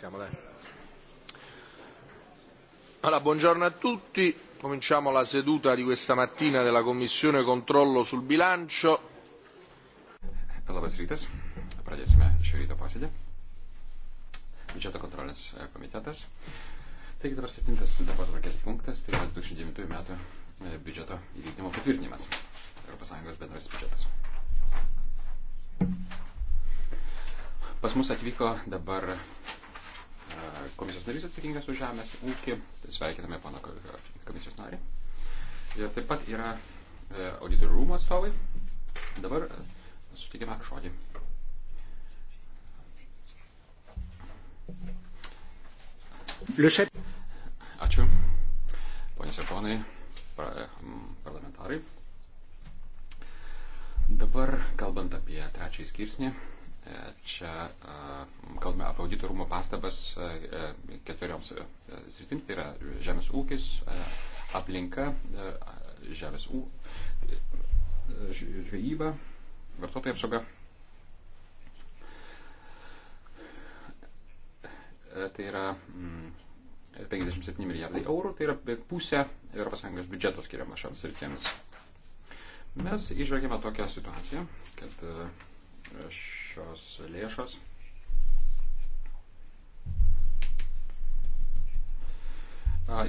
Iniziamo, dai. Allora, buongiorno a tutti. Cominciamo la seduta di questa mattina della Commissione Controllo sul Bilancio. Labas rytas. Pradėsime šio ryto posėdį. Biudžeto kontrolės komitetas. Eh, Taigi dabar septintas darbotvarkės punktas, tai yra 2009 metų biudžeto įvykdymo e eh, patvirtinimas. Europos Sąjungos bendras biudžetas. Pas mus atvyko dabar komisijos narys atsakingas už žemės ūkį. Sveikiname pana komisijos narį. Ir taip pat yra e, auditorių rūmų atstovai. Dabar e, sutikime žodį. Ačiū. Ponios ir ponai, e, parlamentarai. Dabar, kalbant apie trečiąjį skirsnį, Čia kalbame apie auditorumo pastabas keturioms sritims, tai yra žemės ūkis, aplinka, žemės ū, žvejyba, vartotojų apsauga. Tai yra 57 mm, milijardai eurų, tai yra beveik pusė ES biudžeto skiriama šiams sritims. Mes išvelgėme tokią situaciją, kad š šios lėšos.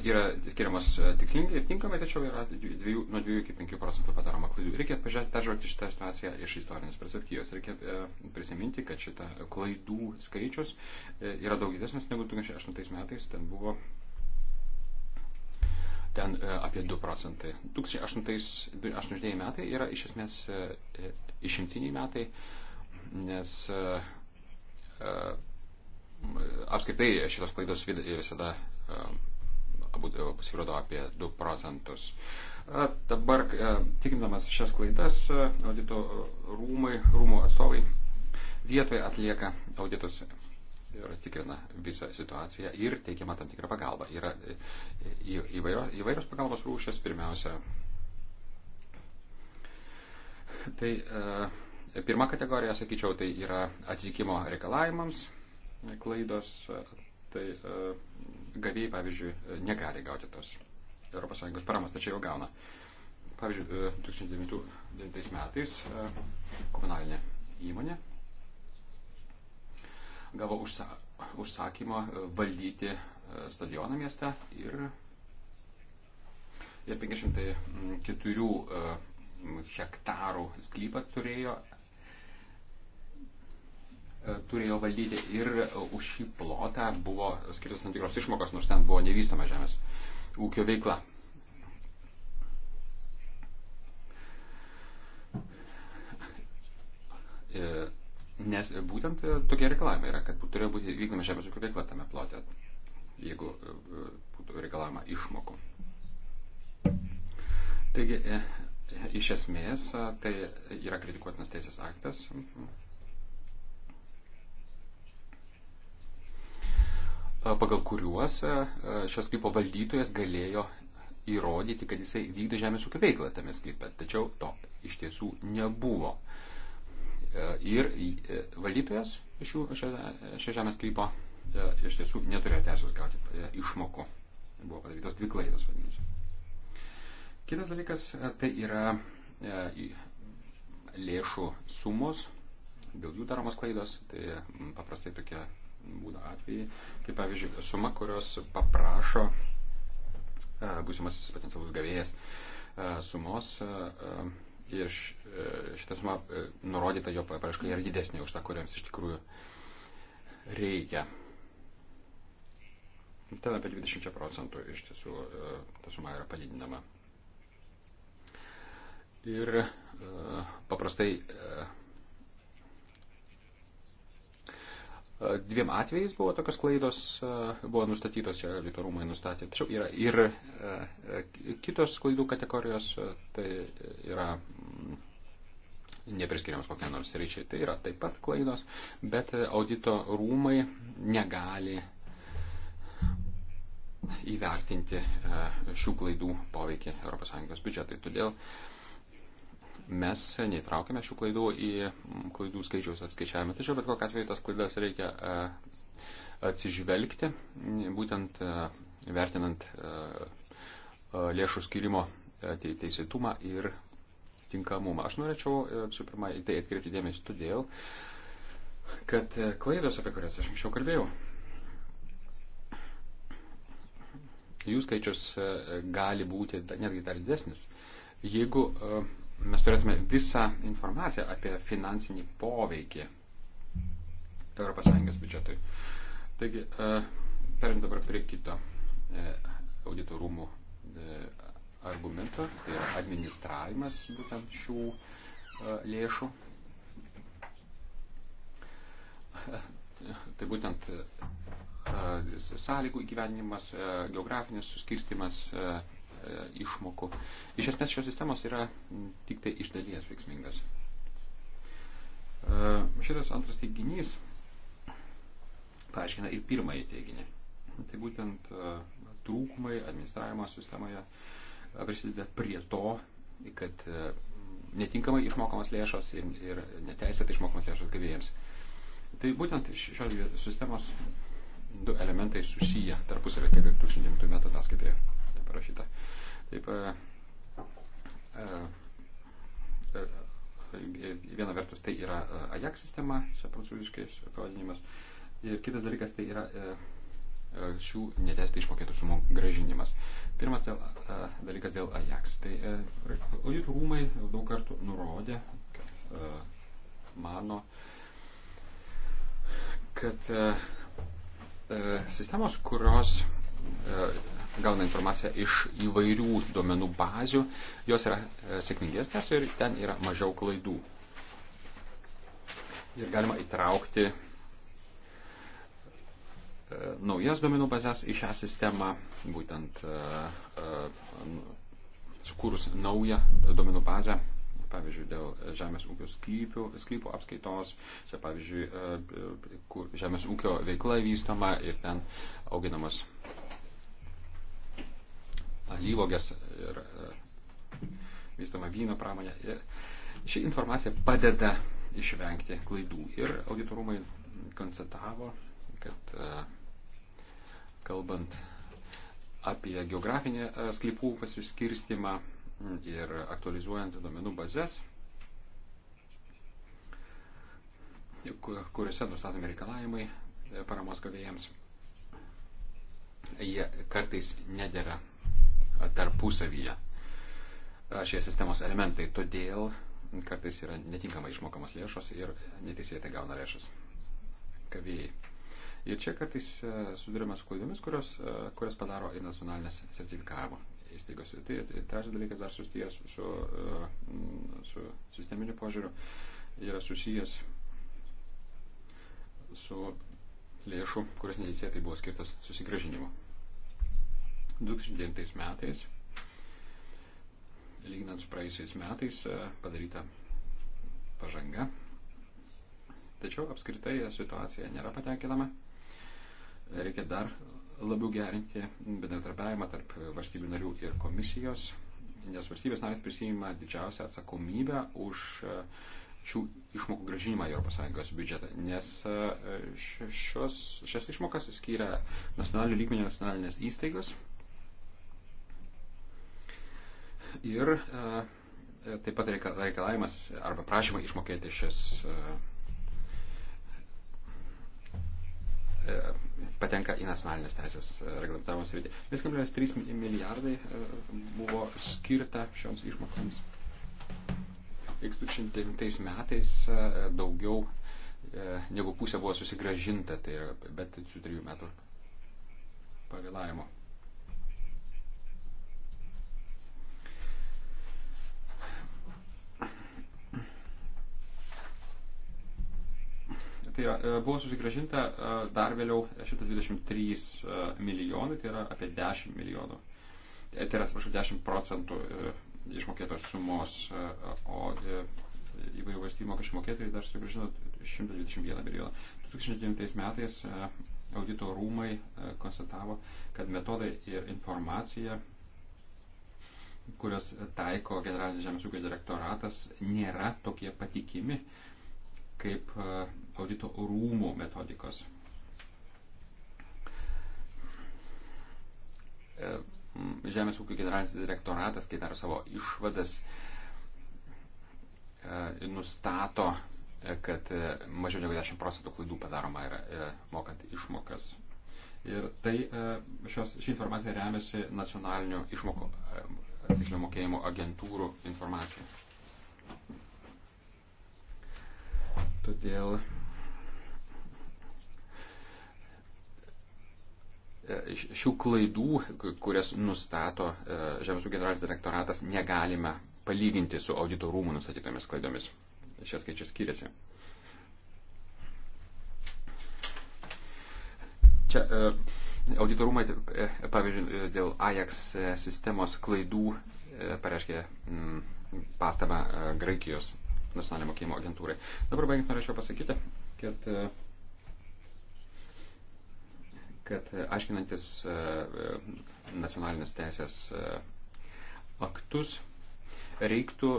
Yra skiriamas e, tikslingai ir tinkamai, tačiau yra dviejų, nuo 2 iki 5 procentų padaroma klaidų. Reikia peržvelgti šitą situaciją iš istorinės perspektyvos. Reikia e, prisiminti, kad šita klaidų skaičius e, yra daug didesnis negu 2008 metais. Ten buvo ten apie 2 procentai. 2008 metai yra iš esmės išimtiniai metai, nes e, e, apskritai šitos klaidos visada e, pasirodo apie 2 procentus. Dabar tikrindamas šias klaidas, audito rūmai, rūmų atstovai vietoje atlieka auditus ir tikrina visą situaciją ir teikiama tam tikrą pagalbą. Yra įvairios, įvairios pagalbos rūšės, pirmiausia. Tai uh, Pirma kategorija, sakyčiau, tai yra atitikimo reikalavimams klaidos. Tai e, gavėjai, pavyzdžiui, negali gauti tos ES paramos, tačiau jau gauna. Pavyzdžiui, 2009 e, metais e, komunalinė įmonė gavo užsa, užsakymą valdyti stadioną mieste ir, ir 504 hektarų sklypą turėjo E, turėjo valdyti ir už šį plotą buvo skirtas tam tikros išmokos, nors ten buvo nevystoma žemės ūkio veikla. E, nes būtent tokie reikalavimai yra, kad turėjo būti vykdoma žemės ūkio veikla tame plote, jeigu e, būtų reikalavima išmokų. Taigi, iš esmės, tai yra kritikuotinas teisės aktas, pagal kuriuos šio sklypo valdytojas galėjo įrodyti, kad jisai vykdė žemės ūkio veiklą tame sklype. Tačiau to iš tiesų nebuvo. Ir e, valdytojas šio, šio žemės sklypo iš tiesų neturėjo teisės gauti išmokų. Buvo padarytos dvi klaidos, vadinasi. Kitas dalykas tai yra lėšų sumos, dėl jų daromos klaidos, tai paprastai tokia būna atvejai, kaip pavyzdžiui, suma, kurios paprašo e, būsimasis potencialus gavėjas e, sumos e, ir šitą sumą nurodyta jo paraiškoje yra didesnė už tą, kuriams iš tikrųjų reikia. Ten apie 20 procentų iš tiesų ta suma yra padidinama. Ir paprastai Dviem atvejais buvo tokios klaidos, e, buvo nustatytos, čia Lietuvų rūmai nustatė. Tačiau yra ir e, e, kitos klaidų kategorijos, tai yra mm, nepriskiriamas kokiam nors ryčiai, tai yra taip pat klaidos, bet audito rūmai negali įvertinti šių klaidų poveikį ES biudžetui. Todėl uh, mes neįtraukėme šių klaidų į klaidų skaičiaus apskaičiavimą. Tačiau bet kokiu atveju tas klaidas reikia e, atsižvelgti, būtent e, vertinant e, lėšų skirimo teisėtumą ir tinkamumą. Aš norėčiau visų pirma į tai atkreipti dėmesį todėl, kad klaidos, apie kurias aš anksčiau kalbėjau, jų skaičius gali būti netgi dar didesnis, jeigu uh, mes turėtume visą informaciją apie finansinį poveikį ES biudžetui. Taigi, e, perim dabar prie kito e, audito rūmų e, argumento, tai yra administravimas būtent šių lėšų. Tai būtent sąlygų įgyvenimas, geografinis suskirstimas, E, išmokų. Iš esmės šios sistemos yra tik tai iš dalies veiksmingas. E, šitas antras teiginys paaiškina ir pirmąjį teiginį. Tai būtent e, trūkumai administravimo sistemoje prisideda prie to, kad netinkamai išmokamos lėšos ir, ir neteisėtai išmokamos lėšos gavėjams. Tai būtent šios sistemos du elementai susiję tarpusavio, kaip ir 2009 metų ataskaitoje parašyta. Uh, Taip, e, e, e, viena vertus tai yra AJAX sistema, čia prancūziškai pavadinimas, ir kitas dalykas tai yra šių netestai išmokėtų sumų gražinimas. Pirmas dėl, dalykas dėl AJAX. Tai auditų rūmai daug kartų nurodė, kad mano, kad sistemos, kurios gauna informaciją iš įvairių duomenų bazių, jos yra e, sėkmingesnės ir ten yra mažiau klaidų. Ir galima įtraukti e, naujas duomenų bazės į šią sistemą, būtent e, sukūrus naują duomenų bazę, pavyzdžiui, dėl žemės ūkio sklypių, sklypų apskaitos, čia pavyzdžiui, kur žemės ūkio veikla vystoma ir ten auginamos lyvogės ir e, vystoma vyno pramonė. E, ši informacija padeda išvengti klaidų. Ir auditorumai konstatavo, kad e, kalbant apie geografinį sklypų pasiskirstimą ir aktualizuojant domenų bazės, kuriuose nustatomi reikalavimai paramos gavėjams, jie kartais nedėra tarpusavyje šie sistemos elementai. Todėl kartais yra netinkamai išmokamos lėšos ir neteisėtai gauna lėšas gavėjai. Ir čia kartais susidurime su klaidomis, kurios, kurios padaro ir nacionalinės sertifikavimo įstaigos. Tai trečias dalykas dar susijęs su, su sisteminiu požiūriu yra susijęs su lėšų, kurios neteisėtai buvo skirtas susigražinimu. 2009 metais, lyginant su praėjusiais metais, e, padaryta pažanga. Tačiau apskritai e, situacija nėra patenkinama. Reikia dar labiau gerinti bendradarbiavimą tarp valstybių narių ir komisijos, nes valstybės narės prisima didžiausią atsakomybę už e, šių išmokų gražinimą į ES biudžetą, nes šios, šias išmokas skiria nacionalinių lygmenių nacionalinės įstaigos ir e, taip pat reikalavimas arba prašymai išmokėti šias e, e, patenka į nacionalinės teisės reglamentavimo sritį. 1,3 milijardai buvo skirta šioms išmokoms. 2009 metais daugiau negu pusė buvo susigražinta, tai yra, bet su trijų metų pavėlavimo. tai yra, e, buvo susigražinta e, dar vėliau 123 e, milijonai, tai yra apie 10 milijonų. Tai yra, atsiprašau, 10 procentų išmokėtos sumos, o įvairių valstybių mokesčių mokėtojai dar sugražino 121 milijoną. 2009 metais audito rūmai konstatavo, kad metodai ir informacija, kurias taiko Generalinis žemės ūkio direktoratas, nėra tokie patikimi, kaip audito rūmų metodikos. E, Žemės ūkio generalinis direktoratas, kai daro savo išvadas, e, nustato, e, kad mažiau negu 10 procentų klaidų padaroma yra mokant išmokas. Ir tai šios, ši informacija remiasi nacionalinių išmokų, tiksliau mokėjimo agentūrų informacija. Todėl E, šių klaidų, kurias nustato e, Žemės ūkio generalinis direktoratas, negalime palyginti su audito rūmų nustatytomis klaidomis. Šie skaičiai skiriasi. Čia e, audito rūmai, pavyzdžiui, dėl AJAX sistemos klaidų pareiškė pastabą Graikijos nacionalinio mokėjimo agentūrai. Dabar baigti norėčiau pasakyti, kad kad e, aiškinantis e, e, nacionalinės teisės aktus reiktų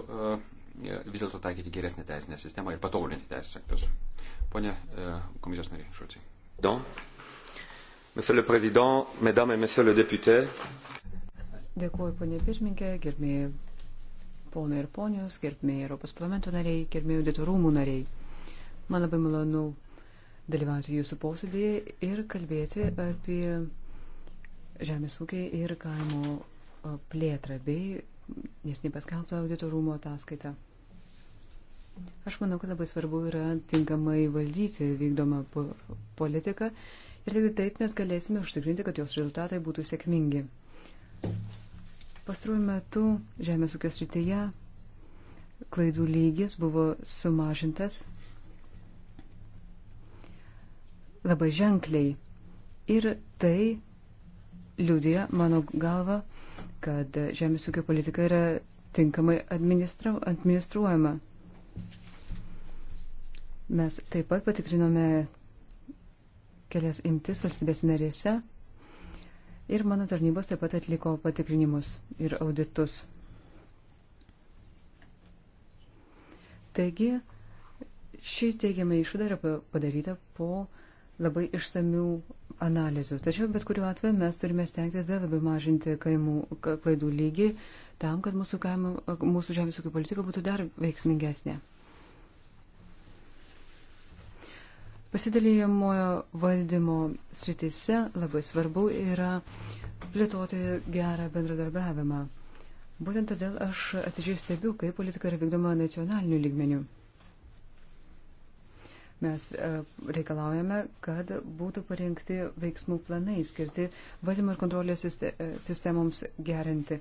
vis dėlto taikyti geresnę teisinę sistemą ir patobulinti teisės aktus. Pone komisijos nariai, Šulcai. Monsieur le Président, Mesdames et Messieurs le député. Dėkuoju, ponė pirmininkė, gerbėjai ponai ir ponios, gerbėjai Europos parlamento nariai, gerbėjai auditorumų nariai. Man labai malonu dalyvauti jūsų posėdėje ir kalbėti apie žemės ūkį ir kaimo plėtrą bei nesnį paskelbtą audito rūmo ataskaitą. Aš manau, kad labai svarbu yra tinkamai valdyti vykdomą po politiką ir tik taip mes galėsime užtikrinti, kad jos rezultatai būtų sėkmingi. Pastaruoju metu žemės ūkio srityje klaidų lygis buvo sumažintas labai ženkliai. Ir tai liūdė, mano galva, kad žemės ūkio politika yra tinkamai administru, administruojama. Mes taip pat patikrinome kelias imtis valstybės narėse ir mano tarnybos taip pat atliko patikrinimus ir auditus. Taigi, ši teigiama išvada yra padaryta po uh, labai išsamių analizių. Tačiau bet kuriuo atveju mes turime stengtis dar labiau mažinti kaimų klaidų lygį tam, kad mūsų, kaimų, mūsų žemės ūkio politika būtų dar veiksmingesnė. Pasidalėjamojo valdymo sritise labai svarbu yra plėtoti gerą bendradarbiavimą. Būtent todėl aš atidžiai stebiu, kaip politika yra vykdoma nacionaliniu lygmeniu. Mes e, reikalaujame, kad būtų parengti veiksmų planai skirti valdymo ir kontrolės e, sistemoms gerinti.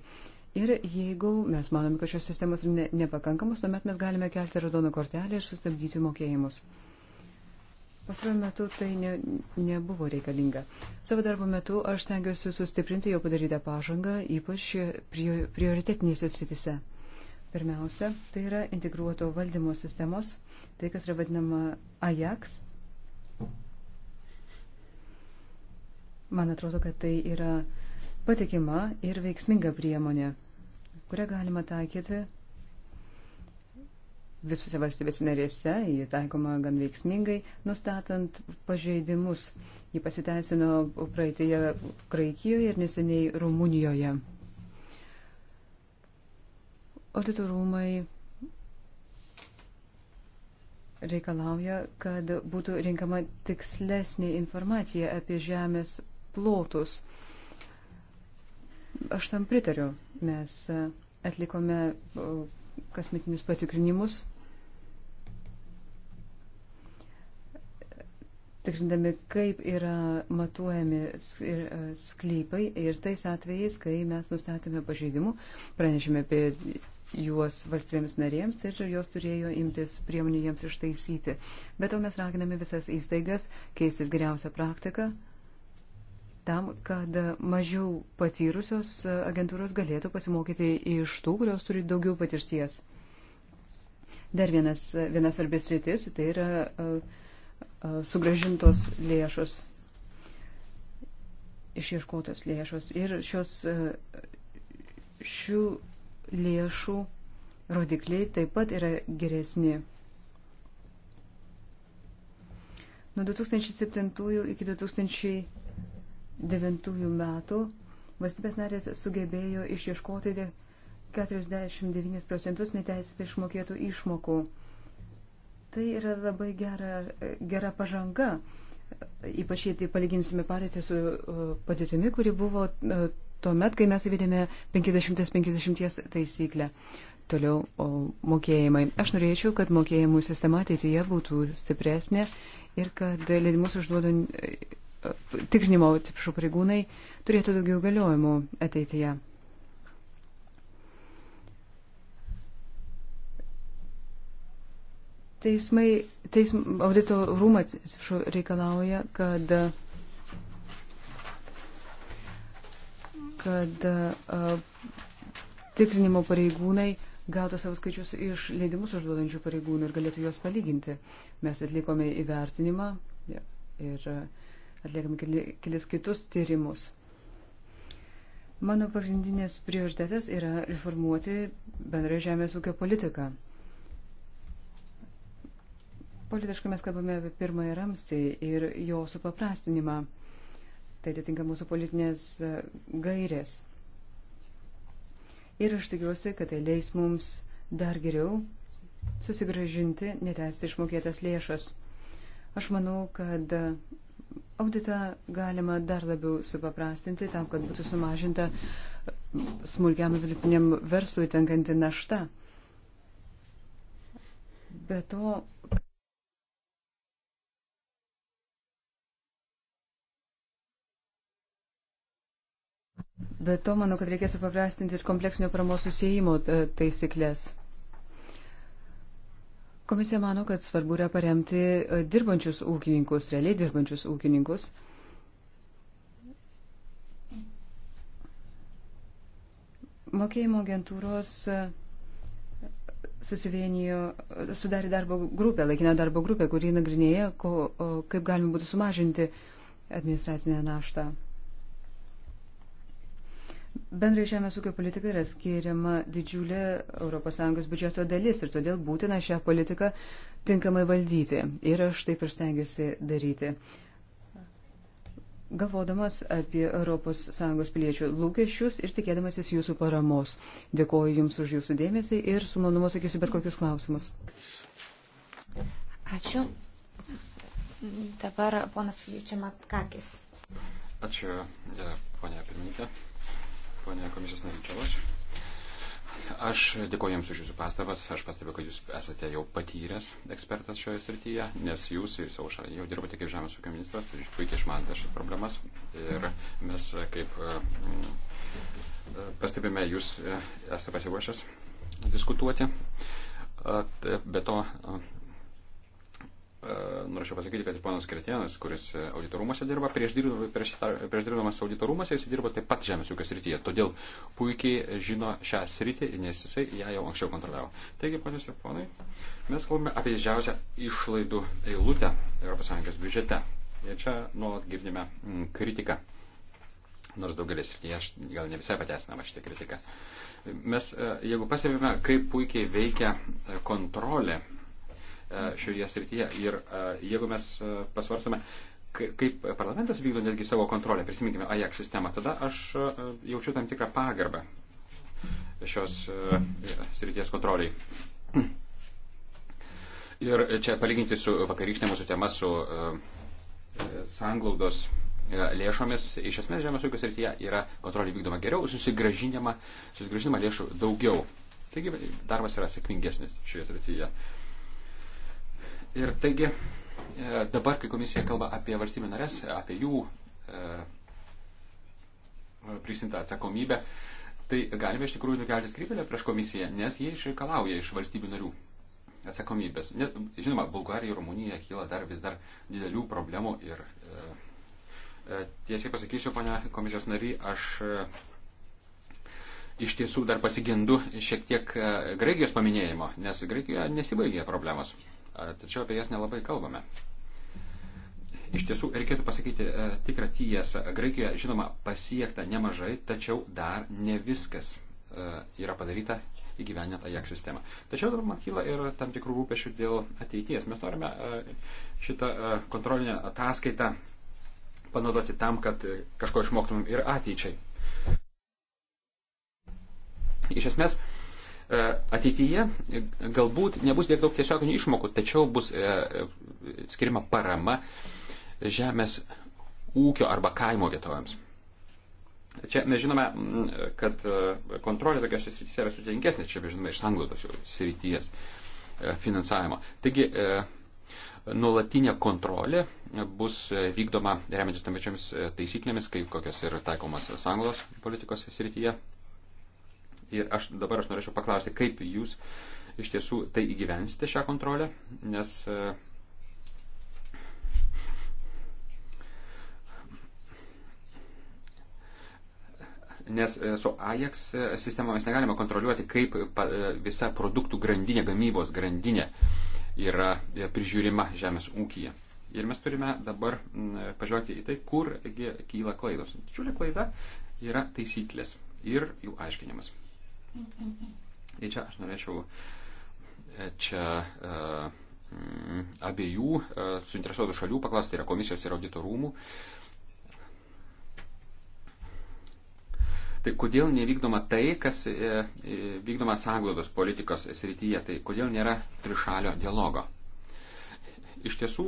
Ir jeigu mes manome, kad šios sistemos ne, nepakankamos, tuomet mes galime kelti raudoną kortelę ir sustabdyti mokėjimus. Pastaruoju metu tai ne, nebuvo reikalinga. Savo darbo metu aš tengiuosi sustiprinti jau padarytą pažangą, ypač prioritetinėse sritise. Pirmiausia, tai yra integruoto valdymo sistemos tai, kas yra vadinama Ajax. Man atrodo, kad tai yra patikima ir veiksminga priemonė, kurią galima taikyti visose valstybės narėse, jį taikoma gan veiksmingai, nustatant pažeidimus. Jį pasiteisino praeitėje Graikijoje ir neseniai Rumunijoje. Audito rūmai reikalauja, kad būtų rinkama tikslesnė informacija apie žemės plotus. Aš tam pritariu. Mes e, atlikome kasmetinius patikrinimus, tikrindami, kaip yra matuojami e, sklypai ir tais atvejais, kai mes nustatėme pažeidimų, pranešėme apie juos valstybėms narėms ir jos turėjo imtis priemonių jiems ištaisyti. Bet to mes raginame visas įstaigas keistis geriausią praktiką tam, kad mažiau patyrusios agentūros galėtų pasimokyti iš tų, kurios turi daugiau patirties. Dar vienas, vienas svarbės rytis, tai yra uh, uh, sugražintos lėšos, išieškotos lėšos. Ir šios, uh, šių lėšų rodikliai taip pat yra geresni. Nuo 2007 iki 2009 metų valstybės narės sugebėjo išieškoti 49 procentus neteisėtai išmokėtų išmokų. Tai yra labai gera, gera pažanga, ypač jei tai palyginsime padėtį su uh, padėtimi, kuri buvo uh, tuomet, kai mes įvedėme 50-50 taisyklę. Toliau o, mokėjimai. Aš norėčiau, kad mokėjimų sistema ateityje būtų stipresnė ir kad leidimus užduodant e, tikrinimo atsiprašau pareigūnai turėtų daugiau galiojimų ateityje. Teismai, teism, audito rūmas reikalauja, kad kad tikrinimo pareigūnai gautų savo skaičius iš leidimus užduodančių pareigūnų ir galėtų juos palyginti. Mes atlikome įvertinimą ir atliekame kelis kitus tyrimus. Mano pagrindinės prioritetas yra reformuoti bendrą žemės ūkio politiką. Politiškai mes kalbame apie pirmąją ramstį ir jo supaprastinimą tai atitinka mūsų politinės e, gairės. Ir aš tikiuosi, kad tai leis mums dar geriau susigražinti netesti išmokėtas lėšas. Aš manau, kad e, auditą galima dar labiau supaprastinti tam, kad būtų sumažinta e, smulkiam ir vidutiniam verslui tenkanti našta. Be to, Bet to manau, kad reikės supaprastinti ir kompleksinio paramos susijimo e, taisyklės. Komisija mano, kad svarbu yra paremti e, dirbančius ūkininkus, realiai dirbančius ūkininkus. Mokėjimo agentūros e, susivienijo, sudarė darbo grupę, laikiną darbo grupę, kuri nagrinėja, ko, kaip galima būtų sumažinti administracinę naštą. Bendrai žemės ūkio politika yra skiriama didžiulė ES biudžeto dalis ir todėl būtina šią politiką tinkamai valdyti. Ir aš taip ir stengiuosi daryti. Galvodamas apie ES piliečių lūkesčius ir tikėdamasis jūsų paramos. Dėkoju Jums už Jūsų dėmesį ir su manumu sakysiu bet kokius klausimus. Ačiū. Dabar ponas Vyčiamat Kakis. Ačiū, ja, e, ponia pirmininkė ponė komisijos narinčiavas. Aš dėkoju Jums už Jūsų pastabas. Aš pastebiu, kad Jūs esate jau patyręs ekspertas šioje srityje, nes Jūs ir savo šalyje jau dirbate kaip žemės ūkio ministras ir puikiai išmanote šias problemas. Ir mes kaip mm, pastebime, Jūs e, esate pasiruošęs diskutuoti. Be to, E, norėčiau pasakyti, kad ir ponas Kretienas, kuris auditorumuose dirba, prieš, dirb, prieš, prieš dirbdamas auditorumuose jis dirbo taip pat žemės ūkio srityje. Todėl puikiai žino šią sritį, nes jisai ją jau anksčiau kontroliavo. Taigi, ponios ir ponai, mes kalbame apie didžiausią išlaidų eilutę ES biudžete. Ir čia nuolat girdime mm, kritiką. Nors daugelis srityje gal ne visai pateisinama šitą kritiką. Mes, e, jeigu pastebime, kaip puikiai veikia e, kontrolė E, šioje srityje. Ir e, jeigu mes e, pasvarstome, kaip parlamentas vykdo netgi savo kontrolę, prisiminkime AJAX sistemą, tada aš jaučiu tam tikrą pagarbą šios srities kontroliai. Ir čia palyginti su vakarykštė mūsų tema, su sanglaudos lėšomis, iš esmės žemės ūkio srityje yra kontrolė vykdoma geriau, susigražinama, susigražinama lėšų daugiau. Taigi darbas yra sėkmingesnis šioje srityje. Uh, Ir taigi e, dabar, kai komisija kalba apie valstybių narės, apie jų e, prisimtą atsakomybę, tai galime iš tikrųjų nukelti skrybelę prieš komisiją, nes jie išreikalauja iš valstybių narių atsakomybės. Net, žinoma, Bulgarija ir Rumunija kyla dar vis dar didelių problemų ir e, e, tiesiai pasakysiu, ponia komisijos nary, aš e, iš tiesų dar pasigendu šiek tiek e, Graikijos paminėjimo, nes Graikijoje nesibaigė problemos. E, tačiau apie jas nelabai kalbame. Iš tiesų, reikėtų pasakyti e, tikrą tiesą. Graikijoje, žinoma, pasiekta nemažai, tačiau dar ne viskas e, yra padaryta įgyveninant AJAX sistemą. Tačiau dabar man kyla ir tam tikrų rūpešių dėl ateities. Mes norime e, šitą e, kontrolinę ataskaitą panaudoti tam, kad e, kažko išmoktumėm ir ateičiai. Iš esmės, e, E, ateityje galbūt nebus tiek daug tiesioginių išmokų, tačiau bus e, skirima parama žemės ūkio arba kaimo vietovėms. Čia mes žinome, kad e, kontrolė tokiuose srityse yra sudėtingesnė, čia mes žinome iš sanglaudos srities finansavimo. Taigi, nuolatinė kontrolė bus vykdoma remiantis tam pačiamis taisyklėmis, kaip kokios yra taikomas sanglaudos politikos srityje. Ir aš dabar aš norėčiau paklausti, kaip jūs iš tiesų tai įgyvensite šią kontrolę, nes e, nes e, su AJAX e, sistemomis negalima kontroliuoti, kaip visa produktų grandinė, gamybos grandinė yra prižiūrima žemės ūkija. Ir mes turime dabar pažvelgti į tai, kurgi kyla klaidos. Didžiulė klaida yra taisyklės ir jų aiškinimas. Ir čia aš norėčiau e, čia e, abiejų e, suinteresuotų šalių paklausti, tai yra komisijos ir audito rūmų. Tai kodėl nevykdoma tai, kas vykdoma sąglaudos politikos srityje, tai kodėl nėra trišalio dialogo? Iš tiesų,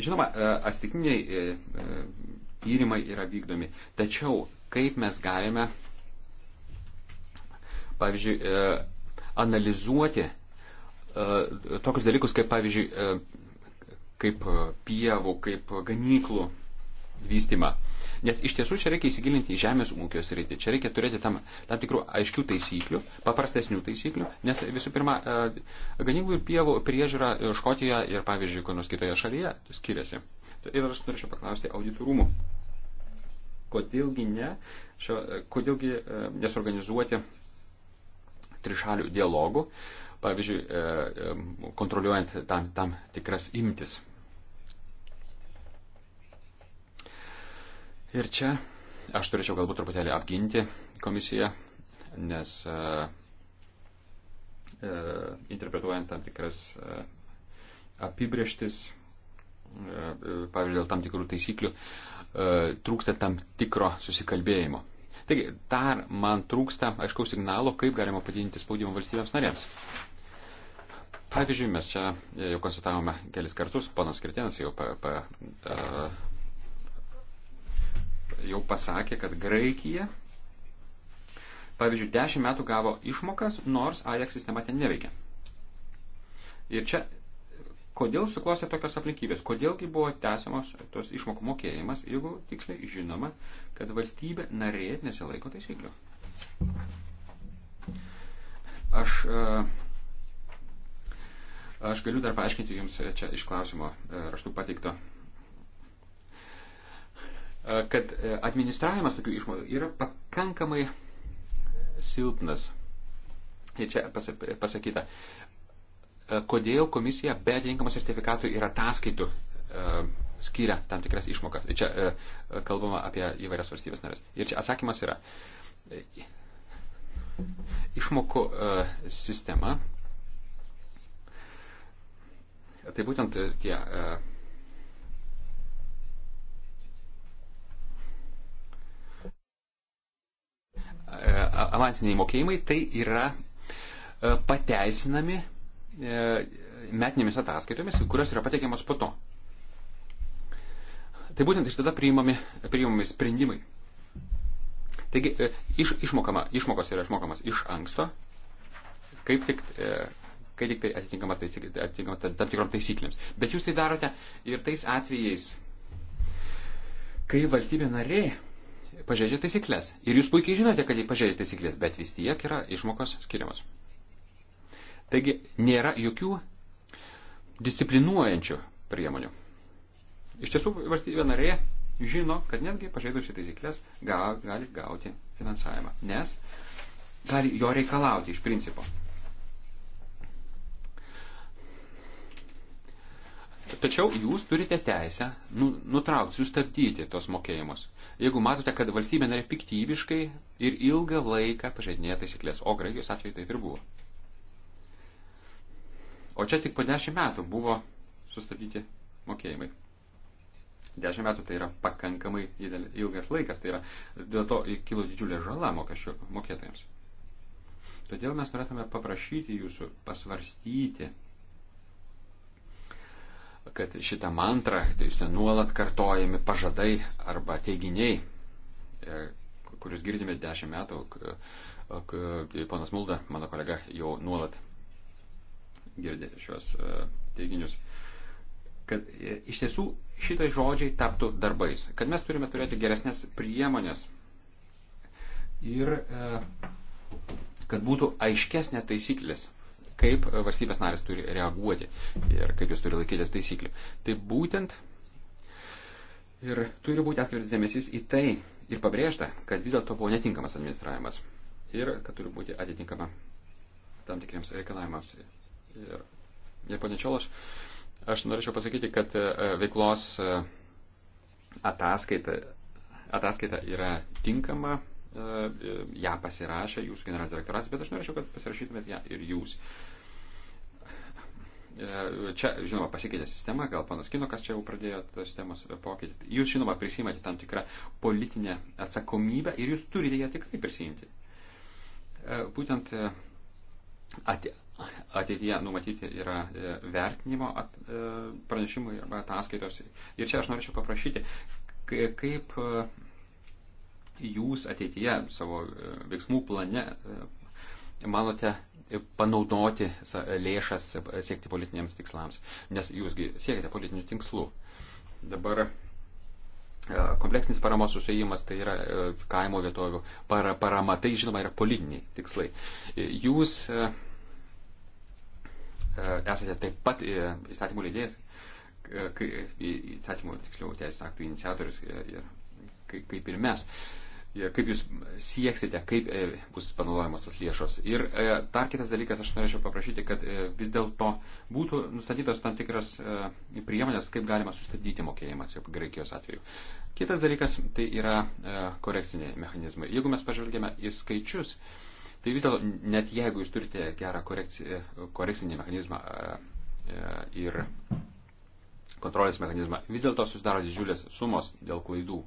žinoma, astikiniai tyrimai yra vykdomi, tačiau kaip mes galime, pavyzdžiui, e, analizuoti e, tokius dalykus, kaip, pavyzdžiui, e, kaip pievų, kaip ganyklų vystimą. Nes iš tiesų čia reikia įsigilinti į žemės ūkio sritį, čia reikia turėti tam, tam tikrų aiškių taisyklių, paprastesnių taisyklių, nes visų pirma, ganyklų ir pievų priežiūra Škotijoje ir, pavyzdžiui, kur nors kitoje šalyje skiriasi. Tai ir aš norėčiau paklausti auditorumų kodėlgi ne, šio, e, kodėlgi e, nesorganizuoti trišalių dialogų, pavyzdžiui, e, kontroliuojant tam, tam tikras imtis. Ir čia aš turėčiau galbūt truputėlį apginti komisiją, nes interpretuojant tam tikras apibrieštis pavyzdžiui, dėl tam tikrų taisyklių, e, trūksta tam tikro susikalbėjimo. Taigi, dar man trūksta aiškaus signalo, kaip galima padidinti spaudimą valstybėms narėms. Pavyzdžiui, mes čia jau konsultavome kelis kartus, panas Kirtienas jau, pa, pa, uh, jau pasakė, kad Graikija, pavyzdžiui, dešimt metų gavo išmokas, nors Ajax sistema ten neveikia. Ir čia Kodėl suklostė tokios aplinkybės? Kodėlgi tai buvo tęsiamas tos išmokų mokėjimas, jeigu tiksliai žinoma, kad valstybė narė nesilaiko taisyklių? Aš, e, aš galiu dar paaiškinti Jums čia iš klausimo e, raštų pateikto e, kad administravimas tokių išmokų yra pakankamai silpnas. Ir čia pasakyta, E, kodėl komisija be atitinkamų sertifikatų ir ataskaitų e, skiria tam tikras išmokas. Čia e, kalbama apie įvairias valstybės narės. Ir čia atsakymas yra. Išmokų sistema. Tai būtent tie. Avansiniai mokėjimai tai yra pateisinami E, metinėmis ataskaitomis, kurios yra pateikiamos po to. Tai būtent iš tada priimami, priimami sprendimai. Taigi e, iš, išmokama, išmokos yra išmokamos iš anksto, kaip tik, e, kai tik tai atitinkama, taisyk, atitinkama tam tikrom taisyklėms. Bet jūs tai darote ir tais atvejais, kai valstybė narė pažeidžia taisyklės. Ir jūs puikiai žinote, kad jie pažeidžia taisyklės, bet vis tiek yra išmokos skiriamos. Taigi nėra jokių disciplinuojančių priemonių. Iš tiesų, valstybė narė žino, kad netgi pažeidusi taisyklės ga, gali gauti finansavimą, nes gali jo reikalauti iš principo. Tačiau jūs turite teisę nu, nutraukti, sustabdyti tos mokėjimus. Jeigu matote, kad valstybė narė piktybiškai ir ilgą laiką pažeidinėja taisyklės, o Graikijos atveju taip ir buvo. O čia tik po 10 metų buvo sustabdyti mokėjimai. 10 metų tai yra pakankamai ilgas laikas, tai yra dėl to kilo didžiulė žala mokesčių mokėtojams. Todėl mes norėtume paprašyti jūsų pasvarstyti, kad šitą mantrą, tai jūs nuolat kartojami pažadai arba teiginiai, e, kuriuos girdime 10 metų, ponas Mulda, mano kolega, jau nuolat girdi šios e, teiginius, kad e, iš tiesų šitai žodžiai taptų darbais, kad mes turime turėti geresnės priemonės ir e, kad būtų aiškesnė taisyklės kaip valstybės narės turi reaguoti ir kaip jos turi laikytis taisyklių. Tai būtent ir turi būti atkreiptas dėmesys į tai ir pabrėžta, kad vis dėlto buvo netinkamas administravimas ir kad turi būti atitinkama tam tikriems reikalavimams ir, ir panečiološ, aš norėčiau pasakyti, kad e, veiklos e, ataskaita, ataskaita yra tinkama, e, ją pasirašė jūsų generalinis direktoras, bet aš norėčiau, kad pasirašytumėt ją ir jūs. Čia, žinoma, pasikeitė sistema, gal panas Kinokas čia jau pradėjo tos sistemos pokytį. Jūs, žinoma, prisimate tam tikrą politinę atsakomybę ir jūs turite ją tikrai prisimti. Būtent ati, ateityje numatyti yra e, vertinimo e, pranešimai arba ataskaitos. Ir čia aš norėčiau paprašyti, kaip e, jūs ateityje savo veiksmų plane manote panaudoti lėšas siekti politiniams tikslams, nes jūsgi siekite politinių tikslų. Dabar kompleksinis paramos susijimas tai yra kaimo vietovių parama, tai žinoma yra politiniai tikslai. Jūs esate taip pat e, įstatymų leidėjas, e, įstatymų, tiksliau, teisės aktų iniciatorius e, ir kaip ir mes. Ir kaip jūs sieksite, kaip bus panaudojamos tos lėšos. Ir dar kitas dalykas, aš norėčiau paprašyti, kad vis dėlto būtų nustatytos tam tikras priemonės, kaip galima sustabdyti mokėjimą, kaip Graikijos atveju. Kitas dalykas tai yra korekciniai mechanizmai. Jeigu mes pažvelgėme į skaičius, Tai vis dėlto, net jeigu jūs turite gerą korekcinį mechanizmą e, e, ir kontrolės mechanizmą, vis dėlto susidaro didžiulės sumos dėl klaidų.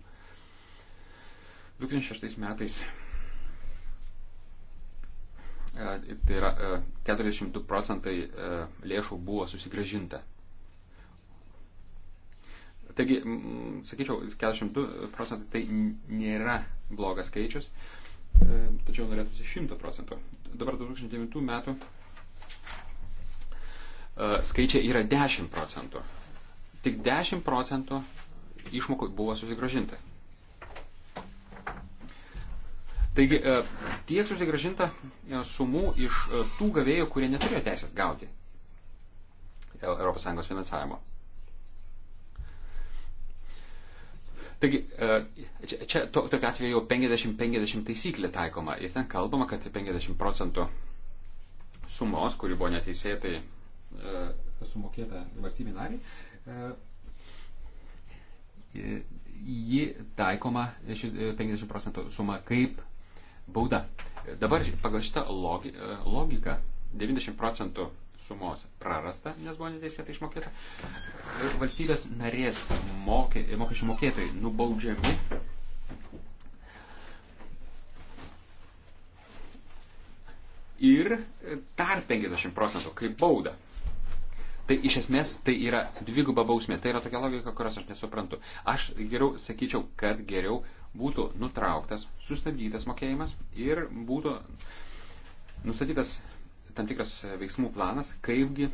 2006 metais e, tai yra 42 procentai lėšų buvo susigražinta. Taigi, sakyčiau, 42 procentai tai nėra blogas skaičius, E, tačiau norėtųsi 100 procentų. Dabar 2009 metų e, skaičiai yra 10 procentų. Tik 10 procentų išmokų buvo susigražinta. Taigi e, tiek susigražinta sumų iš tų gavėjų, kurie neturėjo teisės gauti ES finansavimo. Taigi, e, čia, čia to, tokia atveju jau 50-50 taisyklė taikoma ir ten kalbama, kad 50 procentų sumos, kuri buvo neteisėtai e, sumokėta valstybė nariai, e, ji taikoma 50 procentų suma kaip bauda. Dabar pagal šitą logiką 90 procentų sumos prarasta, nes buvo neteisėtai išmokėta. Ir valstybės narės mokė, mokesčių mokėtojai nubaudžiami. Ir dar 50 procentų kaip bauda. Tai iš esmės tai yra dviguba bausmė. Tai yra tokia logika, kurios aš nesuprantu. Aš geriau sakyčiau, kad geriau būtų nutrauktas, sustabdytas mokėjimas ir būtų nustatytas tam tikras e, veiksmų planas, kaipgi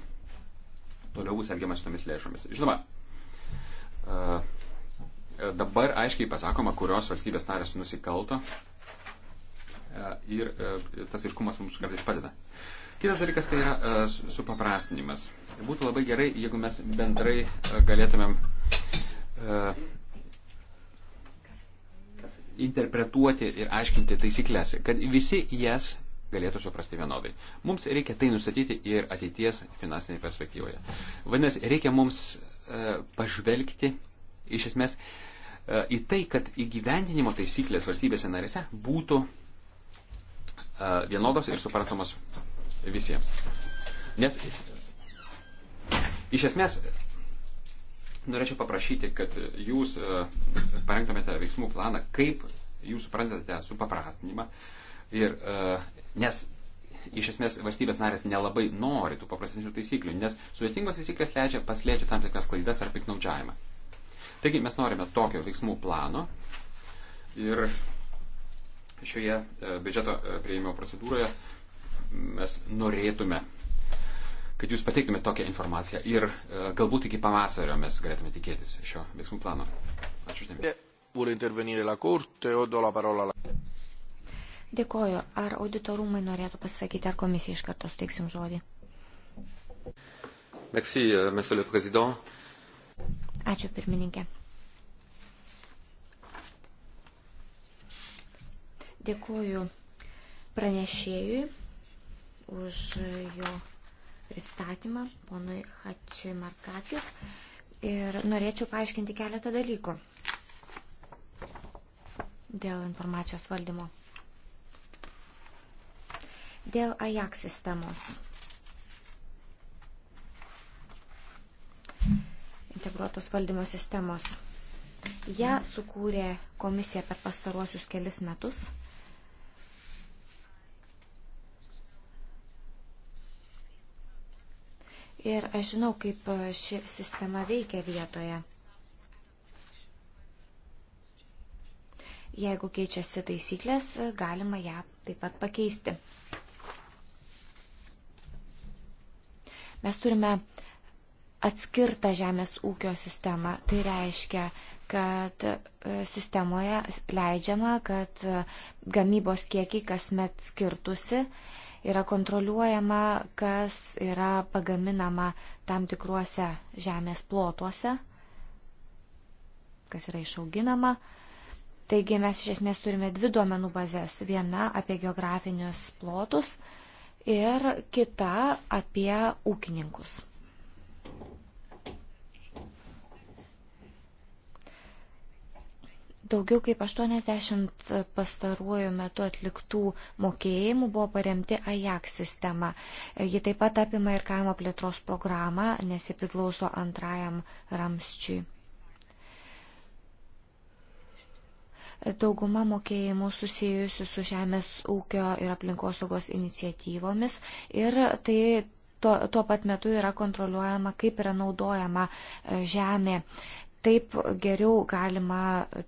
toliau bus elgiamas šitomis lėšomis. Žinoma, e, e, dabar aiškiai pasakoma, kurios valstybės narės nusikalto ir tas aiškumas mums kartais padeda. Kitas dalykas tai yra supaprastinimas. Būtų labai gerai, jeigu mes bendrai galėtumėm interpretuoti ir aiškinti taisyklės, kad visi jas galėtų suprasti vienodai. Mums reikia tai nustatyti ir ateities finansinėje perspektyvoje. Vadinasi, reikia mums e, pažvelgti iš esmės e, į tai, kad įgyvendinimo taisyklės valstybėse narėse būtų e, vienodos ir suprantamos visiems. Nes iš esmės norėčiau paprašyti, kad jūs e, parengtumėte veiksmų planą, kaip jūs suprantate supaprastinimą ir uh, Nes iš esmės valstybės narės nelabai nori tų paprastesnių taisyklių, nes sudėtingos taisyklės leidžia paslėpti tam tikras klaidas ar piknaudžiavimą. Taigi mes norime tokio veiksmų plano ir šioje e, biudžeto e, prieimimo procedūroje mes norėtume, kad jūs pateiktumėte tokią informaciją ir e, galbūt iki pavasario mes galėtume tikėtis šio veiksmų plano. Ačiū. Vuole intervenire la Corte o do la parola alla. Dėkoju. Ar auditorumai norėtų pasakyti, ar komisija iš karto suteiksim žodį? Merci, euh, monsieur le président. Ačiū, pirmininkė. Dėkoju pranešėjui už jo pristatymą, ponui Hačimarkatis. Ir norėčiau paaiškinti keletą dalykų dėl informacijos valdymo dėl AJAX sistemos. Integruotos valdymo sistemos. Ja sukūrė komisija per pastaruosius kelis metus. Ir aš žinau, kaip ši sistema veikia vietoje. Jeigu keičiasi taisyklės, galima ją taip pat pakeisti. Mes turime atskirtą žemės ūkio sistemą. Tai reiškia, kad e, sistemoje leidžiama, kad e, gamybos kiekiai kasmet skirtusi, yra kontroliuojama, kas yra pagaminama tam tikruose žemės plotuose, kas yra išauginama. Taigi mes iš esmės turime dvi duomenų bazės. Viena apie geografinius plotus, ir kita apie ūkininkus. Daugiau kaip 80 pastaruoju metu atliktų mokėjimų buvo paremti AJAX sistema. Ji taip pat apima ir kaimo plėtros programą, nes ji priklauso antrajam ramščiui. Dauguma mokėjimų susijusių su žemės ūkio ir aplinkosaugos iniciatyvomis ir tai tuo, tuo pat metu yra kontroliuojama, kaip yra naudojama e, žemė. Taip geriau galima,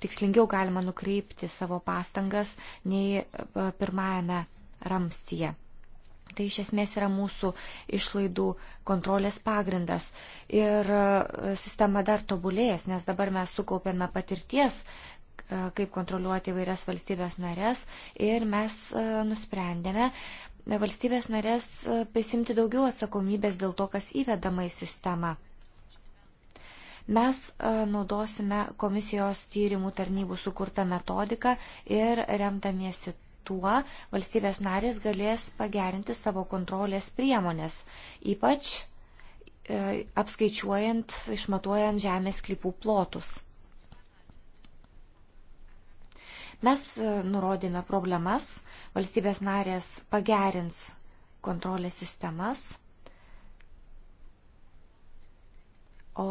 tikslingiau galima nukreipti savo pastangas nei e, pirmajame ramstyje. Tai iš esmės yra mūsų išlaidų kontrolės pagrindas. Ir e, sistema dar tobulės, nes dabar mes sukaupėme patirties kaip kontroliuoti vairias valstybės narės ir mes nusprendėme valstybės narės prisimti daugiau atsakomybės dėl to, kas įvedama į sistemą. Mes naudosime komisijos tyrimų tarnybų sukurtą metodiką ir remdamiesi tuo valstybės narės galės pagerinti savo kontrolės priemonės, ypač e, apskaičiuojant, išmatuojant žemės klipų plotus. Mes e, nurodėme problemas, valstybės narės pagerins kontrolės sistemas, o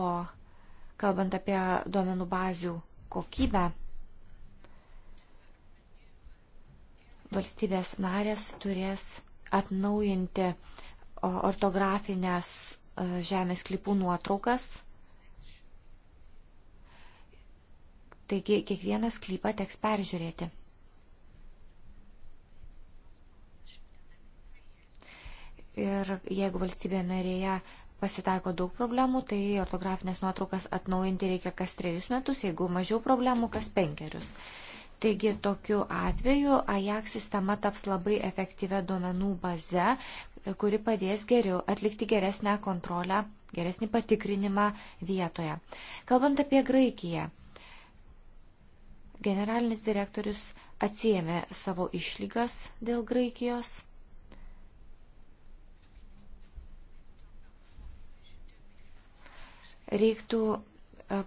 kalbant apie duomenų bazių kokybę, valstybės narės turės atnaujinti ortografinės e, žemės klipų nuotraukas Taigi kiekvieną sklypą teks peržiūrėti. Ir jeigu valstybė narėje pasitaiko daug problemų, tai ortografinės nuotraukas atnaujinti reikia kas trejus metus, jeigu mažiau problemų, kas penkerius. Taigi tokiu atveju AJAX sistema taps labai efektyvę duomenų bazę, kuri padės geriau atlikti geresnę kontrolę, geresnį patikrinimą vietoje. Kalbant apie Graikiją, Generalinis direktorius atsiemė savo išlygas dėl Graikijos. Reiktų e,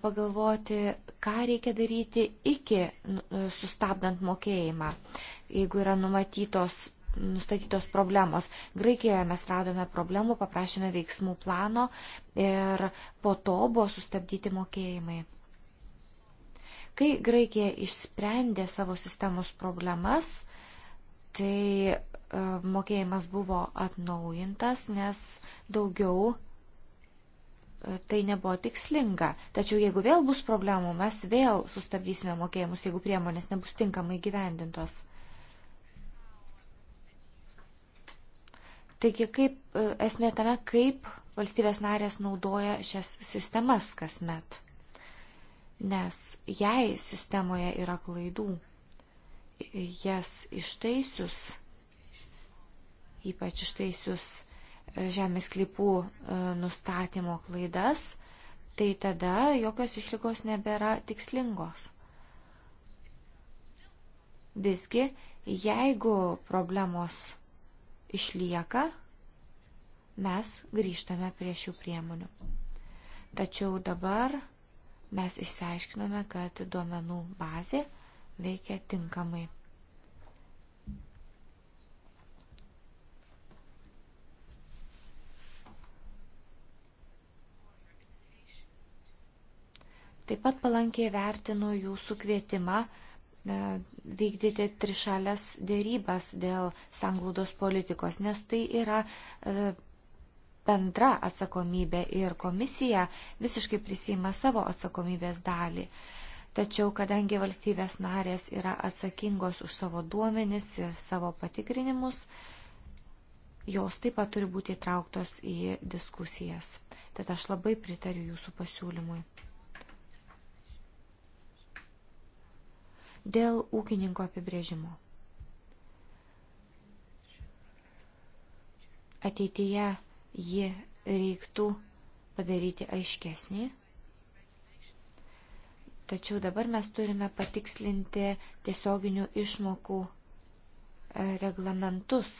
pagalvoti, ką reikia daryti iki e, sustabdant mokėjimą, jeigu yra numatytos nustatytos problemos. Graikijoje mes radome problemų, paprašėme veiksmų plano ir po to buvo sustabdyti mokėjimai. Kai Graikija išsprendė savo sistemos problemas, tai e, mokėjimas buvo atnaujintas, nes daugiau e, tai nebuvo tikslinga. Tačiau jeigu vėl bus problemų, mes vėl sustabdysime mokėjimus, jeigu priemonės nebus tinkamai gyvendintos. Taigi, kaip, e, esmė tame, kaip valstybės narės naudoja šias sistemas kasmet nes jei sistemoje yra klaidų, jas ištaisius, ypač ištaisius e, žemės klipų e, nustatymo klaidas, tai tada jokios išlygos nebėra tikslingos. Visgi, jeigu problemos išlieka, mes grįžtame prie šių priemonių. Tačiau dabar mes išsiaiškinome, kad duomenų bazė veikia tinkamai. Taip pat palankiai vertinu jūsų kvietimą e, vykdyti trišalės dėrybas dėl sanglaudos politikos, nes tai yra e, bendra atsakomybė ir komisija visiškai prisima savo atsakomybės dalį. Tačiau, kadangi valstybės narės yra atsakingos už savo duomenis ir savo patikrinimus, jos taip pat turi būti įtrauktos į diskusijas. Tad aš labai pritariu jūsų pasiūlymui. dėl ūkininko apibrėžimo. Ateityje ji reiktų padaryti aiškesnį. Tačiau dabar mes turime patikslinti tiesioginių išmokų e, reglamentus,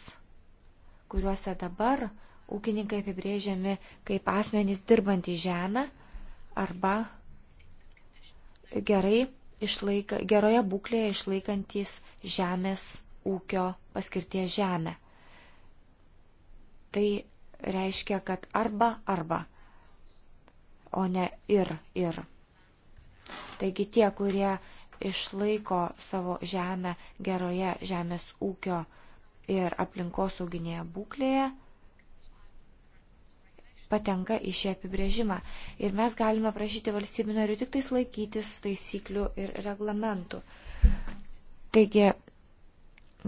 kuriuose dabar ūkininkai apibrėžiami kaip asmenys dirbantį žemę arba gerai išlaika, geroje būklėje išlaikantis žemės ūkio paskirties žemę. Tai reiškia, kad arba arba, o ne ir ir. Taigi tie, kurie išlaiko savo žemę geroje žemės ūkio ir aplinkosauginėje būklėje, patenka į šį apibrėžimą. Ir mes galime prašyti valstybių narių tik tais laikytis taisyklių ir reglamentų. Taigi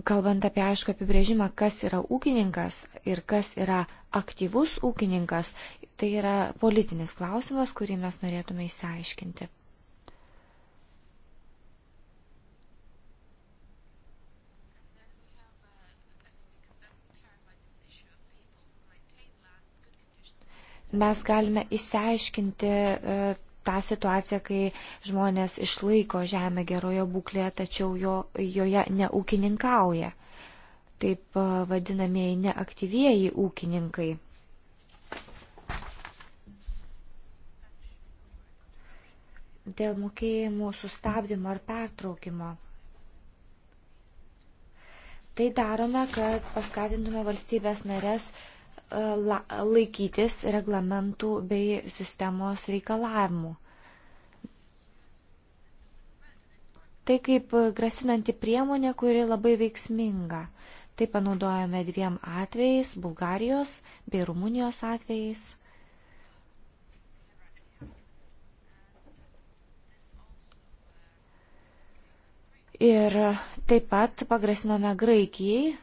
kalbant apie aišku apibrėžimą, kas yra ūkininkas ir kas yra aktyvus ūkininkas, tai yra politinis klausimas, kurį mes norėtume įsiaiškinti. Mes galime įsiaiškinti e, tą situaciją, kai žmonės išlaiko žemę geroje būklėje, tačiau jo, joje neūkininkauja. Taip e, vadinamieji neaktyvieji ūkininkai. Dėl mokėjimų sustabdymo ar pertraukimo. Tai darome, kad paskatintume valstybės narės uh, laikytis reglamentų bei sistemos reikalavimų. Tai kaip grasinanti priemonė, kuri labai veiksminga. Tai panaudojame dviem atvejais - Bulgarijos bei Rumunijos atvejais. Ir taip pat pagrasinome Graikijai,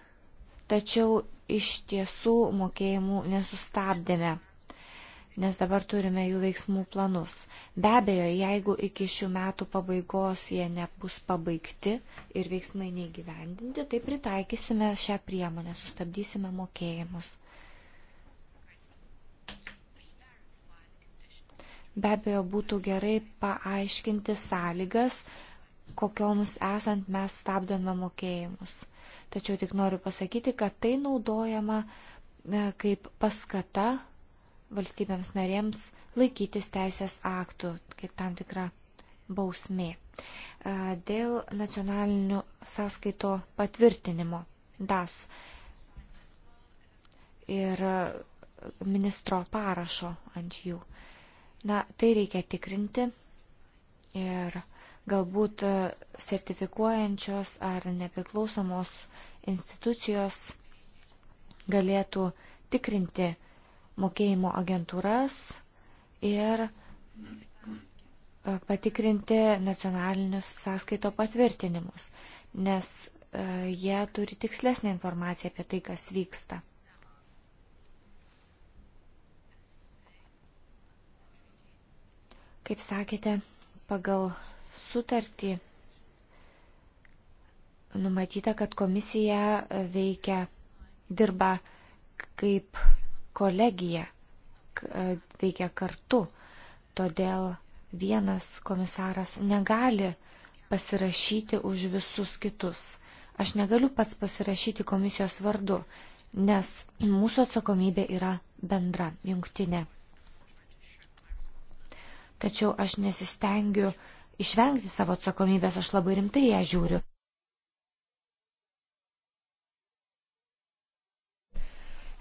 tačiau iš tiesų mokėjimų nesustabdėme, nes dabar turime jų veiksmų planus. Be abejo, jeigu iki šių metų pabaigos jie nebus pabaigti ir veiksmai neįgyvendinti, tai pritaikysime šią priemonę, sustabdysime mokėjimus. Be abejo, būtų gerai paaiškinti sąlygas, kokioms esant mes stabdome mokėjimus. Tačiau tik noriu pasakyti, kad tai naudojama e, kaip paskata valstybėms narėms laikytis teisės aktų, kaip tam tikra bausmė. E, dėl nacionalinių sąskaito patvirtinimo DAS ir ministro parašo ant jų. Na, tai reikia tikrinti ir Galbūt e, sertifikuojančios ar nepriklausomos institucijos galėtų tikrinti mokėjimo agentūras ir e, patikrinti nacionalinius sąskaito patvirtinimus, nes e, jie turi tikslesnę informaciją apie tai, kas vyksta. Kaip sakėte, pagal sutartį numatyta, kad komisija veikia, dirba kaip kolegija, veikia kartu. Todėl vienas komisaras negali pasirašyti už visus kitus. Aš negaliu pats pasirašyti komisijos vardu, nes mūsų atsakomybė yra bendra, jungtinė. Tačiau aš nesistengiu uh, išvengti savo atsakomybės, aš labai rimtai ją žiūriu.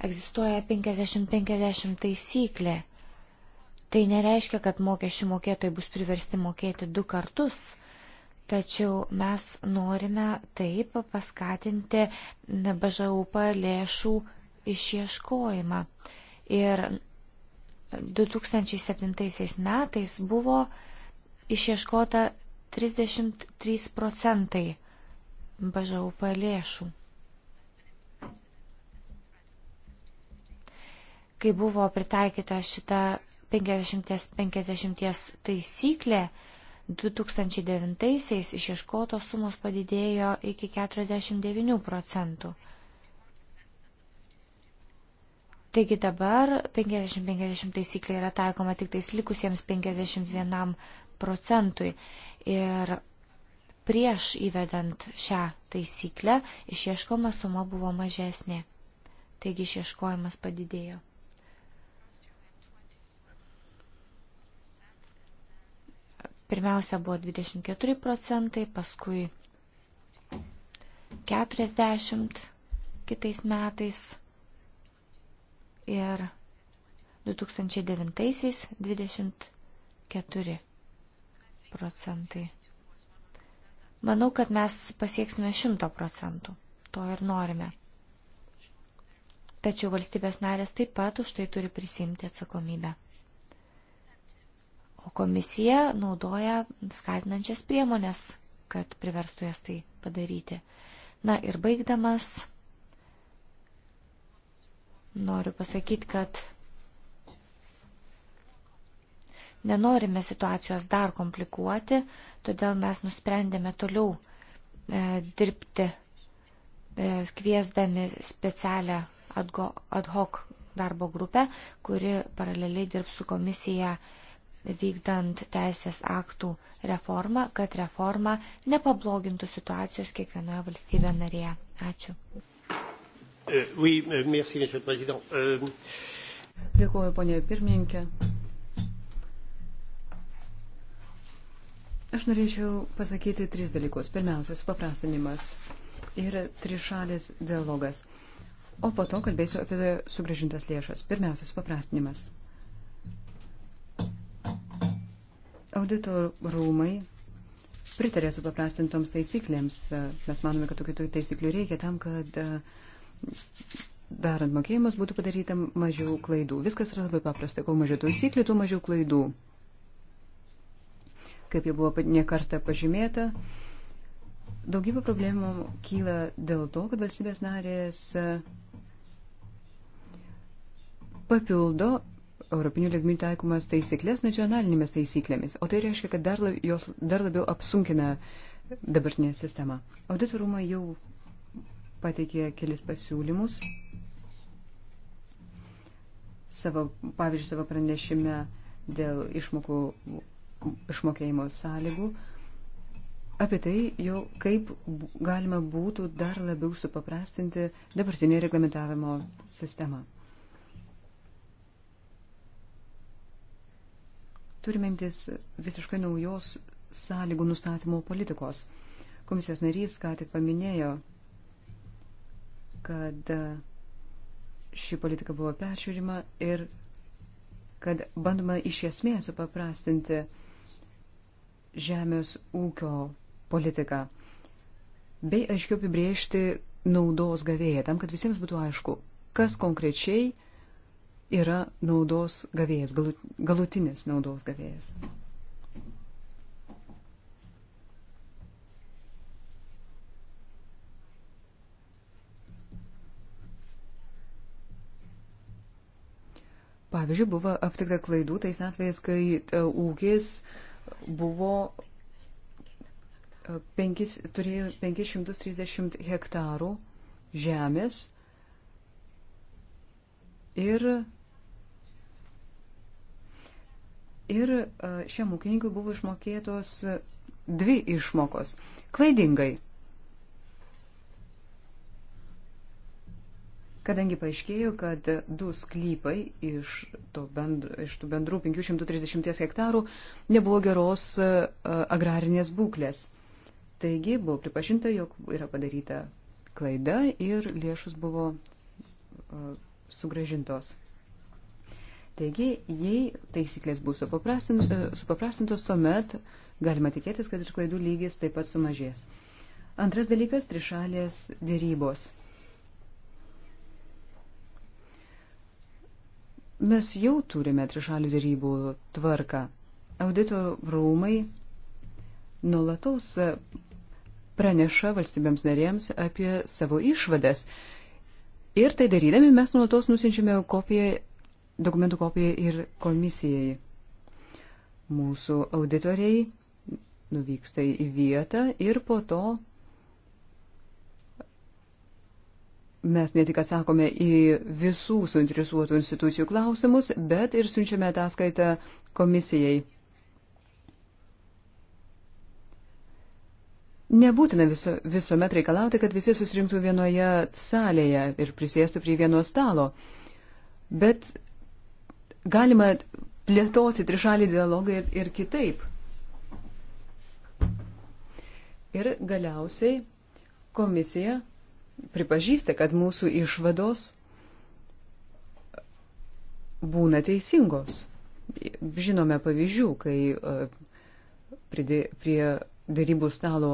Egzistuoja 50-50 taisyklė. Tai nereiškia, kad mokesčių mokėtojai bus priversti mokėti du kartus. Tačiau mes norime taip paskatinti BŽUP lėšų išieškojimą. Ir 2007 metais buvo išieškota 33 procentai BŽUP lėšų. Kai buvo pritaikyta šita 50-50 taisyklė, 2009-aisiais išieškotos sumos padidėjo iki 49 procentų. Taigi dabar 50-50 taisyklė yra taikoma tik tais likusiems 51 procentui. Ir prieš įvedant šią taisyklę išieškoma suma buvo mažesnė. Taigi išieškojimas padidėjo. Pirmiausia buvo 24 procentai, paskui 40 kitais metais ir 2009 24 procentai. Manau, kad mes pasieksime 100 procentų. To ir norime. Tačiau valstybės narės taip pat už tai turi prisimti atsakomybę. O komisija naudoja skatinančias priemonės, kad priverstų jas tai padaryti. Na ir baigdamas, noriu pasakyti, kad Nenorime situacijos dar komplikuoti, todėl mes nusprendėme toliau e, dirbti, e, kviesdami specialią adgo, ad hoc darbo grupę, kuri paraleliai dirbs su komisija vykdant teisės aktų reformą, kad reforma nepablogintų situacijos kiekvienoje valstybėje narėje. Ačiū. E, e, e, Dėkuoju, ponė pirmininkė. Aš norėčiau pasakyti tris dalykus. Pirmiausia, supaprastinimas ir trišalis dialogas. O po to kalbėsiu apie sugražintas lėšas. Pirmiausia, supaprastinimas. Audito rūmai pritarė supaprastintoms taisyklėms. Mes manome, kad tokių taisyklių reikia tam, kad e, darant mokėjimus būtų padaryta mažiau klaidų. Viskas yra labai paprasta. Kuo mažiau taisyklių, tuo mažiau klaidų kaip jau buvo nekarta pažymėta. Daugybė problemų kyla dėl to, kad valstybės narės e, papildo Europinių lygmių taikomas taisyklės nacionalinėmis taisyklėmis, o tai reiškia, kad dar, lab, jos dar labiau apsunkina dabartinę sistemą. Auditorumai jau pateikė kelis pasiūlymus. Savo, pavyzdžiui, savo pranešime dėl išmokų išmokėjimo sąlygų, apie tai jau kaip galima būtų dar labiau supaprastinti dabartinį reglamentavimo sistemą. Turime imtis visiškai naujos sąlygų nustatymo politikos. Komisijos narys ką tik paminėjo, kad e, ši politika buvo peržiūrima ir kad bandoma iš esmės supaprastinti žemės ūkio politiką bei aiškiau apibriežti naudos gavėją, tam, kad visiems būtų aišku, kas konkrečiai yra naudos gavėjas, galutinis naudos gavėjas. Pavyzdžiui, buvo aptikta klaidų tais atvejais, kai e, ūkis uh, buvo 5, e, turėjo 530 hektarų žemės ir, ir e, šiam ūkininkui buvo išmokėtos dvi išmokos. Klaidingai kadangi paaiškėjo, kad du sklypai iš, bendru, iš tų bendrų 530 hektarų nebuvo geros e, agrarinės būklės. Taigi buvo pripažinta, jog yra padaryta klaida ir lėšus buvo e, sugražintos. Taigi, jei taisyklės bus e, supaprastintos, tuomet galima tikėtis, kad ir klaidų lygis taip pat sumažės. Antras dalykas - trišalės dėrybos. Mes jau turime trišalių dėrybų tvarką. Audito rūmai nulatos praneša valstybėms narėms apie savo išvadas. Ir tai darydami mes nulatos nusinčiame kopiją, dokumentų kopiją ir komisijai. Mūsų auditoriai nuvyksta į vietą ir po to Mes ne tik atsakome į visų suinteresuotų institucijų klausimus, bet ir siunčiame ataskaitą komisijai. Nebūtina viso, visuomet reikalauti, kad visi susirinktų vienoje salėje ir prisėstų prie vieno stalo, bet galima plėtoti trišalį dialogą ir, ir kitaip. Ir galiausiai komisija pripažįsta, kad mūsų išvados būna teisingos. Žinome pavyzdžių, kai e, prie darybų stalo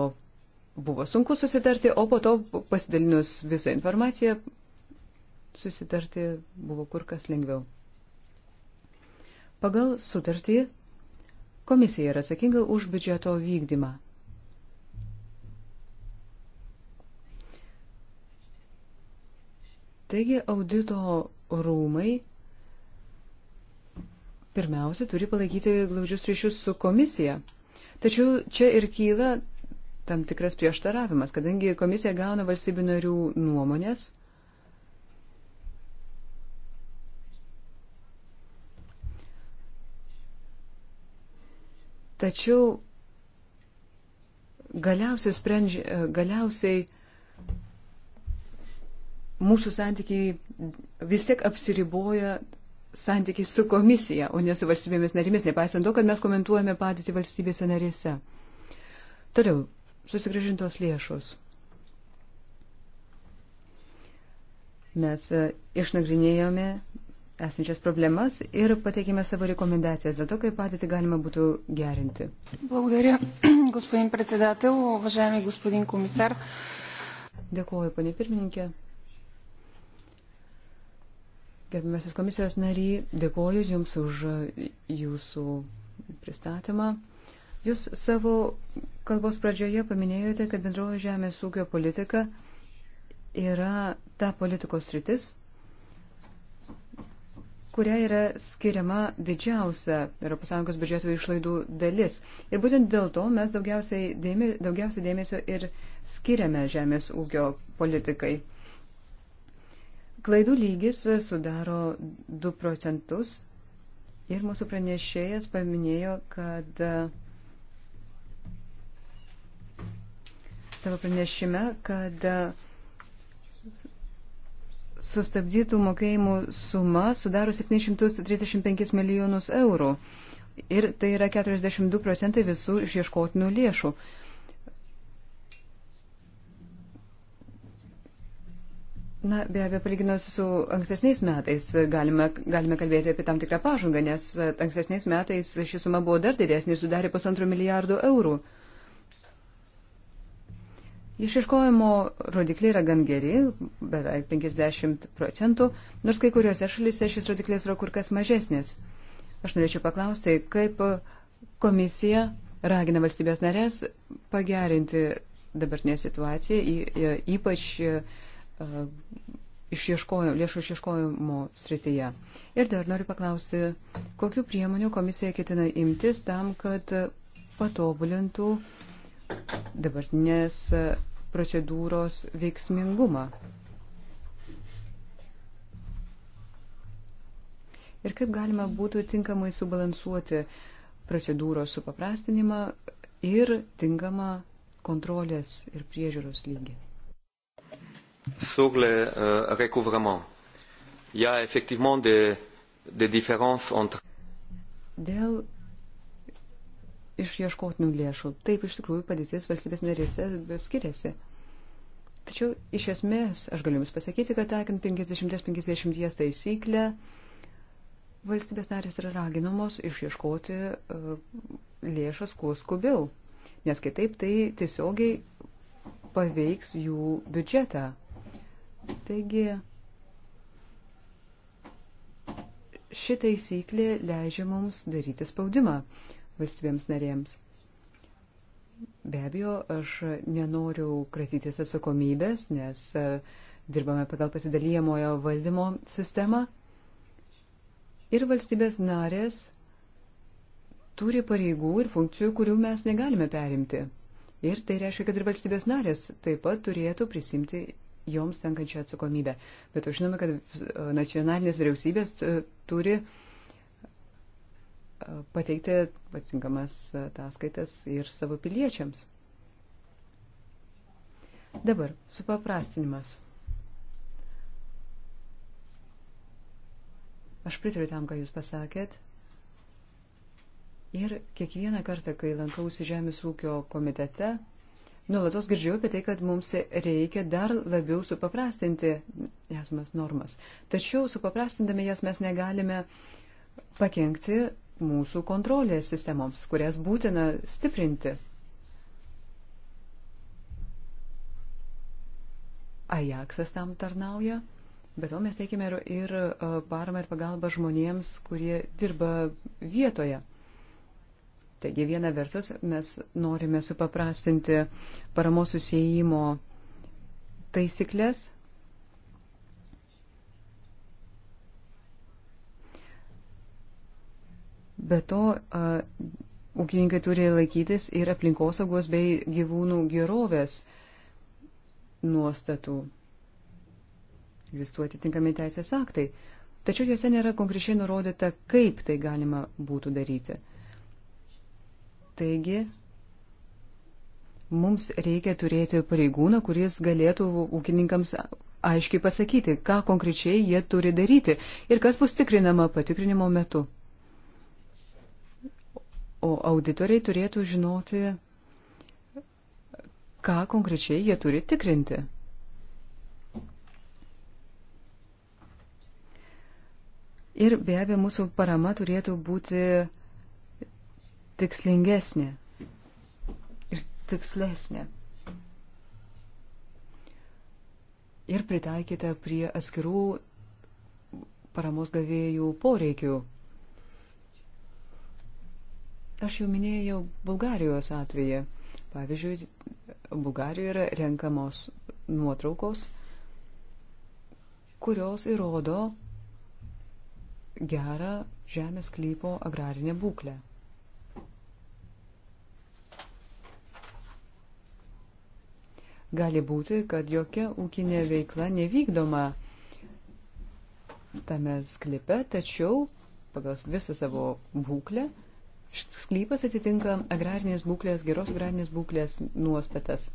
buvo sunku susitarti, o po to pasidalinus visą informaciją susitarti buvo kur kas lengviau. Pagal sutartį komisija yra sakinga už biudžeto vykdymą. Taigi audito rūmai pirmiausia turi palaikyti glaudžius ryšius su komisija. Tačiau čia ir kyla tam tikras prieštaravimas, kadangi komisija gauna valstybių narių nuomonės. Tačiau galiausiai, sprendži, galiausiai mūsų santykiai vis tiek apsiriboja santykiai su komisija, o ne su valstybėmis narėmis, nepaisant to, kad mes komentuojame padėtį valstybėse narėse. Toliau, susigražintos lėšos. Mes e, išnagrinėjome esančias problemas ir pateikėme savo rekomendacijas dėl to, kaip padėtį galima būtų gerinti. Благодаря, господин председател, уважаеми господин комисар. Dėkuoju, ponė pirmininkė. Gerbiamasis komisijos nariai, dėkoju Jums už Jūsų pristatymą. Jūs savo kalbos pradžioje paminėjote, kad bendroji žemės ūkio politika yra ta politikos rytis, kuria yra skiriama didžiausia ES biudžeto išlaidų dalis. Ir būtent dėl to mes daugiausiai, dėmė, daugiausiai dėmesio ir skiriame žemės ūkio politikai. Klaidų lygis e, sudaro 2 procentus ir mūsų pranešėjas paminėjo, kad e, savo pranešime, kad e, sustabdytų mokėjimų suma sudaro 735 milijonus eurų ir tai yra 42 procentai visų išieškotinų lėšų. Na, be abejo, palyginus su ankstesniais metais galime, galime kalbėti apie tam tikrą pažangą, nes ankstesniais metais ši suma buvo dar didesnė ir sudarė pusantro milijardo eurų. Išieškojimo rodikliai yra gan geri, beveik 50 procentų, nors kai kuriuose šalyse šis rodiklis yra kur kas mažesnis. Aš norėčiau paklausti, kaip komisija ragina valstybės narės pagerinti dabartinę situaciją, ypač E, išieškojo, lėšų išieškojimo srityje. Ir dar noriu paklausti, kokiu priemoniu komisija ketina imtis tam, kad patobulintų dabartinės procedūros veiksmingumą. Ir kaip galima būtų tinkamai subalansuoti procedūros supaprastinimą ir tinkamą kontrolės ir priežiūros lygį. Sur le euh, recouvrement, il y a effectivement des, des différences entre. Dėl išieškotinių lėšų. Taip, iš tikrųjų, padėtis valstybės narėse skiriasi. Tačiau, iš esmės, aš galiu Jums pasakyti, kad tekint 50-50 taisyklę, valstybės narės yra raginamos išieškoti uh, lėšas kuo skubiau, nes kitaip tai tiesiogiai paveiks jų biudžetą. Taigi ši taisyklė leidžia mums daryti spaudimą valstybėms narėms. Be abejo, aš nenoriu kratytis atsakomybės, nes e, dirbame pagal pasidalyjamojo valdymo sistemą. Ir valstybės narės turi pareigų ir funkcijų, kurių mes negalime perimti. Ir tai reiškia, kad ir valstybės narės taip pat turėtų prisimti joms tenkančią atsakomybę. Bet žinome, kad nacionalinės vyriausybės e, turi e, pateikti patinkamas ataskaitas ir savo piliečiams. Dabar supaprastinimas. Aš pritariu tam, ką Jūs pasakėt. Ir kiekvieną kartą, kai lankausi Žemės ūkio komitete, Nulatos girdžiu apie tai, kad mums reikia dar labiau supaprastinti esamas normas. Tačiau supaprastindami jas mes negalime pakengti mūsų kontrolės sistemoms, kurias būtina stiprinti. Ajaksas tam tarnauja, bet to mes teikime ir paramą ir pagalbą žmonėms, kurie dirba vietoje. Taigi viena vertus mes norime supaprastinti paramos susijimo taisyklės. Be to, ūkininkai turi laikytis ir aplinkosaugos bei gyvūnų gerovės nuostatų. Egzistuoja atitinkami teisės aktai. Tačiau juose nėra konkrečiai nurodyta, kaip tai galima būtų daryti. Taigi, mums reikia turėti pareigūną, kuris galėtų ūkininkams aiškiai pasakyti, ką konkrečiai jie turi daryti ir kas bus tikrinama patikrinimo metu. O auditoriai turėtų žinoti, ką konkrečiai jie turi tikrinti. Ir be abejo, mūsų parama turėtų būti tikslingesnė ir tikslesnė. Ir pritaikyta prie atskirų paramos gavėjų poreikių. Aš jau minėjau Bulgarijos atveju. Pavyzdžiui, Bulgarijoje yra renkamos nuotraukos, kurios įrodo gerą žemės klypo agrarinę būklę. Gali būti, kad jokia ūkinė veikla nevykdoma tame sklype, tačiau pagal visą savo būklę sklypas atitinka agrarinės būklės, geros agrarinės būklės nuostatas.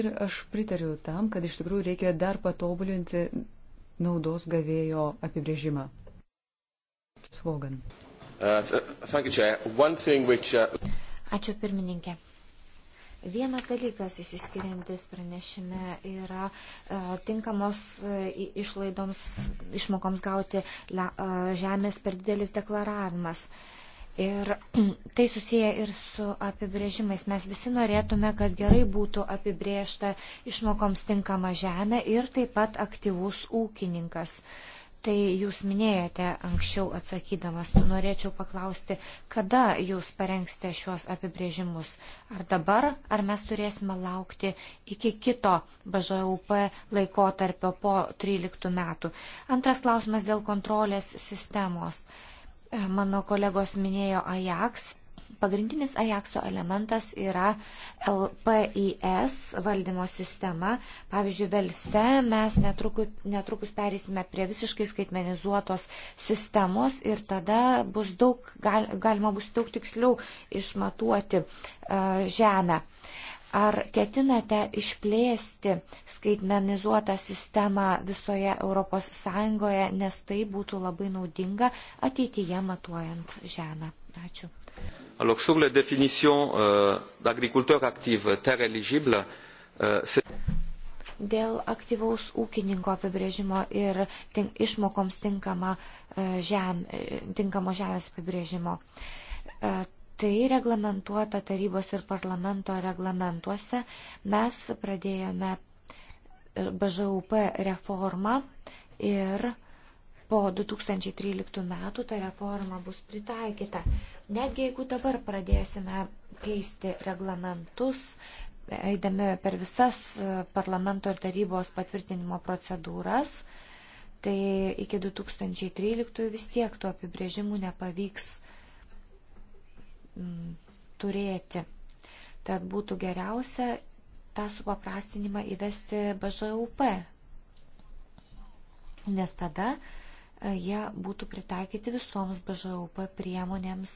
Ir aš pritariu tam, kad iš tikrųjų reikia dar patobulinti naudos gavėjo apibrėžimą. Svogan. Uh, uh, Ačiū pirmininkė. Vienas dalykas įsiskiriantis pranešime yra e, tinkamos e, išlaidoms, išmokoms gauti le, e, žemės per didelis deklaravimas. Ir tai susiję ir su apibrėžimais. Mes visi norėtume, kad gerai būtų apibrėžta išmokoms tinkama žemė ir taip pat aktyvus ūkininkas. E, Tai jūs minėjote anksčiau atsakydamas, norėčiau paklausti, kada jūs parengsite šiuos apibrėžimus? Ar dabar, ar mes turėsime laukti iki kito BŽUP laikotarpio po 13 metų? Antras klausimas dėl kontrolės sistemos. Mano kolegos minėjo AJAX Pagrindinis Ajaxo elementas yra LPIS valdymo sistema. Pavyzdžiui, Velse mes netrukus, netrukus perėsime prie visiškai skaitmenizuotos sistemos ir tada bus daug, gal, galima bus daug tiksliau išmatuoti uh, žemę. Ar ketinate išplėsti skaitmenizuotą sistemą visoje ES, nes tai būtų labai naudinga ateityje matuojant žemę? Ačiū. Alors sur la définition euh, d'agriculteur actif, euh, terre éligible, euh, c'est dėl aktyvaus ūkininko apibrėžimo ir tink, išmokoms tinkama, e, žem, e, tinkamo žemės apibrėžimo. E, tai reglamentuota tarybos ir parlamento reglamentuose. Mes pradėjome BŽUP reformą ir uh, po 2013 metų ta reforma bus pritaikyta. Netgi jeigu dabar pradėsime keisti reglamentus, eidami per visas e, parlamento ir tarybos patvirtinimo procedūras, tai iki 2013 vis tiek tų apibrėžimų nepavyks mm, turėti. Tad būtų geriausia tą supaprastinimą įvesti BŽUP, nes tada uh, jie būtų pritaikyti visoms BŽUP priemonėms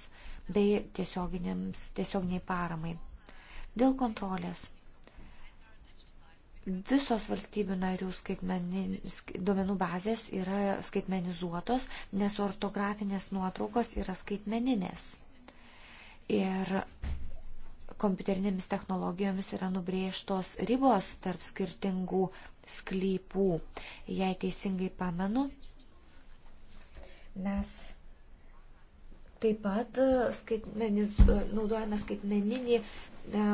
bei tiesioginiai paramai. Dėl kontrolės. Visos valstybių narių duomenų bazės yra skaitmenizuotos, nes ortografinės nuotraukos yra skaitmeninės. Ir kompiuterinėmis technologijomis yra nubrėžtos ribos tarp skirtingų sklypų. Jei teisingai pamenu, Mes taip pat e, skaitmeniz, naudojame skaitmeninį e,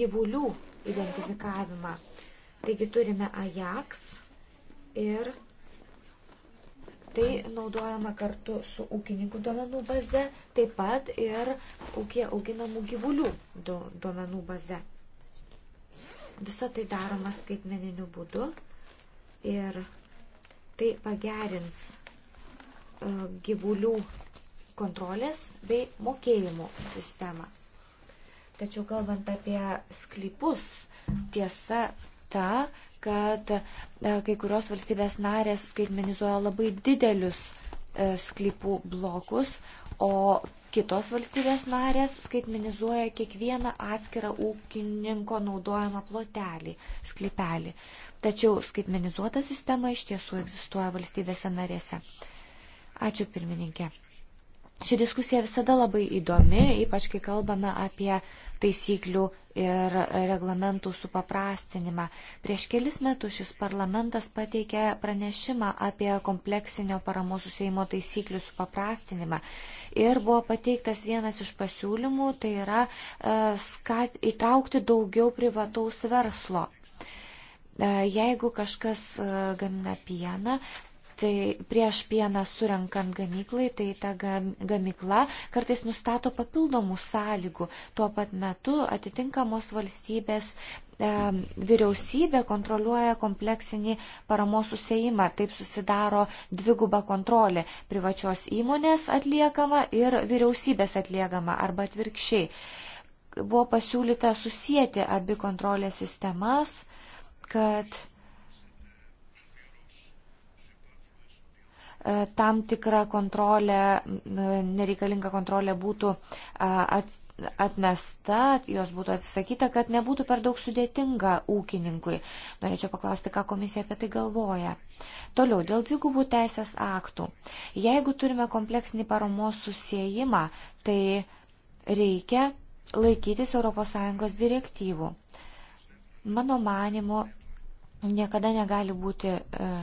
gyvulių identifikavimą. Taigi turime Ajax ir tai naudojama kartu su ūkininkų duomenų baze, taip pat ir ūkė auginamų gyvulių duomenų baze. Visa tai daroma skaitmeniniu būdu ir tai pagerins E, gyvulių kontrolės bei mokėjimų sistemą. Tačiau kalbant apie sklypus, tiesa ta, kad e, kai kurios valstybės narės skaitmenizuoja labai didelius e, sklypų blokus, o kitos valstybės narės skaitmenizuoja kiekvieną atskirą ūkininko naudojamą plotelį, sklypelį. Tačiau skaitmenizuota sistema iš tiesų egzistuoja valstybėse narėse. Ačiū pirmininkė. Ši diskusija visada labai įdomi, ypač kai kalbame apie taisyklių ir reglamentų supaprastinimą. Prieš kelis metus šis parlamentas pateikė pranešimą apie kompleksinio paramos susėjimo taisyklių supaprastinimą. Ir buvo pateiktas vienas iš pasiūlymų, tai yra e, skat, įtraukti daugiau privataus verslo. E, jeigu kažkas e, gamina pieną, tai prieš pieną surinkant gamyklai, tai ta gamykla kartais nustato papildomų sąlygų. Tuo pat metu atitinkamos valstybės vyriausybė kontroliuoja kompleksinį paramos susėjimą. Taip susidaro dviguba kontrolė - privačios įmonės atliekama ir vyriausybės atliekama arba atvirkščiai. Buvo pasiūlyta susijęti abi kontrolės sistemas, kad E, tam tikra kontrolė, e, nereikalinga kontrolė būtų e, atmesta, jos būtų atsisakyta, kad nebūtų per daug sudėtinga ūkininkui. Norėčiau paklausti, ką komisija apie tai galvoja. Toliau, dėl dvigubų teisės aktų. Jeigu turime kompleksinį paramos susijimą, tai reikia laikytis ES direktyvų. Mano manimu, niekada negali būti. E,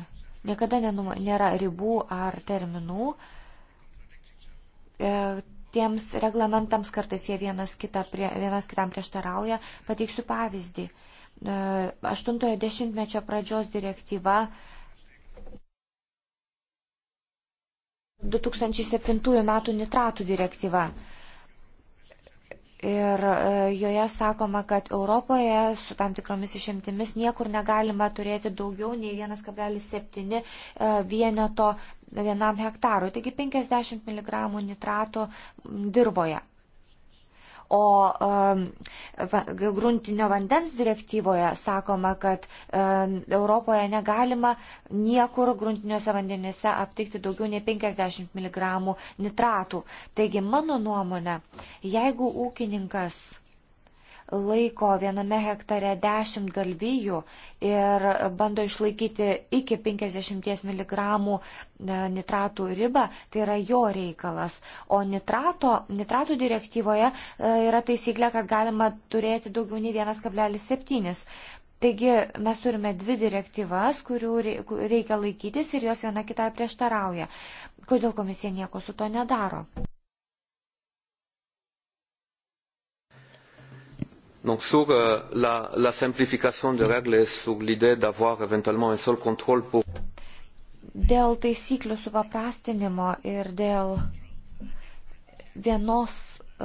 Niekada nenum, nėra ribų ar terminų. E, tiems reglamentams kartais jie vienas, kita prie, vienas kitam prieštarauja. Pateiksiu pavyzdį. 80-mečio e, pradžios direktyva 2007 metų nitratų direktyva. Ir e, joje sakoma, kad Europoje su tam tikromis išimtimis niekur negalima turėti daugiau nei 1,7 e, vieneto vienam hektarui, taigi 50 mg nitrato dirboje o um, gruntinio vandens direktyvoje sakoma, kad um, Europoje negalima niekur gruntiniuose vandenėse aptikti daugiau nei 50 mg nitratų. Taigi, mano nuomonė, jeigu ūkininkas laiko viename hektare 10 galvijų ir bando išlaikyti iki 50 mg e, nitratų ribą, tai yra jo reikalas. O nitrato, nitratų direktyvoje e, yra taisyklė, kad galima turėti daugiau nei 1,7. Taigi mes turime dvi direktyvas, kurių reikia laikytis ir jos viena kitai prieštarauja. Kodėl komisija nieko su to nedaro? Donc sur euh, la, la simplification des règles et sur l'idée d'avoir éventuellement un seul contrôle pour. Dėl taisyklių supaprastinimo ir dėl vienos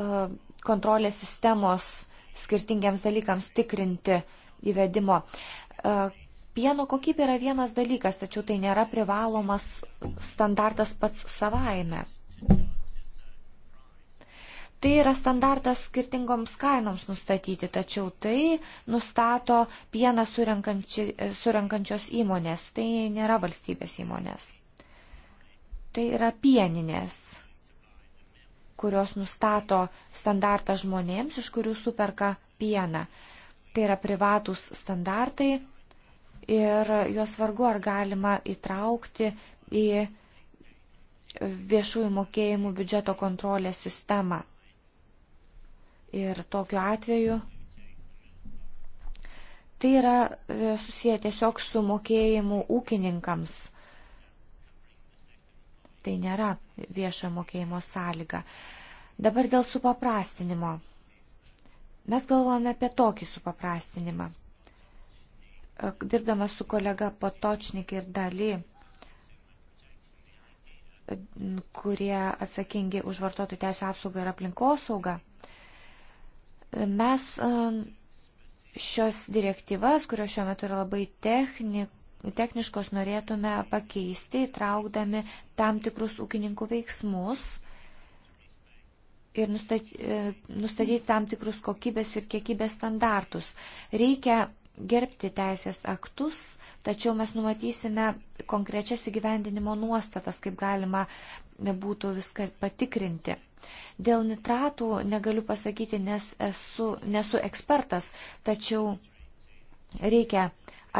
uh, kontrolės sistemos skirtingiems dalykams tikrinti įvedimo. Uh, pieno kokybė yra vienas dalykas, tačiau tai nėra privalomas standartas pats savaime. Tai yra standartas skirtingoms kainoms nustatyti, tačiau tai nustato pieną surenkančios įmonės, tai nėra valstybės įmonės. Tai yra pieninės, kurios nustato standartą žmonėms, iš kurių superka pieną. Tai yra privatus standartai ir juos vargu ar galima įtraukti į viešųjų mokėjimų biudžeto kontrolės sistemą. Ir tokiu atveju tai yra e, susiję tiesiog su mokėjimu ūkininkams. Tai nėra viešo mokėjimo sąlyga. Dabar dėl supaprastinimo. Mes galvojame apie tokį supaprastinimą. E, dirbdamas su kolega Potočnik ir Dali, e, kurie atsakingi už vartotojų teisų apsaugą ir aplinkosaugą, Mes šios direktyvas, kurios šiuo metu yra labai technik, techniškos, norėtume pakeisti, įtraukdami tam tikrus ūkininkų veiksmus ir e, nustatyti tam tikrus kokybės ir kiekybės standartus. Reikia gerbti teisės aktus, tačiau mes numatysime konkrečias įgyvendinimo nuostatas, kaip galima būtų viską patikrinti. Dėl nitratų negaliu pasakyti, nes esu, nesu ekspertas, tačiau reikia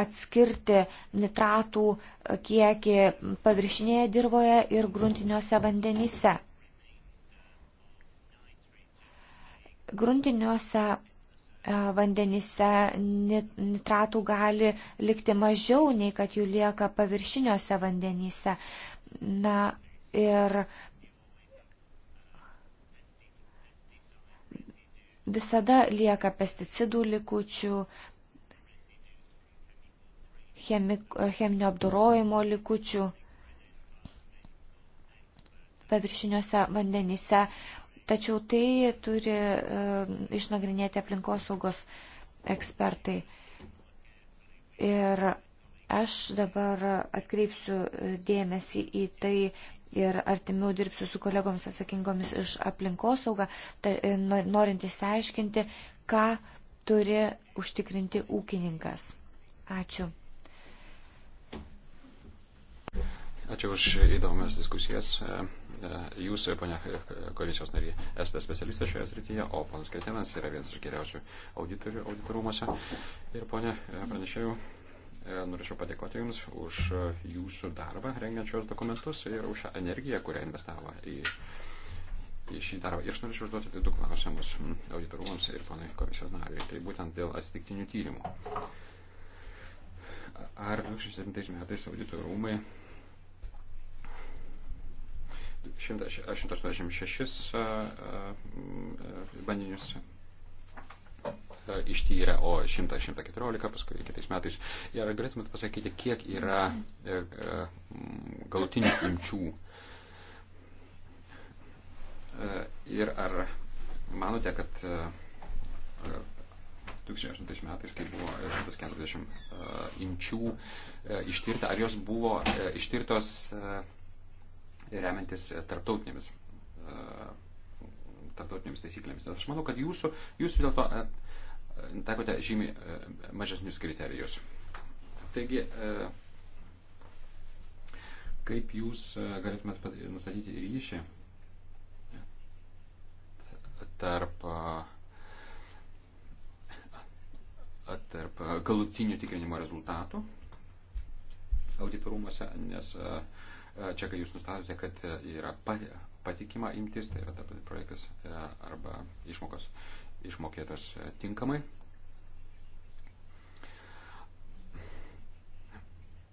atskirti nitratų kiekį paviršinėje dirboje ir gruntiniuose vandenyse. Gruntiniuose e, vandenyse nitratų gali likti mažiau nei kad jų lieka paviršiniuose vandenyse. Na ir visada lieka pesticidų likučių, chemik, cheminio apdorojimo likučių paviršiniuose vandenyse. Tačiau tai turi e, išnagrinėti aplinkosaugos ekspertai. Ir aš dabar atkreipsiu dėmesį į tai, ir artimiau dirbsiu su kolegomis atsakingomis iš aplinkosaugą, tai, norint išsiaiškinti, ką turi užtikrinti ūkininkas. Ačiū. Ačiū už įdomias diskusijas. E, e, jūs, ponia komisijos narė, esate specialistas šioje srityje, o ponas Kretinas yra vienas iš geriausių auditorių auditorumuose. Ir ponia pranešėjau. E, norėčiau padėkoti Jums už Jūsų darbą rengiant šios dokumentus ir už energiją, kurią investavo į, į šį darbą. Ir aš norėčiau užduoti du klausimus auditorumams ir panai komisijos nariui. Tai būtent dėl atsitiktinių tyrimų. Ar 2007 metais auditorumai 186 e, e, bandinius ištyrę, o 100-114 paskui kitais metais. Ir galėtumėt pasakyti, kiek yra e, e, galutinių imčių. E, ir ar manote, kad 2008 metais, kai buvo 140 imčių ištirta, ar jos buvo ištirtos remiantis tarptautinėmis, tarptautinėmis taisyklėmis. Nes aš manau, kad jūsų, jūs vis dėlto taikote žymiai e, mažesnius kriterijus. Taigi, e, kaip jūs e, galėtumėt nustatyti ryšį tarp tarp galutinių tikrinimo rezultatų auditorumuose, nes čia, kai jūs nustatote, kad yra patikima imtis, tai yra tarp projektas arba išmokos išmokėtos e, tinkamai.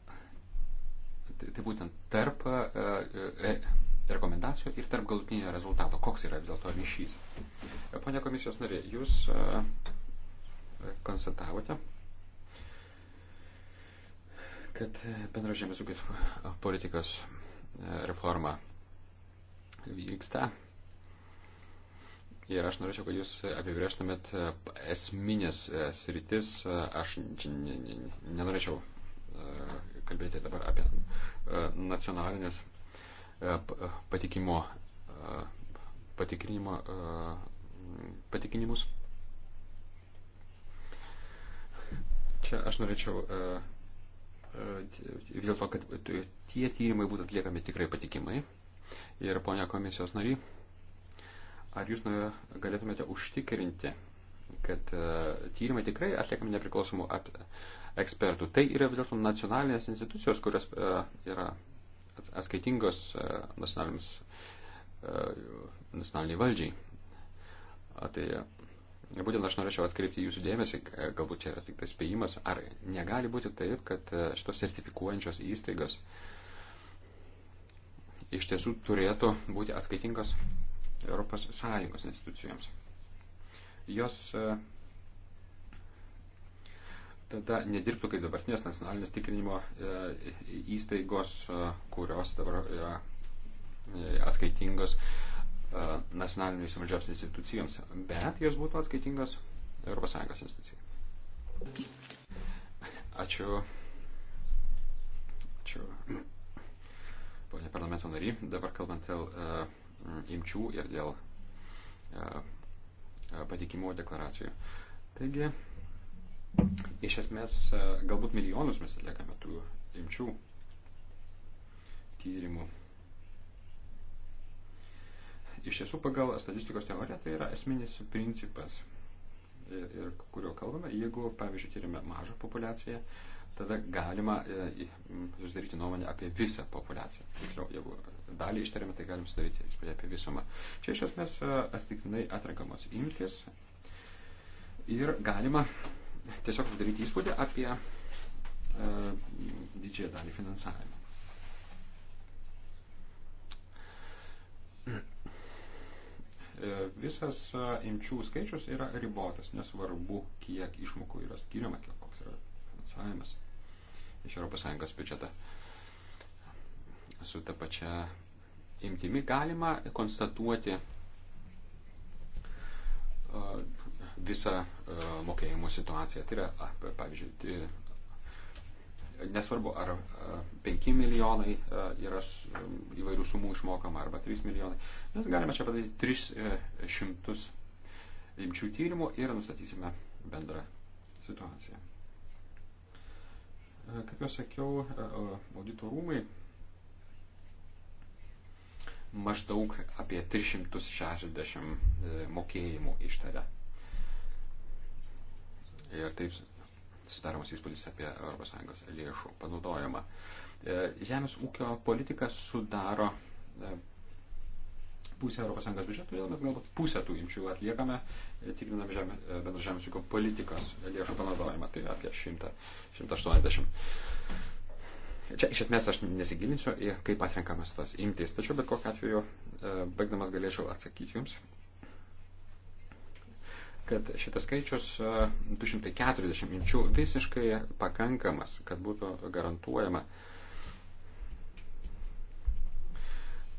Tai, tai būtent tarp e, e, rekomendacijų ir tarp galutinio rezultato. Koks yra vis dėlto ryšys? Pone komisijos narė, jūs konstatavote, kad bendra žemės ūkio politikos reforma vyksta Ir aš norėčiau, kad jūs apibrieštumėt e, esminės e, sritis. E, aš nenorėčiau kalbėti dabar apie nacionalinės patikimo patikrinimo patikinimus. Čia aš norėčiau vis dėlto, kad tie tyrimai būtų atliekami tikrai patikimai. Ir ponia komisijos nariai, Ar jūs galėtumėte užtikrinti, kad e, tyrimai tikrai atliekami nepriklausomų ekspertų? Tai yra vis dėlto nacionalinės institucijos, kurios e, yra atskaitingos e, nacionaliniai valdžiai. Tai būtent aš norėčiau atkreipti jūsų dėmesį, galbūt čia yra tik tai spėjimas, ar negali būti taip, kad šitos sertifikuojančios įstaigos iš tiesų turėtų būti atskaitingos ES institucijoms. Jos e, tada nedirbtų kaip dabartinės nacionalinės tikrinimo e, įstaigos, e, kurios dabar yra atskaitingos nacionaliniais valdžios institucijoms, bet jos būtų atskaitingos ES institucijai. Ačiū. Ačiū. Pone parlamento nary, dabar kalbant dėl uh, imčių ir dėl e, e, patikimo deklaracijų. Taigi, iš esmės, e, galbūt milijonus mes atliekame tų imčių tyrimų. Iš tiesų, pagal statistikos teoriją tai yra esminis principas, ir, ir kurio kalbame. Jeigu, pavyzdžiui, tyrime mažą populaciją, uh, tada galima e, susidaryti nuomonę apie visą populiaciją. Tiksliau, jeigu dalį ištariame, tai galim sudaryti įspūdį apie visumą. Čia iš esmės e, atsitiktinai atrenkamos imtis ir galima tiesiog sudaryti įspūdį apie e, didžiąją dalį finansavimo. E, visas imčių skaičius yra ribotas, nesvarbu, kiek išmokų yra skiriama, koks yra finansavimas iš ES biudžetą. Su ta pačia imtimi galima konstatuoti visą mokėjimo situaciją. Tai yra, pavyzdžiui, nesvarbu, ar 5 milijonai yra įvairių sumų išmokama, arba 3 milijonai. Mes galime čia padaryti 300 imčių tyrimų ir nustatysime bendrą situaciją. E, kaip jau sakiau, e, auditorumai maždaug apie 360 e, mokėjimų ištarė. Ir taip sudaromas įspūdis apie ES lėšų panaudojimą. Žemės ūkio politika sudaro pusę ES biudžeto, todėl mes galbūt pusę tų imčių atliekame, e, tikriname žemė, e, bendra žemės ūkio politikos lėšų panaudojimą, tai apie 100, 180. Čia iš esmės aš nesigilinsiu į kaip atrenkamas tas imtis, tačiau bet kokiu atveju, e, baigdamas galėčiau atsakyti jums, kad šitas skaičius 240 imčių visiškai pakankamas, kad būtų garantuojama uh,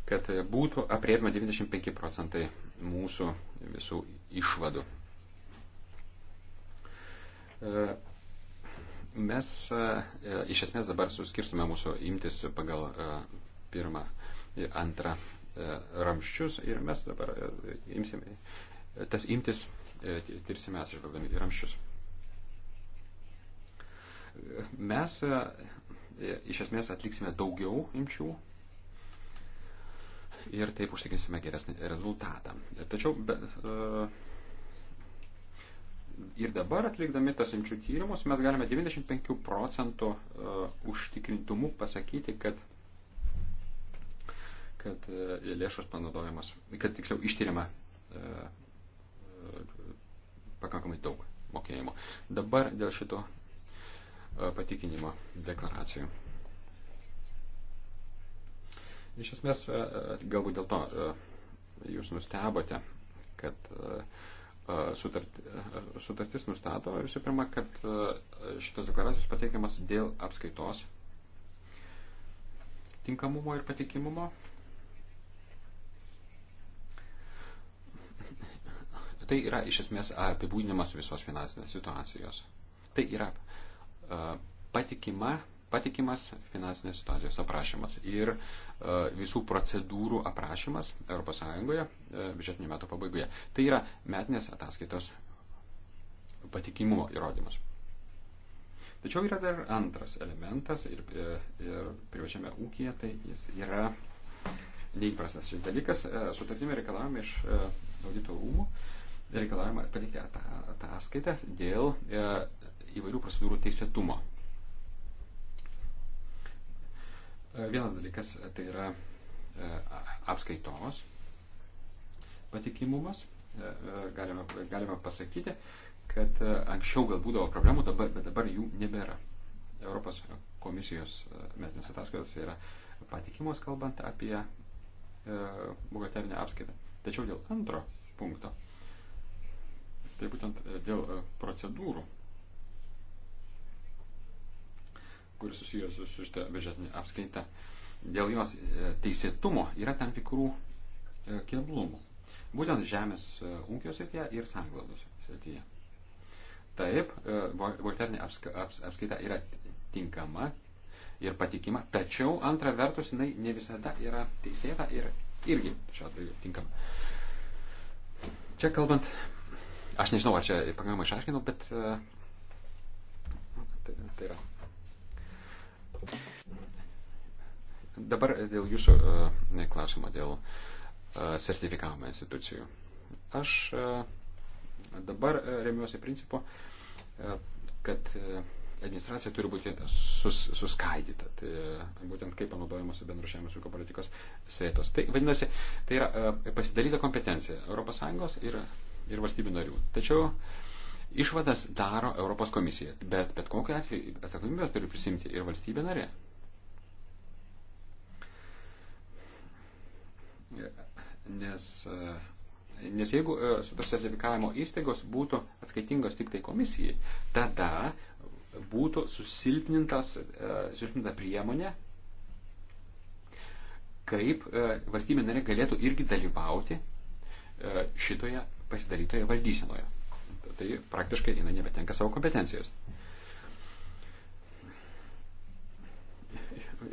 kad būtų apriepima 95 procentai mūsų visų išvadų. E, mes e, iš esmės dabar suskirstume mūsų imtis pagal e, pirmą ir antrą ramščius ir mes dabar imsime, tas imtis tirsime atsižvelgdami į ramščius. Mes iš esmės atliksime daugiau imčių ir taip užtikrinsime geresnį rezultatą. Tačiau be, e, ir dabar atlikdami tas imčių tyrimus mes galime 95 procentų e, užtikrintumu pasakyti, kad kad e, lėšos panaudojamas, kad tiksliau ištyrima pakankamai daug mokėjimo. Dabar dėl šito patikinimo deklaracijų. Iš esmės, e, e, galbūt dėl to e, jūs nustebote, kad sutart, sutartis nustato visų pirma, kad šitas deklaracijos pateikiamas dėl apskaitos tinkamumo ir patikimumo. Tai yra iš esmės apibūdinimas visos finansinės situacijos. Tai yra patikima patikimas finansinės situacijos aprašymas ir e, visų procedūrų aprašymas ES e, biudžetinio metų pabaigoje. Tai yra metinės ataskaitos patikimumo įrodymas. Tačiau yra dar antras elementas ir, e, ir privačiame ūkija, tai jis yra neįprastas šis dalykas. Sutartime reikalavome iš audito rūmų, reikalavome pateikti ataskaitą dėl įvairių procedūrų teisėtumo. E, vienas dalykas e, tai yra e, apskaitos patikimumas. Galime, galime pasakyti, kad anksčiau gal būdavo problemų, dabar, bet dabar jų nebėra. Europos komisijos metinės ataskaitos yra patikimos, kalbant apie buhalterinę apskaitą. Tačiau dėl antro punkto, tai būtent dėl procedūrų kuris susijęs su šitą biudžetinę apskaitą, dėl jos e, teisėtumo yra tam tikrų e, keblumų. Būtent žemės e, ūkio srityje ir sanglaudos srityje. Taip, volterinė apskaita yra tinkama ir patikima, tačiau antra vertus jinai ne visada yra teisėta ir irgi šiuo atveju tinkama. Čia kalbant, aš nežinau, ar čia pakankamai išaiškinau, bet tai, tai yra Dabar dėl jūsų e, klausimo, dėl e, sertifikavimo institucijų. Aš e, dabar remiuosi principu, kad administracija turi būti sus, suskaidyta. Tai būtent kaip panaudojamos bendro žemės ūkio politikos sėtos. Tai vadinasi, tai yra pasidalyta kompetencija ES ir, ir valstybių narių. Tačiau Išvadas daro Europos komisija, bet bet kokiu atveju atsakomybę turi prisimti ir valstybė narė. Nes, e, nes jeigu e, tos sertifikavimo įstaigos būtų atskaitingos tik tai komisijai, tada būtų e, susilpninta priemonė, kaip valstybė narė galėtų irgi dalyvauti šitoje pasidarytoje valdysenoje tai praktiškai jinai nebetenka savo kompetencijos.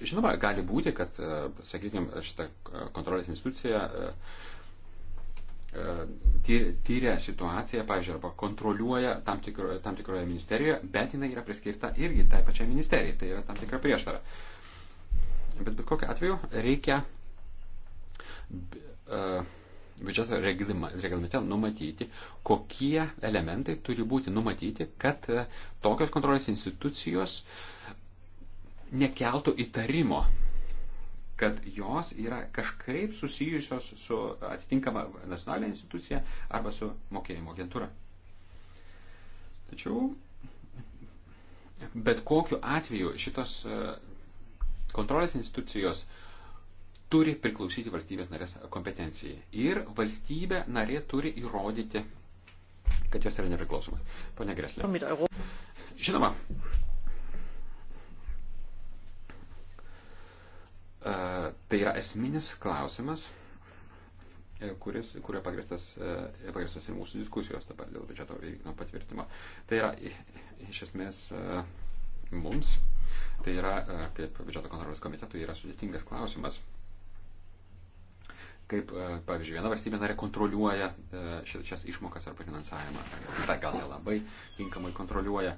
Žinoma, gali būti, kad, e, sakykime, šitą e, kontrolės instituciją e, tyria situaciją, pavyzdžiui, arba kontroliuoja tam, tikro, tam tikroje ministerijoje, bet jinai yra priskirta irgi tai pačiai ministerijai. Tai yra tam tikra prieštara. Bet bet kokiu atveju reikia uh, biudžeto reglamente numatyti, kokie elementai turi būti numatyti, kad e, tokios kontrolės institucijos nekeltų įtarimo, kad jos yra kažkaip susijusios su atitinkama nacionalinė institucija arba su mokėjimo agentūra. Tačiau bet kokiu atveju šitos e, kontrolės institucijos uh, turi priklausyti valstybės narės kompetencijai. Ir valstybė narė turi įrodyti, kad jos yra nepriklausoma. Pone Greslė. Žinoma, e, tai yra esminis klausimas, e, kuris, kurio pagristas, e, pagristas ir mūsų diskusijos dabar dėl biudžeto vykdymo patvirtimo. Tai yra iš esmės mums, tai yra kaip biudžeto kontrolės komitetui yra sudėtingas klausimas kaip, e, pavyzdžiui, viena valstybė narė kontroliuoja e, šias išmokas arba finansavimą, kita gal nelabai tinkamai kontroliuoja.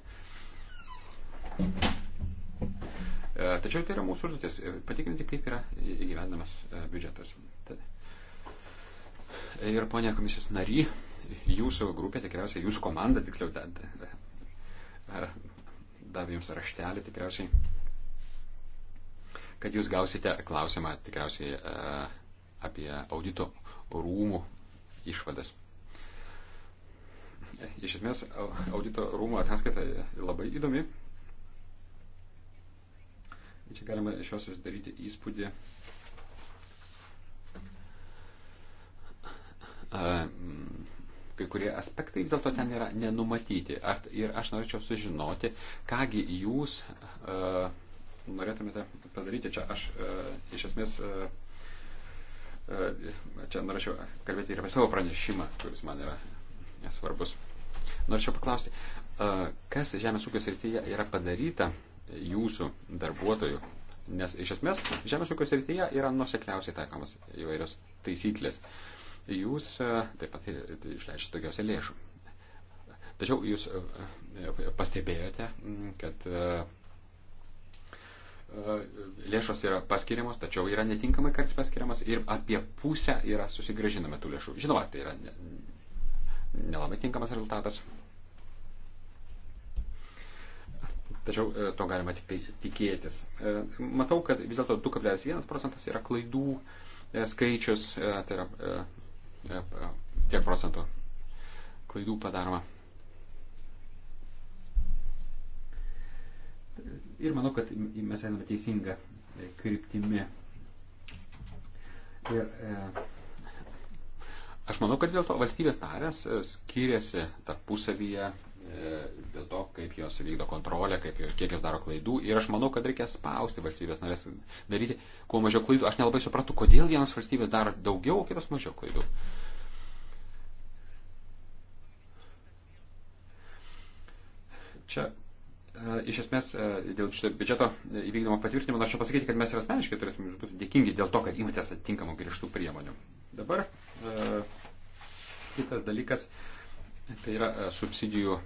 E, tačiau tai yra mūsų užduotis - patikrinti, kaip yra įgyvendamas biudžetas. Ir ponė komisijos nary, jūsų grupė tikriausiai, jūsų komanda tiksliau davė jums raštelį tikriausiai, kad jūs gausite klausimą tikriausiai apie audito rūmų išvadas. Iš esmės, audito rūmų ataskaita labai įdomi. Čia galima iš jos susidaryti įspūdį, mm, kai kurie aspektai vis dėlto ten yra nenumatyti. Ar, ir aš norėčiau sužinoti, kągi jūs uh, norėtumėte padaryti. Čia aš uh, iš esmės uh, Čia norėčiau kalbėti ir apie savo pranešimą, kuris man yra svarbus. Norėčiau paklausti, kas žemės ūkio srityje yra padaryta jūsų darbuotojų? Nes iš esmės žemės ūkio srityje yra nusekliausiai taikomas įvairios taisyklės. Jūs taip pat išleidžiate daugiausia lėšų. Tačiau jūs pastebėjote, kad E, lėšos yra paskiriamos, tačiau yra netinkamai kartais paskiriamas ir apie pusę yra susigražinama tų lėšų. Žinoma, tai yra nelabai tinkamas rezultatas. Tačiau e, to galima tik tai tikėtis. E, matau, kad vis dėlto 2,1 procentas yra klaidų skaičius, tai yra tiek procentų klaidų padaroma ir manau, kad mes einame teisinga e, kryptimi. Ir e, aš manau, kad dėl to valstybės narės e, skiriasi tarpusavyje, e, dėl to, kaip jos vykdo kontrolę, kaip, kiek jos daro klaidų. Ir aš manau, kad reikia spausti valstybės narės daryti kuo mažiau klaidų. Aš nelabai suprantu, kodėl vienos valstybės daro daugiau, o kitos mažiau klaidų. Čia iš esmės e, dėl šito biudžeto e, įvykdymo patvirtinimo norėčiau pasakyti, kad mes ir asmeniškai turėtume būti dėkingi dėl to, kad imtės atitinkamų griežtų priemonių. Dabar e, kitas dalykas. Tai yra subsidijų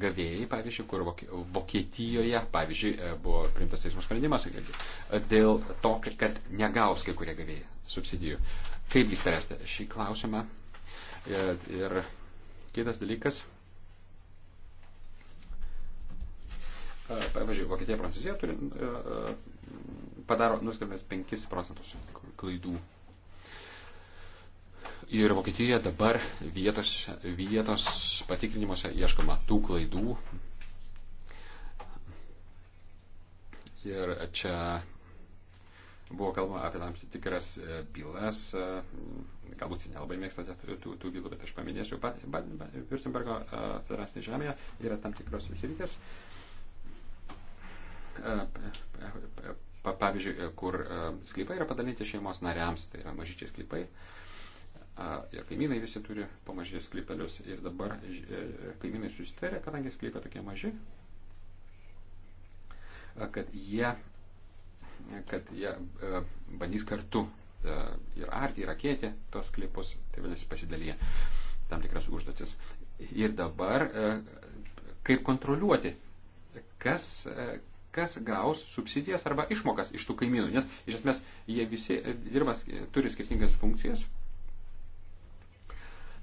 gavėjai, pavyzdžiui, kur Vokietijoje, pavyzdžiui, buvo priimtas teismo sprendimas dėl to, kad negaus kai kurie gavėjai subsidijų. Kaipgi spręsti šį klausimą? Ir kitas dalykas, pavyzdžiui, Vokietija, Prancūzija turi, e, e, padaro 0,5 procentus klaidų. Ir Vokietijoje dabar vietos, vietos patikrinimuose ieškoma tų klaidų. Ir čia buvo kalbama apie tam tikras e, bylas, galbūt nelabai mėgstate tų, tų bylų, bet aš paminėsiu, Baden-Württembergo federacinėje žemėje yra tam tikros sritis, uh, E, e, e, pavyzdžiui, kur sklypai yra padalinti šeimos nariams, tai yra mažyčiai sklypai. Ir kaimynai visi turi pamažės sklypelius ir dabar kaimynai susitarė, kadangi sklypai tokie maži, kad jie, kad jie bandys kartu ir arti, ir akėti tos klipus, tai vadinasi pasidalyje tam tikras užduotis. Ir dabar kaip kontroliuoti, kas, kas gaus subsidijas arba išmokas iš tų kaimynų, nes iš esmės jie visi dirba, turi skirtingas funkcijas.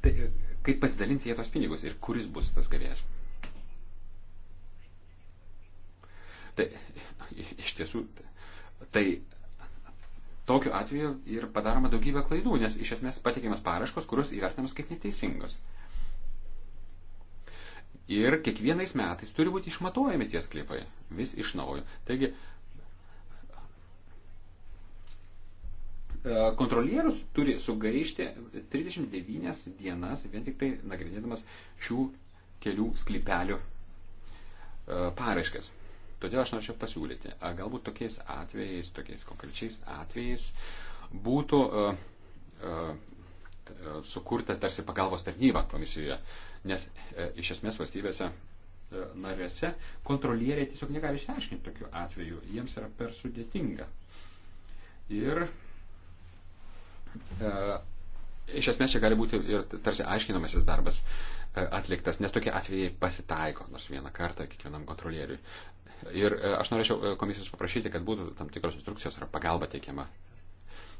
Tai e, kaip pasidalins jie tos pinigus ir kuris bus tas gavėjas? Tai e, iš tiesų, tai tokiu atveju ir padaroma daugybė klaidų, nes iš esmės pateikiamas paraškos, kurios įvertinamas kaip neteisingos. Ir kiekvienais metais turi būti išmatuojami tie sklypai, vis iš naujo. Taigi, e, kontrolierius turi sugaišti 39 dienas vien tik tai nagrinėdamas šių kelių sklypelių e, paraiškas. Todėl aš norėčiau pasiūlyti, galbūt tokiais atvejais, tokiais konkrečiais atvejais būtų e, sukurta tarsi pagalbos tarnyba komisijoje nes e, iš esmės valstybėse e, narėse kontrolieriai tiesiog negali išsiaiškinti tokių atvejų, jiems yra per sudėtinga. Ir e, iš esmės čia gali būti ir tarsi aiškinamasis darbas e, atliktas, nes tokie atvejai pasitaiko nors vieną kartą kiekvienam kontrolieriui. Ir e, aš norėčiau e, komisijos paprašyti, kad būtų tam tikros instrukcijos ar pagalba teikiama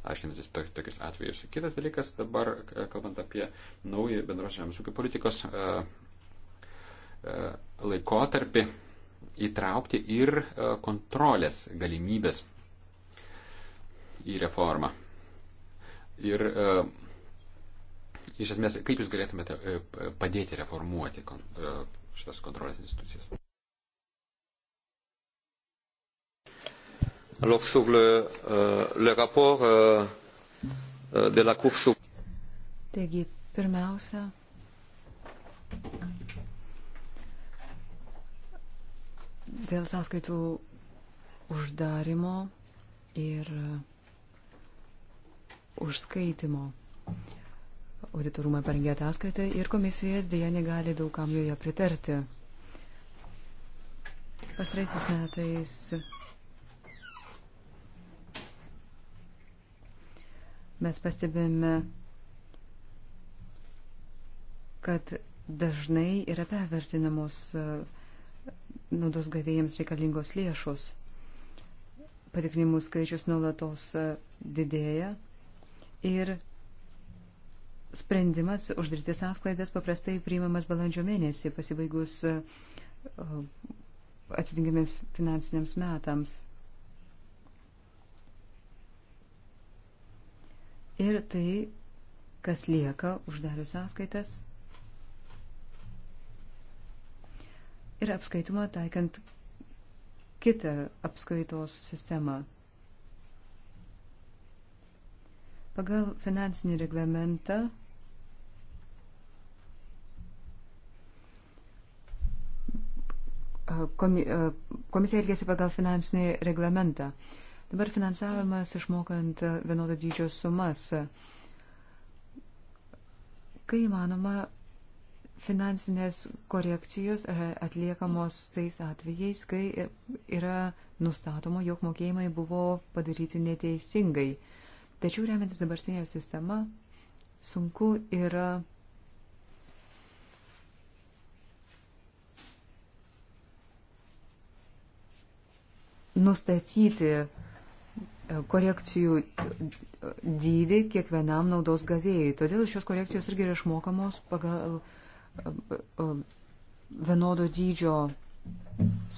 aiškinantis tokius atvejus. Kitas dalykas dabar, kalbant apie naują bendros žemės ūkio politikos e, e, laikotarpį, įtraukti ir e, kontrolės galimybės į reformą. Ir iš esmės, kaip jūs galėtumėte padėti reformuoti šitas kontrolės institucijas? Alors sur le, euh, le rapport euh, euh de la Cour suprême. Taigi, pirmiausia, dėl sąskaitų uždarimo ir uh, užskaitimo. Auditorumai parengė ataskaitą ir komisija dėja negali daugam joje pritarti. Pastraisiais metais mes pastebėjome, kad dažnai yra pervertinamos e, naudos gavėjams reikalingos lėšos. Patikrinimų skaičius nuolatos e, didėja ir sprendimas uždaryti sąsklaidas paprastai priimamas balandžio mėnesį, pasibaigus e, atitinkamiems finansiniams metams. ir tai, kas lieka uždarius sąskaitas ir apskaitimo taikant kitą apskaitos sistemą. Pagal finansinį reglamentą komisija elgėsi pagal finansinį reglamentą. Dabar finansavimas išmokant vienodo dydžio sumas. Kai manoma, finansinės korekcijos atliekamos tais atvejais, kai yra nustatoma, jog mokėjimai buvo padaryti neteisingai. Tačiau remiantis dabartinė sistema, sunku yra nustatyti korekcijų dydį kiekvienam naudos gavėjai. Todėl šios korekcijos irgi yra išmokamos pagal vienodo dydžio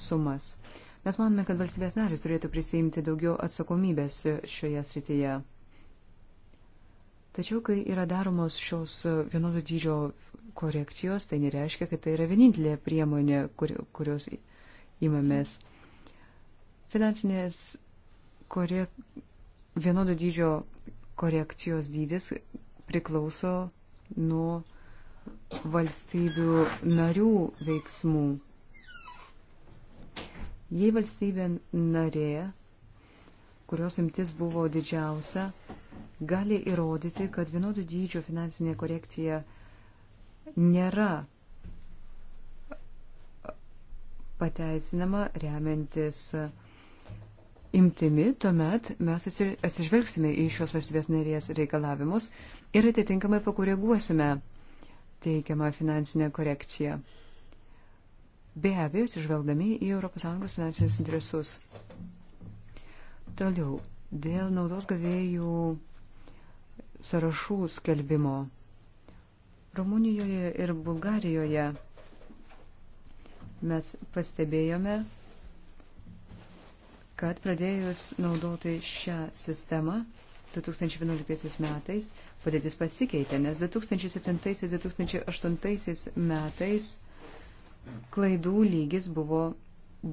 sumas. Mes manome, kad valstybės narės turėtų prisijimti daugiau atsakomybės šioje srityje. Tačiau, kai yra daromos šios vienodo dydžio korekcijos, tai nereiškia, kad tai yra vienintelė priemonė, kur, kurios įmamės. Finansinės kore, vienodo dydžio korekcijos dydis priklauso nuo valstybių narių veiksmų. Jei valstybė narė, kurios imtis buvo didžiausia, gali įrodyti, kad vienodo dydžio finansinė korekcija nėra pateisinama remiantis uh, imtimi, tuomet mes atsižvelgsime į šios valstybės narės reikalavimus ir atitinkamai pakoreguosime teikiamą finansinę korekciją. Be abejo, atsižvelgdami į ES finansinius interesus. Toliau, dėl naudos gavėjų sąrašų skelbimo. Rumunijoje ir Bulgarijoje mes pastebėjome, kad pradėjus naudoti šią sistemą 2011 metais padėtis pasikeitė, nes 2007-2008 metais klaidų lygis buvo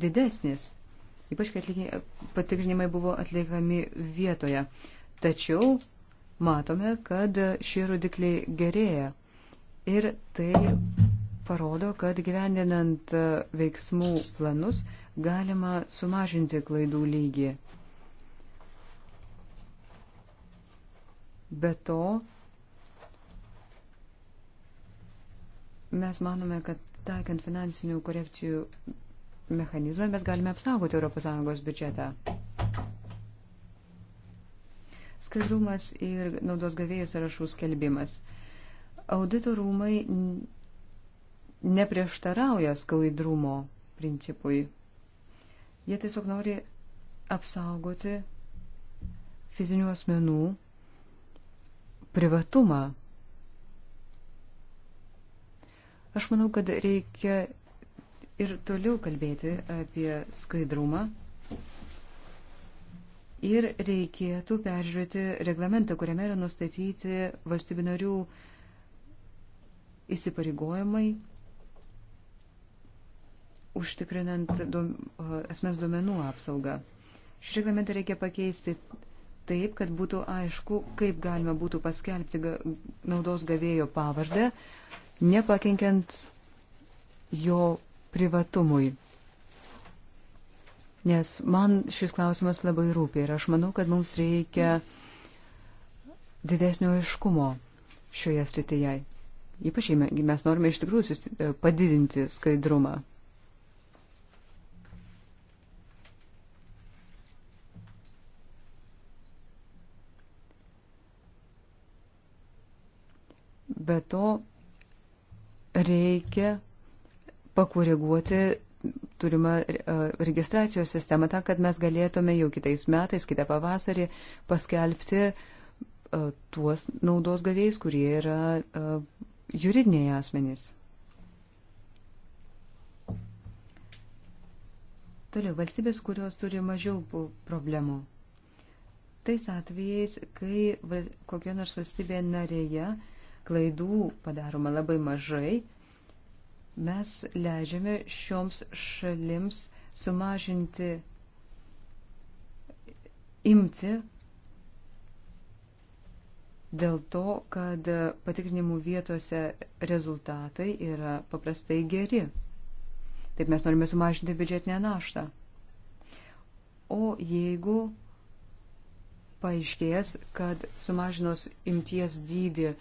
didesnis, ypač kai patikrinimai buvo atliekami vietoje. Tačiau matome, kad šie rodikliai gerėja. Ir tai parodo, kad gyvendinant veiksmų planus galima sumažinti klaidų lygį. Be to, mes manome, kad taikant finansinių korekcijų mechanizmą mes galime apsaugoti ES biudžetą. Skaidrumas ir naudos gavėjų sąrašų skelbimas. Audito rūmai neprieštarauja skaidrumo principui. Jie tiesiog nori apsaugoti fizinių asmenų privatumą. Aš manau, kad reikia ir toliau kalbėti apie skaidrumą. Ir reikėtų peržiūrėti reglamentą, kuriame yra nustatyti valstybinarių įsipareigojimai užtikrinant duom, asmens uh, duomenų apsaugą. Šį reglamentą reikia pakeisti taip, kad būtų aišku, kaip galima būtų paskelbti naudos gavėjo pavardę, nepakenkiant jo privatumui. Nes man šis klausimas labai rūpia ir aš manau, kad mums reikia didesnio aiškumo šioje srityje. Ypač mes norime iš tikrųjų padidinti skaidrumą. Be to reikia pakoreguoti turimą e, registracijos sistemą tam, kad mes galėtume jau kitais metais, kitą pavasarį paskelbti e, tuos naudos gavėjus, kurie yra e, juridiniai asmenys. Toliau, valstybės, kurios turi mažiau problemų. Tais atvejais, kai kokio nors valstybė narėje uh, klaidų padaroma labai mažai, mes leidžiame šioms šalims sumažinti, imti dėl to, kad patikrinimų vietose rezultatai yra paprastai geri. Taip mes norime sumažinti biudžetinę naštą. O jeigu paaiškės, kad sumažinus imties dydį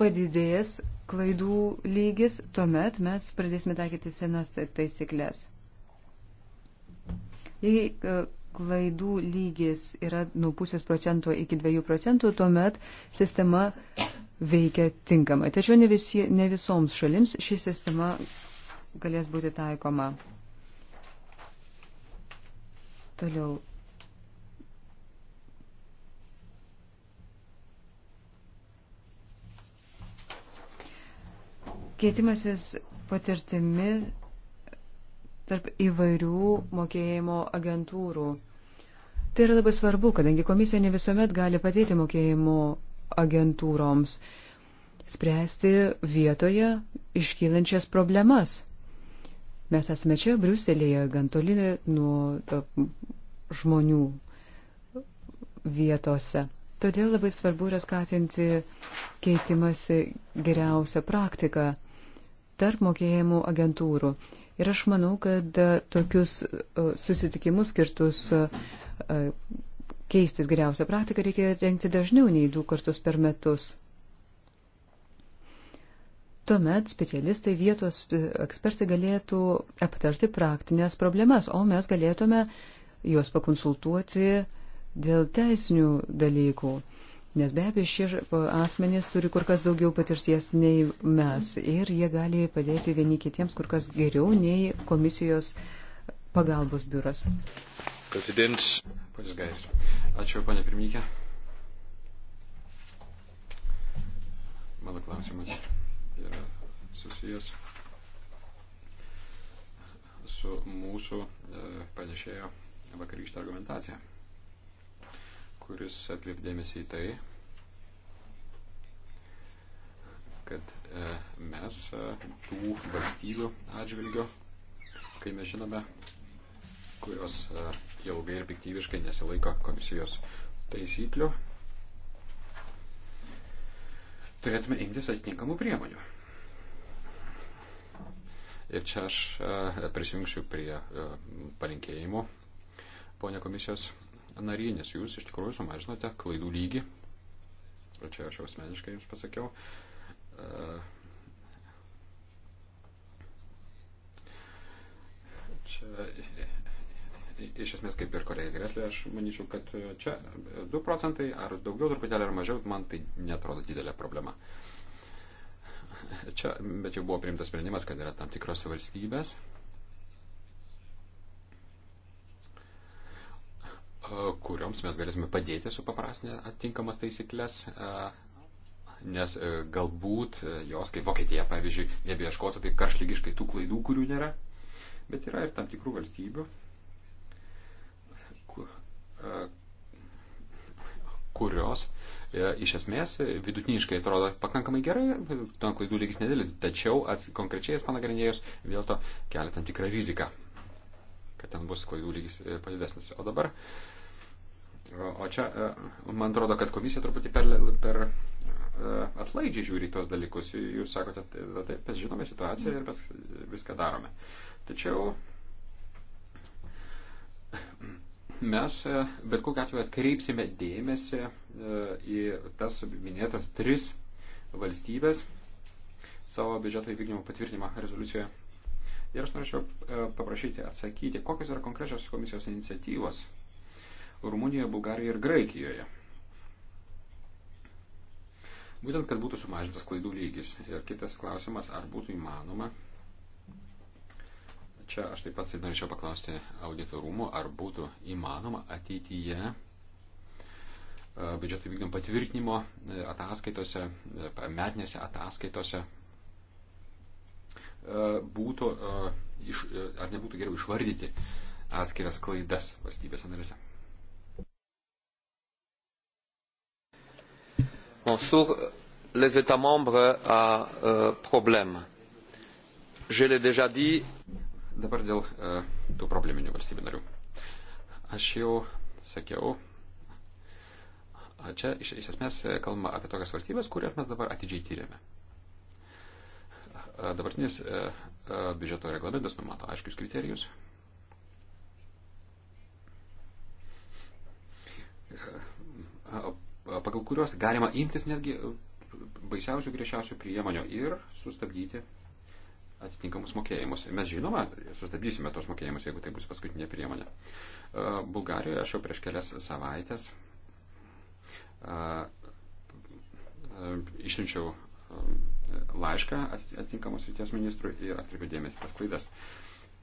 padidėjęs klaidų lygis, tuomet mes pradėsime taikyti senas taisyklės. Jei e, klaidų lygis yra nuo pusės procento iki dviejų procentų, tuomet sistema veikia tinkamai. Tačiau ne, visi, ne visoms šalims ši sistema galės būti taikoma. Toliau Keitimasis patirtimi tarp įvairių mokėjimo agentūrų. Tai yra labai svarbu, kadangi komisija ne visuomet gali padėti mokėjimo agentūroms spręsti vietoje iškylančias problemas. Mes esame čia, Briuselėje, gantolinė nuo žmonių vietose. Todėl labai svarbu yra skatinti keitimasi geriausią praktiką tarp mokėjimų agentūrų. Ir aš manau, kad e, tokius e, susitikimus skirtus e, keistis geriausią praktiką reikia rengti dažniau nei du kartus per metus. Tuomet specialistai, vietos ekspertai galėtų aptarti praktinės problemas, o mes galėtume juos pakonsultuoti dėl teisinių dalykų. Nes be abejo, šie asmenys turi kur kas daugiau patirties nei mes ir jie gali padėti vieni kitiems kur kas geriau nei komisijos pagalbos biuras. Prezidents. Pats Gairis. Ačiū, panė pirmininkė. Mano klausimas yra susijęs su mūsų e, panešėjo vakarykštė argumentacija kuris atkreipdėmėsi į tai, kad e, mes e, tų valstybių atžvilgių, kai mes žinome, kurios e, ilgai ir piktybiškai nesilaiko komisijos taisyklių, turėtume imtis atitinkamų priemonių. Ir čia aš prisijungsiu prie palinkėjimų, ponė komisijos nariai, nes jūs iš tikrųjų sumažinote klaidų lygį. O čia aš jau asmeniškai jums pasakiau. E, čia iš esmės kaip ir Koreja Greslė, aš manyčiau, kad čia 2 procentai ar daugiau truputėlį ar mažiau, man tai netrodo didelė problema. Čia, bet jau buvo priimtas sprendimas, kad yra tam tikros valstybės, kurioms mes galėsime padėti supaprastinę atitinkamas taisyklės, nes galbūt jos, kaip Vokietija, pavyzdžiui, nebeieškotų taip karšlygiškai tų klaidų, kurių nėra, bet yra ir tam tikrų valstybių, kurios e, iš esmės vidutiniškai atrodo pakankamai gerai, ten klaidų lygis nedėlis, tačiau ats, konkrečiai panagrindėjus vėl to kelia tam tikrą riziką, kad ten bus klaidų lygis e, padidesnis. O dabar uh, O čia, e, man atrodo, kad komisija truputį per, per e, atlaidžiai žiūri tos dalykus. Jūs sakote, tai, taip, mes žinome situaciją ir mes viską darome. Tačiau mes e, bet kokiu atveju atkreipsime dėmesį į tas minėtas tris valstybės savo biudžeto įvykdymo patvirtinimą rezoliucijoje. Ir aš norėčiau paprašyti atsakyti, kokios yra konkrečios komisijos iniciatyvos Rumunijoje, Bulgarijoje ir Graikijoje. Būtent, kad būtų sumažintas klaidų lygis. Ir kitas klausimas, ar būtų įmanoma. Čia aš taip pat norėčiau paklausti auditorumų, ar būtų įmanoma ateityje e, biudžeto vykdymo patvirtinimo e, ataskaitose, e, metinėse ataskaitose būtų, ar nebūtų geriau išvardyti atskiras klaidas valstybėse narėse. Bon, sur les États membres à euh, problème, je l'ai déjà dit. Dabar dėl uh, tų probleminių valstybių narių. Aš jau sakiau, čia iš, iš esmės e, kalbama apie tokias valstybės, kurias mes dabar atidžiai tyrėme. Dabartinis uh, uh, biudžeto reglamentas numato aiškius kriterijus, pagal kuriuos galima imtis netgi e, baisiausių, griežčiausių priemonių ir sustabdyti atitinkamus mokėjimus. Mes žinoma, sustabdysime tos mokėjimus, jeigu tai bus paskutinė priemonė. E, Bulgarijoje aš jau prieš kelias savaitės e, išsiunčiau laišką atitinkamos ryties ministrui ir atkreipiu dėmesį tas klaidas.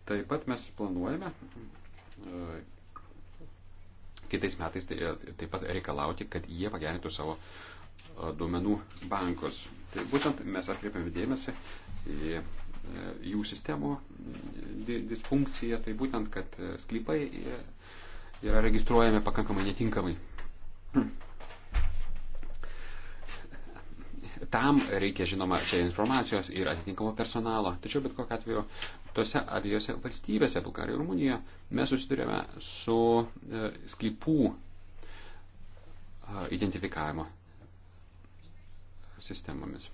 Taip pat mes planuojame kitais metais tai, taip pat reikalauti, kad jie pagerintų savo duomenų bankus. Tai būtent mes atkreipiam dėmesį į e, jų sistemų disfunkciją, tai būtent, kad e, sklypai e, yra registruojami pakankamai netinkamai. tam reikia, žinoma, čia informacijos ir atitinkamo personalo. Tačiau bet kokiu atveju tose abiejose valstybėse, Bulgarija ir Rumunija, mes susidurėme su e, sklypų e, identifikavimo sistemomis.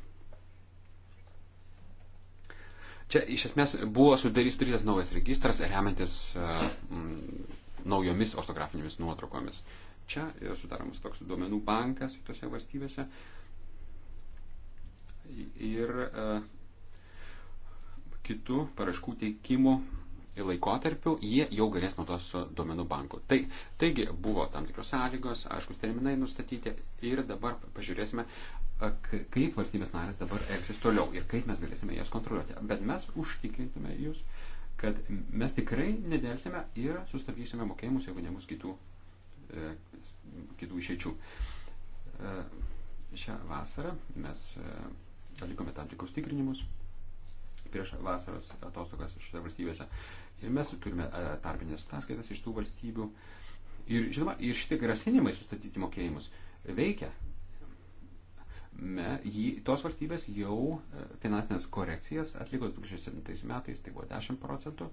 Čia iš esmės buvo sudarytas naujas registras, remiantis e, m, naujomis ortografinėmis nuotraukomis. Čia sudaromas toks duomenų bankas tose valstybėse. E, ir e, kitų paraškų teikimo laikotarpių jie jau galės naudos duomenų bankų. Tai, taigi buvo tam tikros sąlygos, aiškus terminai nustatyti ir dabar pažiūrėsime, e, kaip valstybės narės dabar elgsis toliau ir kaip mes galėsime jas kontroliuoti. Bet mes užtikrintume jūs, kad mes tikrai nedelsime ir sustabdysime mokėjimus, jeigu nebus kitų, e, kitų išeičių. E, šią vasarą mes. E, atlikome tam tikrus tikrinimus prieš vasaros atostogas šiose valstybėse. Ir mes turime e, tarpinės ataskaitas iš tų valstybių. Ir, žinoma, ir šitie grasinimai sustabdyti mokėjimus veikia. Me, jį, tos valstybės jau e, finansinės korekcijas atliko 2007 metais, tai buvo 10 procentų.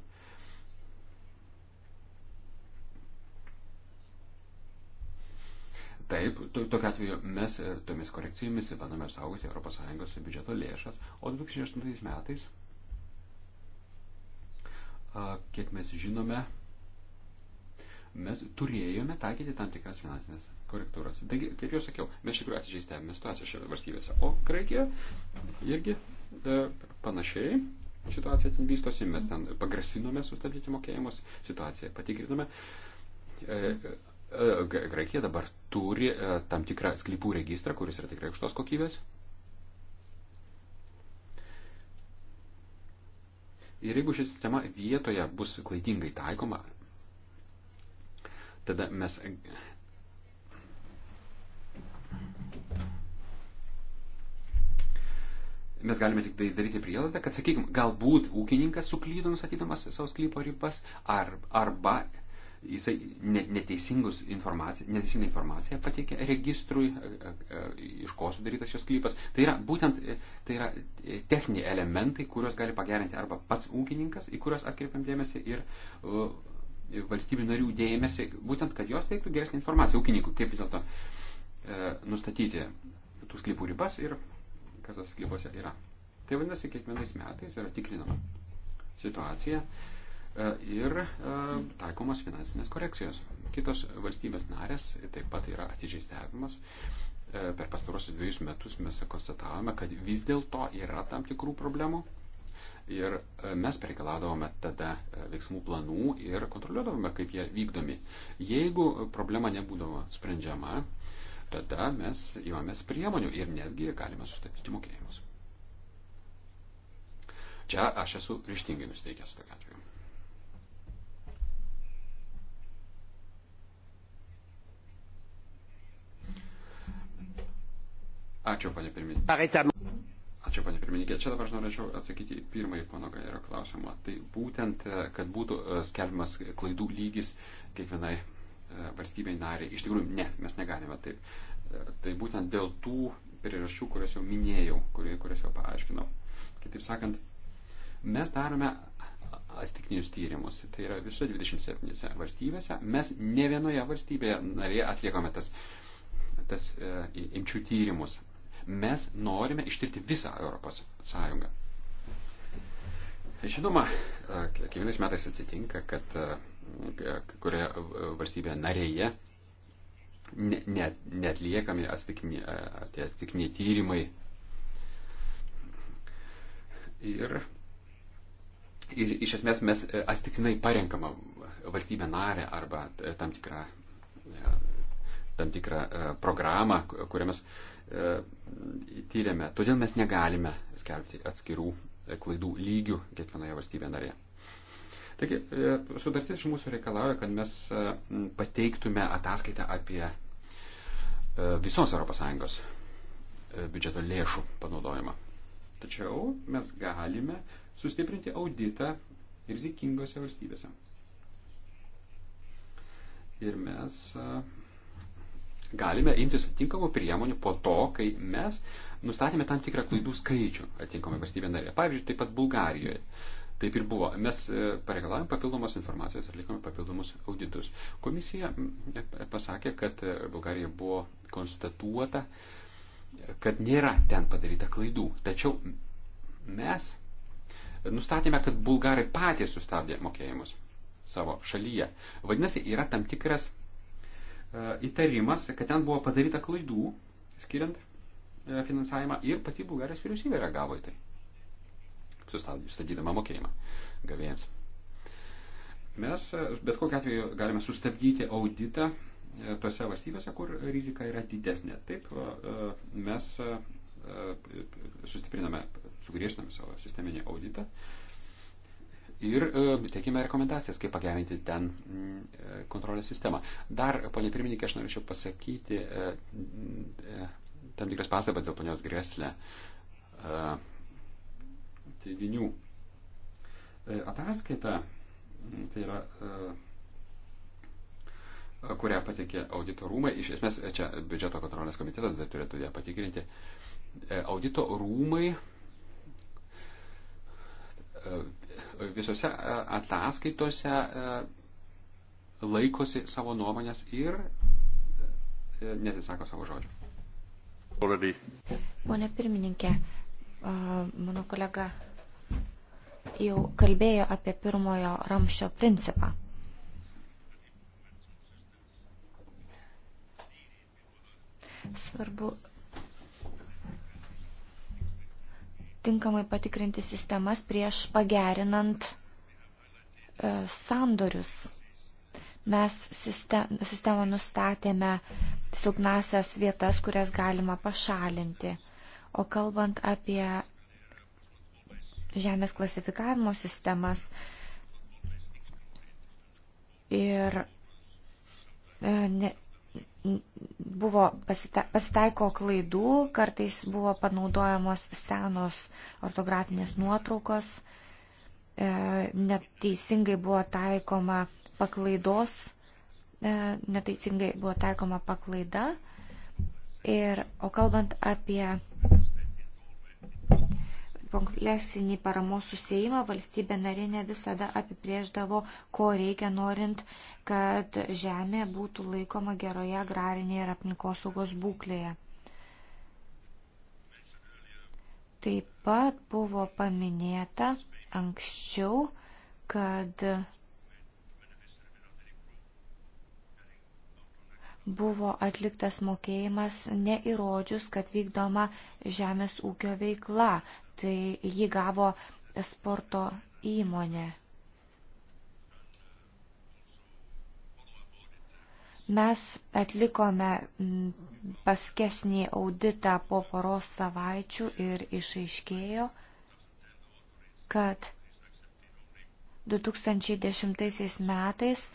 Taip, to, tokiu atveju mes e, tomis korekcijomis bandome saugoti ES biudžeto lėšas, o 2008 metais, kiek mes žinome, mes turėjome taikyti tam tikras finansinės korektūras. Taigi, kaip jau sakiau, mes iš tikrųjų atidžiai stebime situaciją šioje valstybėse. O Graikija irgi e, panašiai situacija ten vystosi, mes ten pagrasinome sustabdyti mokėjimus, situaciją patikrinome. E, E, Graikija dabar turi e, tam tikrą sklypų registrą, kuris yra tikrai aukštos kokybės. Ir jeigu ši sistema vietoje bus klaidingai taikoma, tada mes. Mes galime tik tai daryti prielaidą, kad, sakykime, galbūt ūkininkas suklydo nustatydamas savo sklypo ribas, ar, arba jisai neteisingus informaciją, neteisingą informaciją pateikė registrui, e, e, e, iš ko sudarytas jos klypas. Tai yra būtent tai yra techniniai elementai, kuriuos gali pagerinti arba pats ūkininkas, į kuriuos atkreipiam dėmesį ir valstybių narių dėmesį, būtent, kad jos teiktų geresnį informaciją ūkininkui, kaip vis dėlto nustatyti tų sklypų ribas ir kas tos sklypose yra. Tai vadinasi, kiekvienais metais yra tikrinama situacija E, ir e, taikomos finansinės korekcijos. Kitos valstybės narės taip pat yra atidžiai stebimas. E, per pastarosius dviejus metus mes konstatavome, kad vis dėlto yra tam tikrų problemų. Ir mes reikalavome tada veiksmų planų ir kontroliuodavome, kaip jie vykdomi. Jeigu problema nebūdavo sprendžiama, tada mes įmamės priemonių ir netgi galime sustabdyti mokėjimus. Čia aš esu ryštingai nusteikęs tokia. Ačiū, panė pirmininkė. Ačiū, panė pirmininkė. Čia dabar aš norėčiau atsakyti į pirmąjį pono Gairio klausimą. Tai būtent, e, kad būtų e, skelbimas klaidų lygis kiekvienai e, valstybei nariai. Iš tikrųjų, ne, mes negalime taip. Tai būtent dėl tų priežasčių, kurias jau minėjau, kurias jau paaiškinau. Kitaip sakant, mes darome atsitiktinius tyrimus. Tai yra visose 27 valstybėse. Mes ne vienoje valstybėje narėje atliekame tas, tas e, imčių tyrimus. Mes norime ištirti visą Europos Sąjungą. Žinoma, kiekvienais metais atsitinka, kad kurioje valstybėje narėje net, netliekami atsitikni, atsitikniai tyrimai. Ir, ir iš esmės mes atsitiktinai parenkamą valstybę narę arba tam tikrą, tam tikrą e, programą, kuriamis mes E, tyrėme. Todėl mes negalime skelbti atskirų klaidų lygių kiekvienoje valstybėje narėje. Taigi, e, sudartis iš mūsų reikalauja, kad mes e, pateiktume ataskaitą apie visos ES biudžeto lėšų panaudojimą. Tačiau mes galime sustiprinti auditą rizikingose valstybėse. Ir mes galime imtis atitinkamų priemonių po to, kai mes nustatėme tam tikrą klaidų skaičių atitinkamai valstybė narė. Pavyzdžiui, taip pat Bulgarijoje. Taip ir buvo. Mes e, pareikalavome papildomos informacijos, atlikome papildomus auditus. Komisija e, pasakė, kad e, Bulgarija buvo konstatuota, kad nėra ten padaryta klaidų. Tačiau mes nustatėme, kad bulgarai patys sustabdė mokėjimus savo šalyje. Vadinasi, yra tam tikras E, įtarimas, kad ten buvo padaryta klaidų, skiriant e, finansavimą ir pati Bulgarijos vyriausybė reagavo į tai, sustabdydama mokėjimą gavėjams. Mes e, bet kokiu atveju galime sustabdyti auditą tose valstybėse, kur rizika yra didesnė. Taip mes sustipriname, sugriešiname savo sisteminį auditą ir e, teikime rekomendacijas, kaip pagerinti ten mm, e, kontrolės sistemą. Dar, ponė pirmininkė, aš norėčiau pasakyti e, tam tikras pastabas dėl ponios Greslė teiginių. Ataskaita, mm, tai yra, kurią patikė auditorumai, iš esmės čia biudžeto kontrolės komitetas dar turėtų ją patikrinti, audito rūmai E, visose e, ataskaitose e, laikosi savo nuomonės ir nesisako savo žodžių. Pone pirmininkė, mano kolega jau kalbėjo apie pirmojo ramščio principą. Svarbu tinkamai patikrinti sistemas prieš pagerinant e, sandorius. Mes sistemą nustatėme silpnasias vietas, kurias galima pašalinti. O kalbant apie žemės klasifikavimo sistemas ir e, ne, buvo pasita, pasitaiko klaidų, kartais buvo panaudojamos senos ortografinės nuotraukos, e, neteisingai buvo taikoma paklaidos, e, neteisingai buvo taikoma paklaida. Ir, o kalbant apie kompleksinį paramos susijimą valstybė narė ne visada apibrėždavo, ko reikia norint, kad žemė būtų laikoma geroje agrarinėje ir aplinkosaugos būklėje. Taip pat buvo paminėta anksčiau, kad buvo atliktas mokėjimas neįrodžius, kad vykdoma žemės ūkio veikla tai jį gavo sporto įmonė. Mes atlikome paskesnį auditą po poros savaičių ir išaiškėjo, kad 2010 metais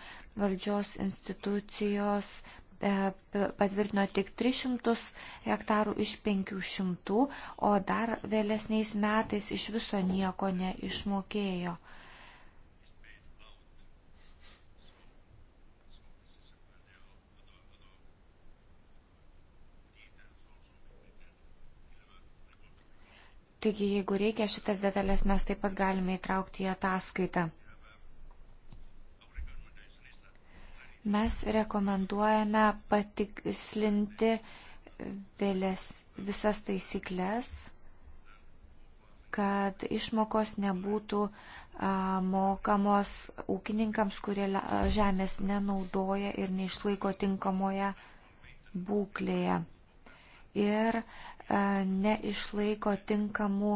valdžios institucijos E, patvirtino tik 300 hektarų iš 500, o dar vėlesniais metais iš viso nieko neišmokėjo. Taigi, jeigu reikia, šitas detalės mes taip pat galime įtraukti į ataskaitą. Mes rekomenduojame patikslinti vėlės, visas taisyklės, kad išmokos nebūtų a, mokamos ūkininkams, kurie žemės nenaudoja ir neišlaiko tinkamoje būklėje. Ir a, neišlaiko tinkamų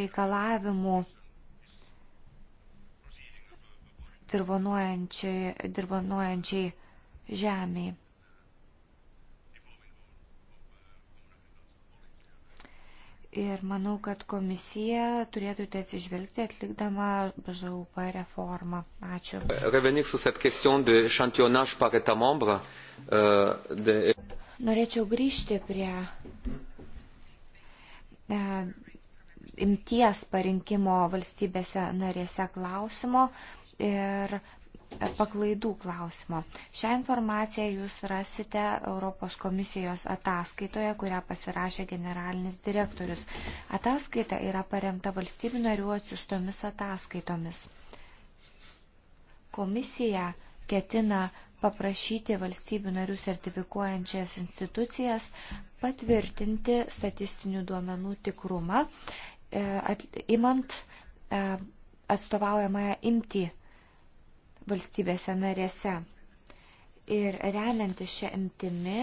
reikalavimų dirbonuojančiai, dirbonuojančiai žemiai. Ir manau, kad komisija turėtų tai atsižvelgti atlikdama BŽUP reformą. Ačiū. Euh, Norėčiau grįžti prie e, imties parinkimo valstybėse narėse klausimo. E, ir paklaidų klausimo. Šią informaciją jūs rasite Europos komisijos ataskaitoje, kurią pasirašė generalinis direktorius. Ataskaita yra paremta valstybių narių atsiustomis ataskaitomis. Komisija ketina paprašyti valstybių narių sertifikuojančias institucijas patvirtinti statistinių duomenų tikrumą, e, imant e, atstovaujamąją imtį valstybėse narėse. Ir remiantis šią imtimi,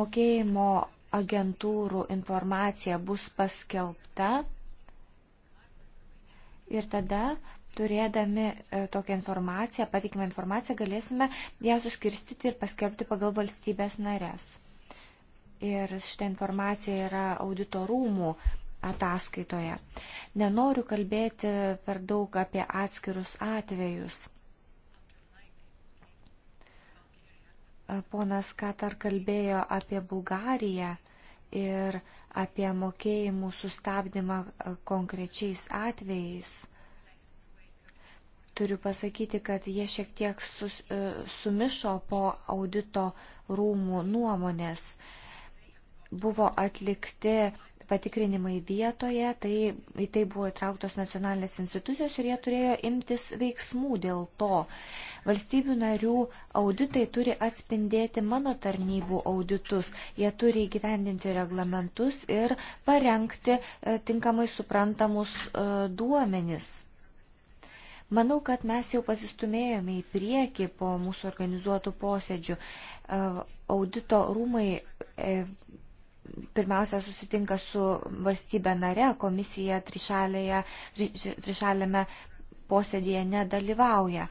mokėjimo agentūrų informacija bus paskelbta ir tada turėdami e, tokią informaciją, patikimą informaciją, galėsime ją suskirstyti ir paskelbti pagal valstybės narės. Ir šitą informaciją yra auditorumų ataskaitoje. Nenoriu kalbėti per daug apie atskirus atvejus. Ponas Katar kalbėjo apie Bulgariją ir apie mokėjimų sustabdymą konkrečiais atvejais. Turiu pasakyti, kad jie šiek tiek sus, e, sumišo po audito rūmų nuomonės. Buvo atlikti patikrinimai vietoje, tai į tai buvo įtrauktos nacionalinės institucijos ir jie turėjo imtis veiksmų dėl to. Valstybių narių auditai turi atspindėti mano tarnybų auditus, jie turi įgyvendinti reglamentus ir parengti e, tinkamai suprantamus e, duomenis. Manau, kad mes jau pasistumėjome į priekį po mūsų organizuotų posėdžių. E, audito rūmai pirmiausia susitinka su valstybė nare, komisija trišalėje, trišalėme posėdėje nedalyvauja. E,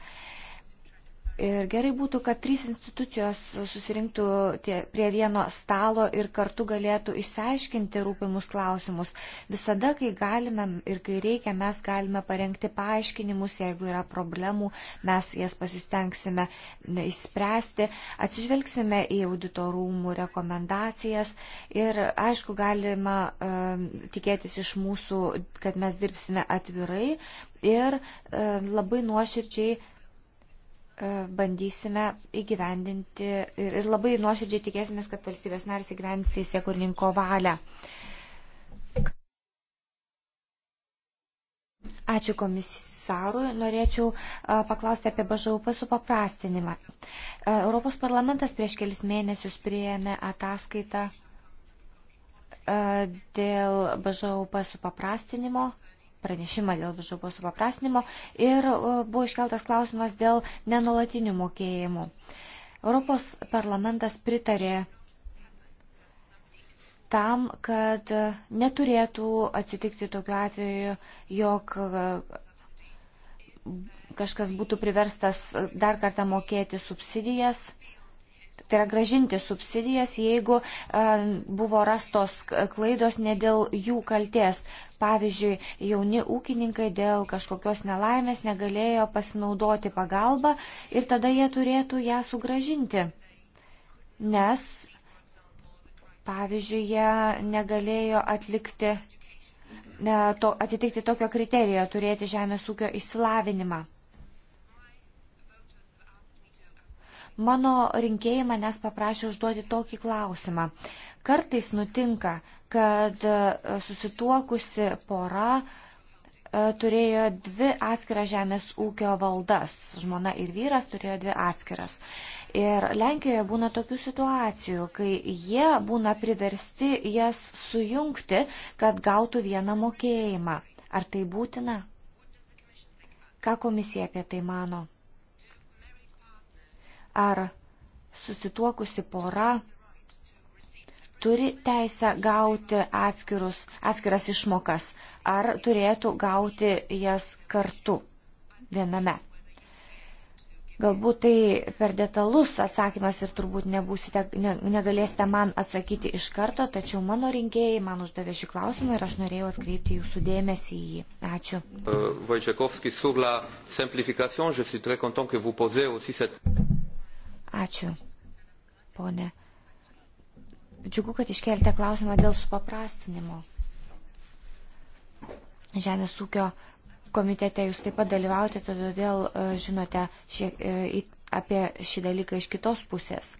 Ir gerai būtų, kad trys institucijos susirinktų tie, prie vieno stalo ir kartu galėtų išsiaiškinti rūpimus klausimus. Visada, kai galime ir kai reikia, mes galime parengti paaiškinimus, jeigu yra problemų, mes jas pasistengsime išspręsti, atsižvelgsime į auditorumų rekomendacijas ir, aišku, galima e, tikėtis iš mūsų, kad mes dirbsime atvirai ir e, labai nuoširdžiai E, bandysime įgyvendinti ir, ir labai nuoširdžiai tikėsimės, kad valstybės narys įgyvendins teisėkurninko valią. Ačiū komisarui. Norėčiau e, paklausti apie BŽUP supaprastinimą. E, Europos parlamentas prieš kelis mėnesius prieėmė ataskaitą dėl BŽUP supaprastinimo. paprastinimo pranešimą dėl žaubo supaprasnimo ir e, buvo iškeltas klausimas dėl nenolatinių mokėjimų. Europos parlamentas pritarė tam, kad neturėtų atsitikti tokiu atveju, jog e, kažkas būtų priverstas dar kartą mokėti subsidijas tai yra gražinti subsidijas, jeigu buvo rastos klaidos ne dėl jų kalties. Pavyzdžiui, jauni ūkininkai dėl kažkokios nelaimės negalėjo pasinaudoti pagalbą ir tada jie turėtų ją sugražinti. Nes, pavyzdžiui, jie negalėjo atlikti, ne, to, atitikti tokio kriterijo turėti žemės ūkio išsilavinimą. Mano rinkėjai manęs paprašė užduoti tokį klausimą. Kartais nutinka, kad e, susituokusi pora e, turėjo dvi atskiras žemės ūkio valdas. Žmona ir vyras turėjo dvi atskiras. Ir Lenkijoje būna tokių situacijų, kai jie būna priversti jas sujungti, kad gautų vieną mokėjimą. Ar tai būtina? Ką komisija apie tai mano? ar susituokusi pora turi teisę gauti atskirus, atskiras išmokas, ar turėtų gauti jas kartu viename. Galbūt tai per detalus atsakymas ir turbūt nebūsite, ne, negalėsite man atsakyti iš karto, tačiau mano rinkėjai man uždavė šį klausimą ir aš norėjau atkreipti jūsų dėmesį į jį. Ačiū. Uh, Ačiū, ponė. Džiugu, kad iškeltė klausimą dėl supaprastinimo. Žemės ūkio komitete jūs taip pat dalyvaujate, todėl e, žinote šiek, e, apie šį dalyką iš kitos pusės.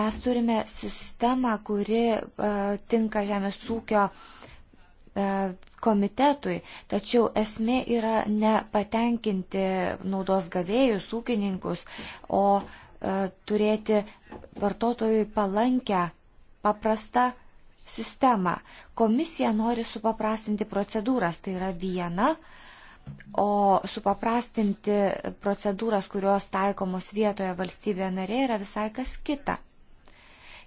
Mes turime sistemą, kuri e, tinka žemės ūkio uh, E, komitetui, tačiau esmė yra ne patenkinti naudos gavėjus, ūkininkus, o e, turėti vartotojui palankę, paprastą sistemą. Komisija nori supaprastinti procedūras, tai yra viena, o supaprastinti procedūras, kurios taikomos vietoje valstybėje narėje, yra visai kas kita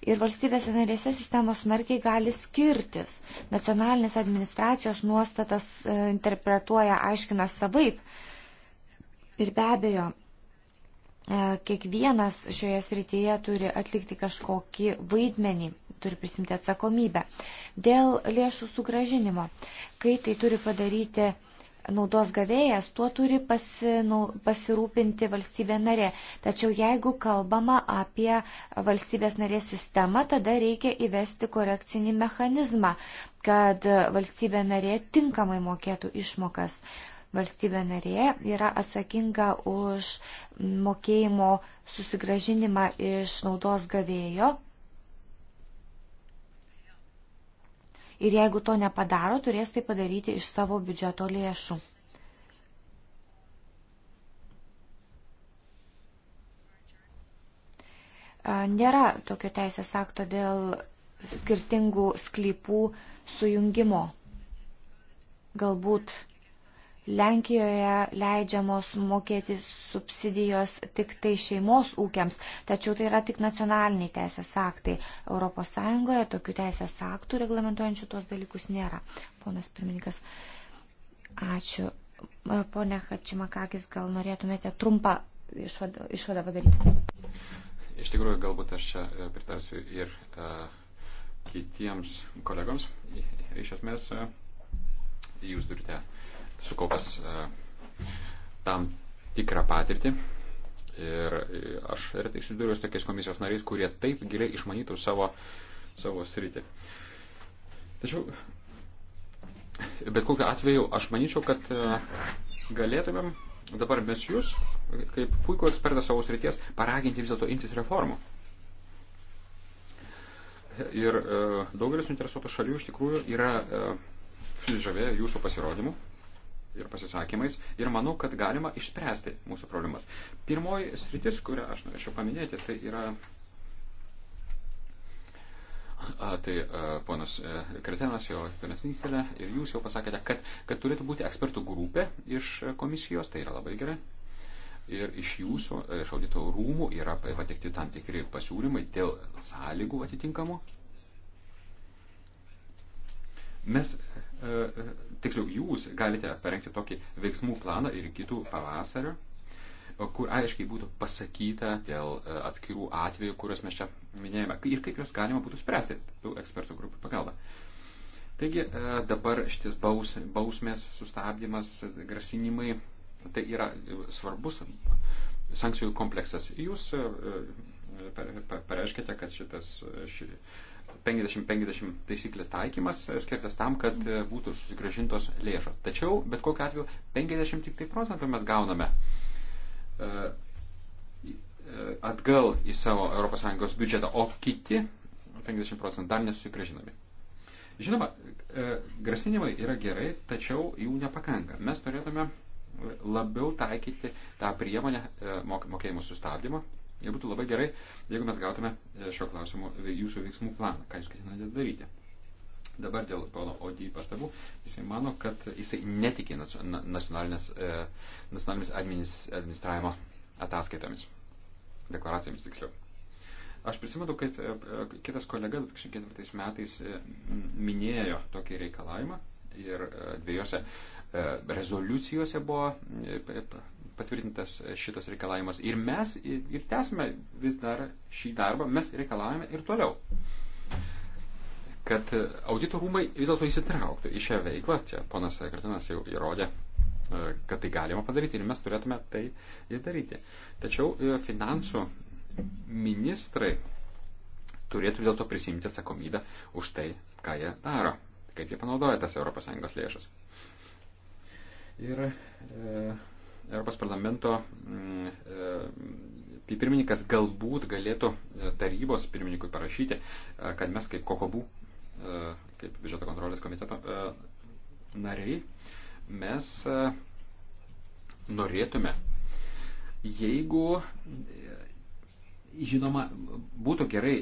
ir valstybėse narėse sistemos smarkiai gali skirtis. Nacionalinės administracijos nuostatas e, interpretuoja, aiškina savaip. Ir be abejo, e, kiekvienas šioje srityje turi atlikti kažkokį vaidmenį, turi prisimti atsakomybę. Dėl lėšų sugražinimo, kai tai turi padaryti naudos gavėjas, tuo turi pasinau, pasirūpinti valstybė narė. Tačiau jeigu kalbama apie valstybės narės sistemą, tada reikia įvesti korekcinį mechanizmą, kad valstybė narė tinkamai mokėtų išmokas. Valstybė narė yra atsakinga už mokėjimo susigražinimą iš naudos gavėjo ir jeigu to nepadaro, turės tai padaryti iš savo biudžeto lėšų. Nėra tokio teisės akto dėl skirtingų sklypų sujungimo. Galbūt Lenkijoje leidžiamos mokėti subsidijos tik tai šeimos ūkiams, tačiau tai yra tik nacionaliniai teisės aktai. ES tokių teisės aktų reglamentuojančių tuos dalykus nėra. Ponas pirmininkas, ačiū. Pone Hačimakakis, gal norėtumėte trumpą išvadą, išvadą padaryti? Iš tikrųjų, galbūt aš čia e, pritarsiu ir uh, kitiems kolegoms. Iš esmės, uh, jūs turite uh, sukaupęs e, tam tikrą patirtį. Ir aš retai susidūriau su tokiais komisijos nariais, kurie taip giliai išmanytų savo, savo sritį. Tačiau, bet kokiu atveju, aš manyčiau, kad e, galėtumėm dabar mes jūs, kaip puikų ekspertą savo srities, paraginti vis dėlto imtis reformų. Ir e, daugelis interesuotų šalių iš tikrųjų yra susižavėję jūsų pasirodymu ir pasisakymais ir manau, kad galima išspręsti mūsų problemas. Pirmoji sritis, kurią aš norėčiau paminėti, tai yra. A, tai a, ponas a, e, Kretenas, jo ponas Nistelė ir jūs jau pasakėte, kad, kad turėtų būti ekspertų grupė iš komisijos, tai yra labai gerai. Ir iš jūsų, iš audito rūmų yra patekti tam tikri pasiūlymai dėl sąlygų atitinkamų Mes, e, e, tiksliau, jūs galite parengti tokį veiksmų planą ir kitų pavasario, kur aiškiai būtų pasakyta dėl e, atskirų atvejų, kuriuos mes čia minėjome, ir kaip juos galima būtų spręsti tų ekspertų grupių pagalba. Taigi dabar šitis baus, bausmės, sustabdymas, grasinimai, tai yra svarbus sankcijų kompleksas. Jūs pareiškite, kad šitas, ši, 50-50 taisyklės taikymas e, skirtas tam, kad e, būtų susigražintos lėšos. Tačiau, bet kokiu atveju, 50 tik tai procentų mes gauname e, atgal į savo ES biudžetą, o kiti 50 procentų dar nesusigražinami. Žinoma, grasinimai yra gerai, tačiau jų nepakanka. Mes turėtume labiau taikyti tą priemonę mokėjimų sustabdymo Ir būtų labai gerai, jeigu mes gautume e, šio klausimo e, jūsų veiksmų planą, ką jūs ketinate daryti. Dabar dėl pono Odį pastabų, jisai mano, kad jisai netikė nacionalinės, e, nacionalinės administravimo ataskaitomis, deklaracijomis tiksliau. Aš prisimenu, kad kitas kolega 2004 metais minėjo tokį reikalavimą ir dviejose rezoliucijose buvo patvirtintas šitas reikalavimas. Ir mes ir, ir tęsime vis dar šį darbą, mes reikalavome ir toliau, kad audito rūmai vis dėlto įsitrauktų į šią veiklą. Čia ponas Kratinas jau įrodė, e, kad tai galima padaryti ir mes turėtume tai ir daryti. Tačiau e, finansų ministrai turėtų vis dėlto prisimti atsakomybę už tai, ką jie daro, kaip jie panaudoja tas ES lėšas. Ir e, Europos parlamento mm, e, pirmininkas galbūt galėtų e, tarybos pirmininkui parašyti, e, kad mes kaip kokobų, kaip biudžeto kontrolės komiteto nariai, mes norėtume, jeigu, žinoma, būtų gerai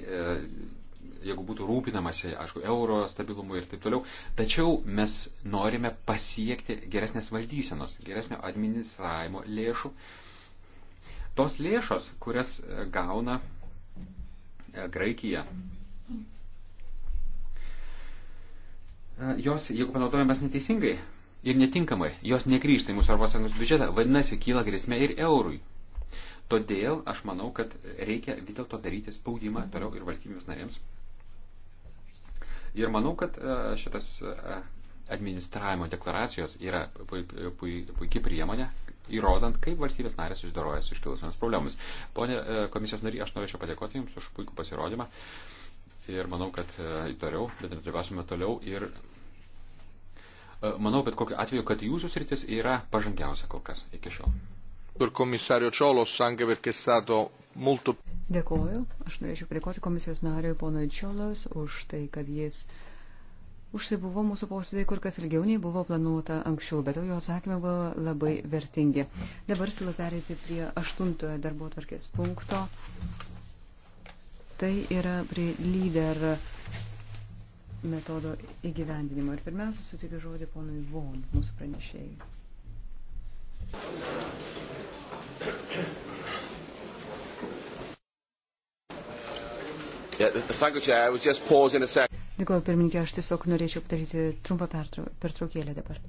jeigu būtų rūpinamasi, aišku, euro stabilumu ir taip toliau. Tačiau mes norime pasiekti geresnės valdysenos, geresnio administravimo lėšų. Tos lėšos, kurias e, gauna e, Graikija, e, jos, jeigu panaudojamas neteisingai ir netinkamai, jos negrįžta į mūsų Europos Sąjungos biudžetą, vadinasi, kyla grėsmė ir eurui. Todėl aš manau, kad reikia vis dėlto daryti spaudimą toliau ir valstybėms narėms, Ir manau, kad e, šitas e, administravimo deklaracijos yra puikia priemonė, įrodant, kaip valstybės narės susidaroja su iškilusiamis problemomis. Pone e, komisijos nariai, aš norėčiau padėkoti Jums už puikų pasirodymą ir manau, kad toliau, bet nedalyvausime toliau ir manau, bet kokiu atveju, kad Jūsų sritis yra pažangiausia kol kas iki šiol. Dėkoju. Aš norėčiau padėkoti komisijos nariui ponui Čiolos už tai, kad jis užsibuvo mūsų posėdai kur kas ilgiau nei buvo planuota anksčiau, bet jo atsakymai buvo labai vertingi. Dabar siūlau pereiti prie aštuntojo darbo tvarkės punkto. Tai yra prie lyder metodo įgyvendinimo. Ir pirmiausia, sutikiu žodį ponui Von, mūsų pranešėjai. Dėkuoju pirmininkė, aš tiesiog norėčiau padaryti trumpą pertraukėlę dabar.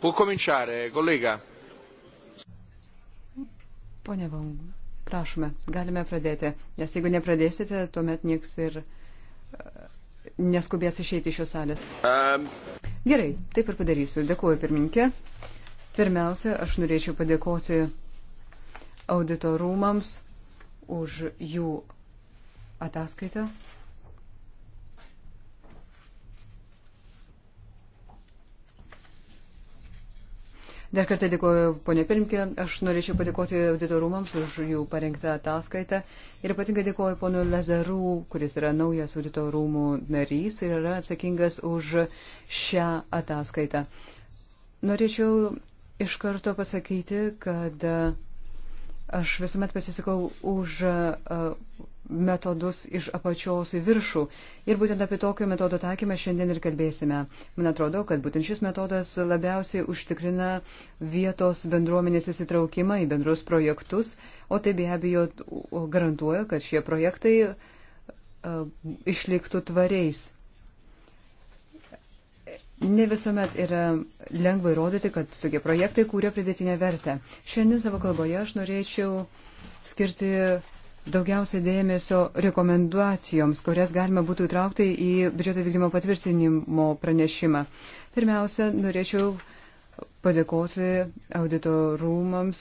Può cominciare, kolega. Pone Vong, prašome, galime pradėti, nes jeigu nepradėsite, tuomet nieks ir e, neskubės išeiti iš šios salės. Um. Gerai, taip ir padarysiu. Dėkuoju pirminkė. Pirmiausia, aš norėčiau padėkoti auditorumams už jų ataskaitą. Dar kartą dėkuoju, ponė Pirmkė, aš norėčiau padėkoti auditorumams už jų parengtą ataskaitą ir ypatingai dėkuoju ponui Lazarų, kuris yra naujas auditorumų narys ir yra atsakingas už šią ataskaitą. Norėčiau iš karto pasakyti, kad e, aš visuomet pasisakau už e, metodus iš apačios į viršų. Ir būtent apie tokio metodo taikymą šiandien ir kalbėsime. Man atrodo, kad būtent šis metodas labiausiai užtikrina vietos bendruomenės įsitraukimą į bendrus projektus, o tai be abejo garantuoja, kad šie projektai uh, išliktų tvariais. Ne visuomet yra lengva įrodyti, kad tokie projektai kūrė pridėtinę vertę. Šiandien savo kalboje aš norėčiau skirti daugiausiai dėmesio rekomendacijoms, kurias galima būtų įtraukti į biudžeto vykdymo patvirtinimo pranešimą. Pirmiausia, norėčiau padėkoti audito rūmams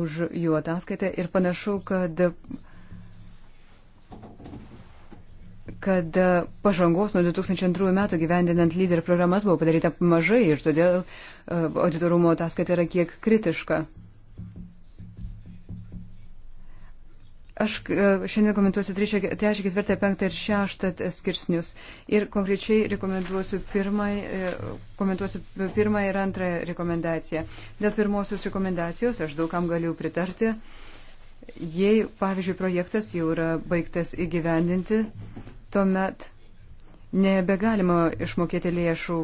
už jų ataskaitą ir panašu, kad kad pažangos nuo 2002 metų gyvendinant lyderio programas buvo padaryta mažai ir todėl e, auditorumo ataskaita yra kiek kritiška. Aš e, šiandien komentuosiu 3, 4, 5 ir 6 skirsnius. Ir konkrečiai rekomenduosiu pirmąją, e, komentuosiu pirmąją ir antrąją rekomendaciją. Dėl pirmosios rekomendacijos aš daugam galiu pritarti. Jei, pavyzdžiui, projektas jau yra baigtas įgyvendinti, tuomet nebegalima išmokėti lėšų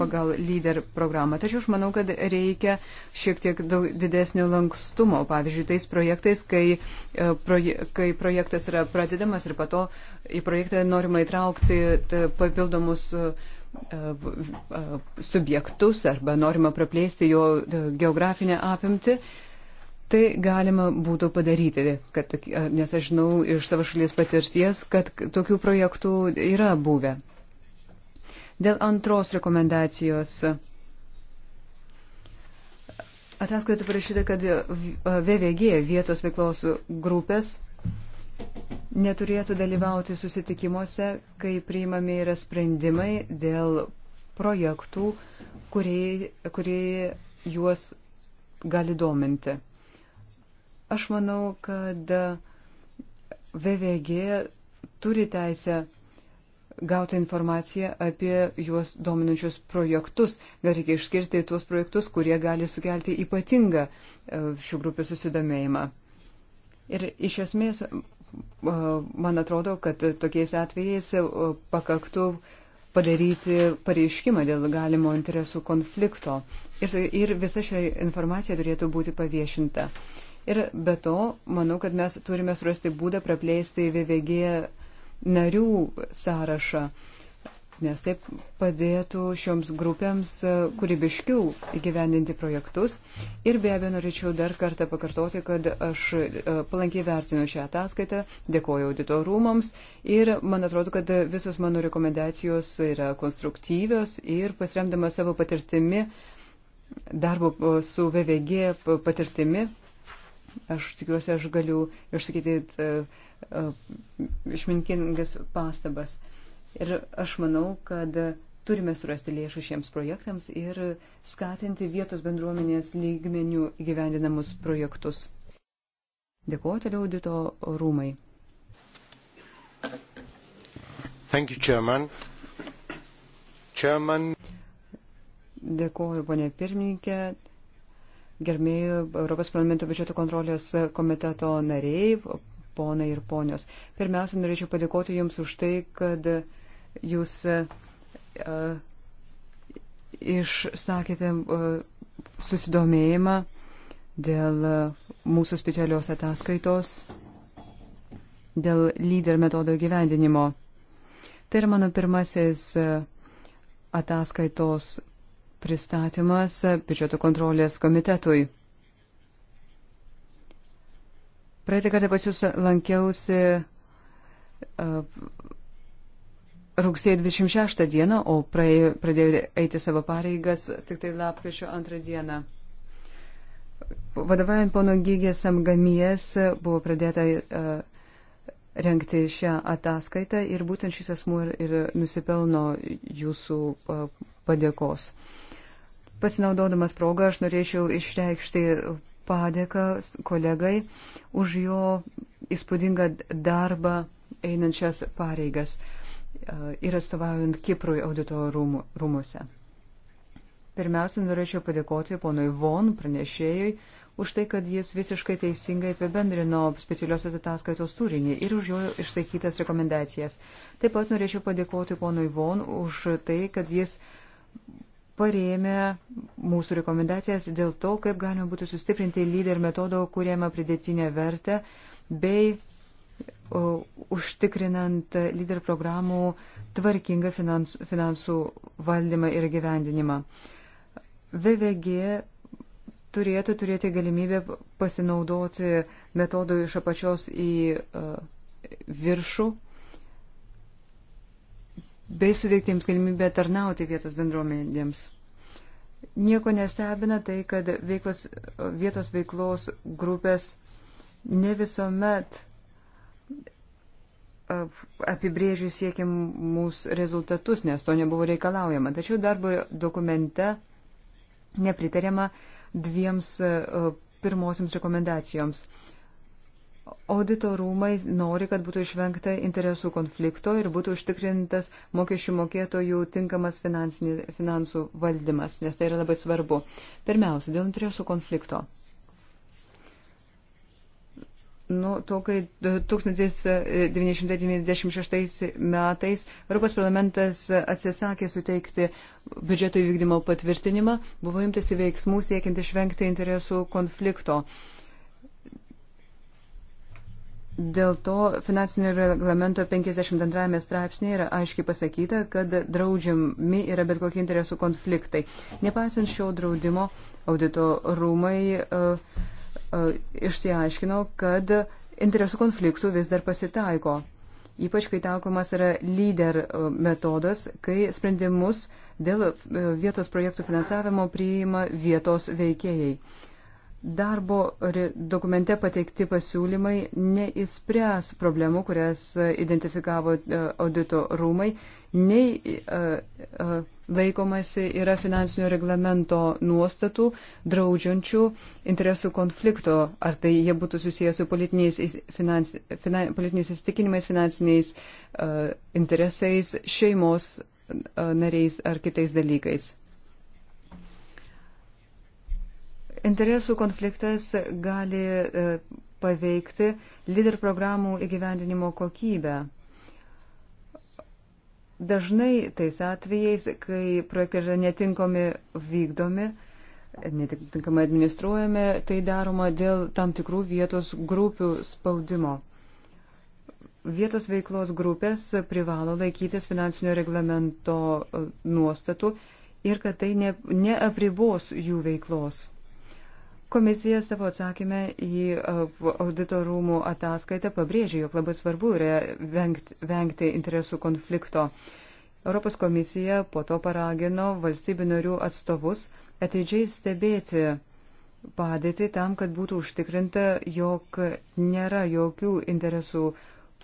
pagal lyder programą. Tačiau aš manau, kad reikia šiek tiek daug didesnio lankstumo. Pavyzdžiui, tais projektais, kai, e, proje, kai projektas yra pradedamas ir pato į projektą norima įtraukti papildomus e, e, subjektus arba norima praplėsti jo geografinę apimtį. Tai galima būtų padaryti, kad, nes aš žinau iš savo šalies patirties, kad tokių projektų yra buvę. Dėl antros rekomendacijos. Ataskaitoje parašyta, kad VVG vietos veiklos grupės neturėtų dalyvauti susitikimuose, kai priimami yra sprendimai dėl projektų, kurie, kurie juos gali dominti. Aš manau, kad VVG turi teisę gauti informaciją apie juos dominančius projektus. Gal reikia išskirti tuos projektus, kurie gali sukelti ypatingą e, šių grupių susidomėjimą. Ir iš esmės, e, man atrodo, kad tokiais atvejais e, pakaktų padaryti pareiškimą dėl galimo interesų konflikto. Ir, ir visa ši informacija turėtų būti paviešinta. Ir be to, manau, kad mes turime surasti būdą praplėsti VVG narių sąrašą, nes taip padėtų šioms grupėms e, kūrybiškiau įgyvendinti projektus. Ir be abejo, norėčiau dar kartą pakartoti, kad aš e, palankiai vertinu šią ataskaitą, dėkoju auditorumams ir man atrodo, kad visos mano rekomendacijos yra konstruktyvios ir pasiremdama savo patirtimi, darbo e, su VVG patirtimi, aš tikiuosi, aš galiu išsakyti. Uh, E, išminkingas pastabas. Ir aš manau, kad turime surasti lėšų šiems projektams ir skatinti vietos bendruomenės lygmenių gyvendinamus projektus. Dėkuoju toliau audito rūmai. Thank you, Chairman. Chairman. Dėkuoju, ponė pirmininkė, gerbėjų Europos parlamento biudžeto kontrolės komiteto nariai, ponai ir ponios. Pirmiausia, norėčiau padėkoti Jums už tai, kad Jūs uh, išsakėte uh, susidomėjimą dėl uh, mūsų specialios ataskaitos, dėl lyder metodo gyvendinimo. Tai yra mano pirmasis uh, ataskaitos pristatymas biudžeto kontrolės komitetui. Praeitą kartą pas jūs lankiausi rugsėjo 26 dieną, o praėjo, pradėjau eiti savo pareigas tik tai lapkričio antrą dieną. Vadovaujant pono Gygės Amgamies buvo pradėta uh, renkti šią ataskaitą ir būtent šis asmuo ir, ir nusipelno jūsų uh, padėkos. Pasinaudodamas progą aš norėčiau išreikšti padėką kolegai už jo įspūdingą darbą einančias pareigas e, ir atstovaujant Kiprui audito rūmų, rūmose. Pirmiausia, norėčiau padėkoti ponui Von pranešėjui už tai, kad jis visiškai teisingai apibendrino specialiosios ataskaitos turinį ir už jo išsakytas rekomendacijas. Taip pat norėčiau padėkoti ponui Von už tai, kad jis uh, parėmė mūsų rekomendacijas dėl to, kaip galima būtų sustiprinti lyder metodo kūrėmą pridėtinę vertę bei o, užtikrinant lyder programų tvarkingą finansų, finansų valdymą ir gyvendinimą. VVG turėtų turėti galimybę pasinaudoti metodų iš apačios į uh, viršų bei suteikti jiems galimybę tarnauti vietos bendruomenėms. Nieko nestebina tai, kad veiklos, vietos veiklos grupės ne visuomet apibrėžiu siekiamus rezultatus, nes to nebuvo reikalaujama. Tačiau darbo dokumente nepritariama dviems pirmosiams rekomendacijoms. Audito rūmai nori, kad būtų išvengta interesų konflikto ir būtų užtikrintas mokesčių mokėtojų tinkamas finansų valdymas, nes tai yra labai svarbu. Pirmiausia, dėl interesų konflikto. Nu, to, kai 1996 metais Europos parlamentas atsisakė suteikti biudžeto įvykdymo patvirtinimą, buvo imtasi veiksmų siekiant išvengti interesų konflikto. Uh, Dėl to finansinio reglamento 52 straipsnėje yra aiškiai pasakyta, kad draudžiami yra bet kokie interesų konfliktai. Nepaisant šio draudimo, audito rūmai uh, uh, išsiaiškino, kad interesų konfliktų vis dar pasitaiko. Ypač, kai taikomas yra lyder e, metodas, kai sprendimus dėl vietos projektų finansavimo priima vietos veikėjai. Uh, Darbo dokumente pateikti pasiūlymai neįspręs problemų, kurias identifikavo e, audito rūmai, nei e, e, laikomasi yra finansinio reglamento nuostatų, draudžiančių interesų konflikto, ar tai jie būtų susijęs su politiniais, finans, finan, politiniais įstikinimais, finansiniais interesais, šeimos nariais ar kitais dalykais. Interesų konfliktas gali e, paveikti lyder programų įgyvendinimo kokybę. Dažnai tais atvejais, kai projektai yra netinkami vykdomi, netinkamai administruojami, tai daroma dėl tam tikrų vietos grupių spaudimo. Vietos veiklos grupės privalo laikytis finansinio reglamento e, nuostatų ir kad tai ne, neapribos jų veiklos. Komisija savo atsakymę į e, audito rūmų ataskaitą pabrėžė, jog labai svarbu yra vengti, vengti interesų konflikto. Europos komisija po to paragino valstybių narių atstovus ateidžiai stebėti padėtį tam, kad būtų užtikrinta, jog nėra jokių interesų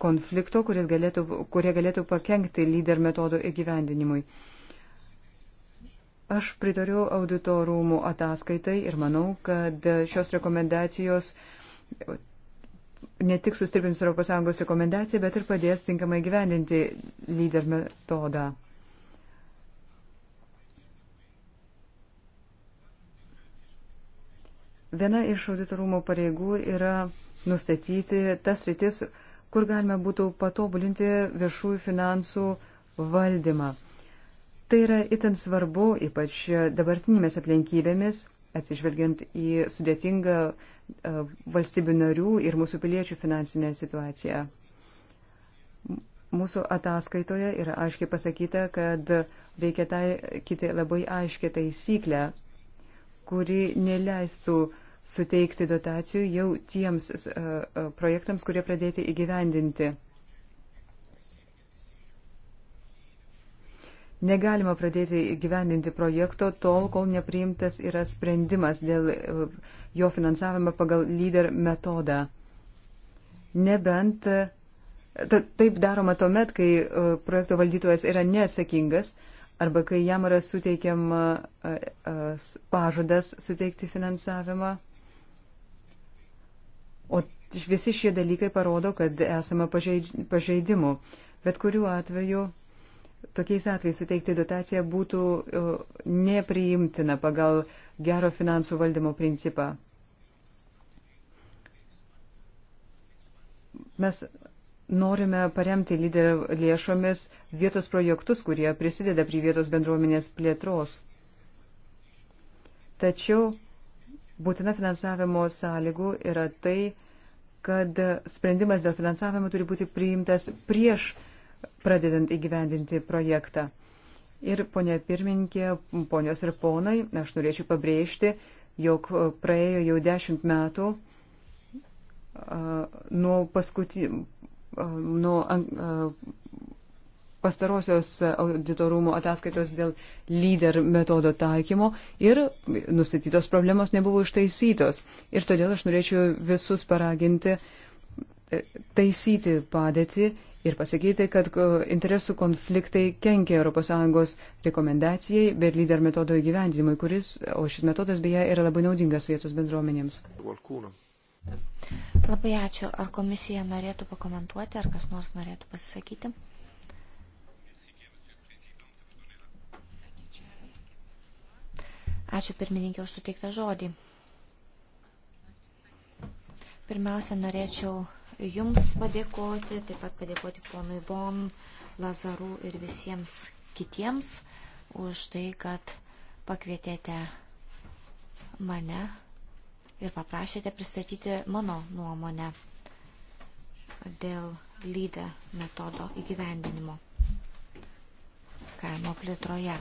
konflikto, galėtų, kurie galėtų pakengti lyder metodo įgyvendinimui. Aš pritariu auditorumų ataskaitai ir manau, kad šios rekomendacijos ne tik sustiprins ES rekomendaciją, bet ir padės tinkamai gyveninti lyder metodą. Viena iš auditorumo pareigų yra nustatyti tas rytis, kur galime būtų patobulinti viešųjų finansų valdymą. Tai yra itin svarbu, ypač dabartinėmis aplinkybėmis, atsižvelgiant į sudėtingą e, valstybių narių ir mūsų piliečių finansinę situaciją. Mūsų ataskaitoje yra aiškiai pasakyta, kad reikia taikyti labai aiškę taisyklę, kuri neleistų suteikti dotacijų jau tiems e, e, projektams, kurie pradėti įgyvendinti. Negalima pradėti gyveninti projekto tol, kol nepriimtas yra sprendimas dėl e, jo finansavimo pagal lyder metodą. Nebent e, taip daroma tuomet, kai e, projekto valdytojas yra neatsakingas arba kai jam yra suteikiama pažadas suteikti finansavimą. O visi šie dalykai parodo, kad esame pažeidimų. Bet kuriuo atveju tokiais atvejais suteikti dotaciją būtų e, nepriimtina pagal gero finansų valdymo principą. Mes norime paremti lyderio lėšomis vietos projektus, kurie prisideda prie vietos bendruomenės plėtros. Tačiau būtina finansavimo sąlygų yra tai, kad sprendimas dėl finansavimo turi būti priimtas prieš uh, pradedant įgyvendinti projektą. Ir ponė pirmininkė, ponios ir ponai, aš norėčiau pabrėžti, jog praėjo jau dešimt metų nuo, paskuti, nuo pastarosios auditorumo ataskaitos dėl lyder metodo taikymo ir nustatytos problemos nebuvo ištaisytos. Ir todėl aš norėčiau visus paraginti e, taisyti padėtį ir pasakyti, kad uh, interesų konfliktai kenkia ES rekomendacijai, bet lyder metodo įgyvendinimui, kuris, o šis metodas beje yra labai naudingas vietos bendruomenėms. Labai ačiū. Ar komisija norėtų pakomentuoti, ar kas nors norėtų pasisakyti? Ačiū pirmininkė už suteiktą žodį. Pirmiausia, norėčiau Jums padėkoti, taip pat padėkoti ponui Bon, Lazarų ir visiems kitiems už tai, kad pakvietėte mane ir paprašėte pristatyti mano nuomonę dėl lydę metodo įgyvendinimo kaimo plėtroje.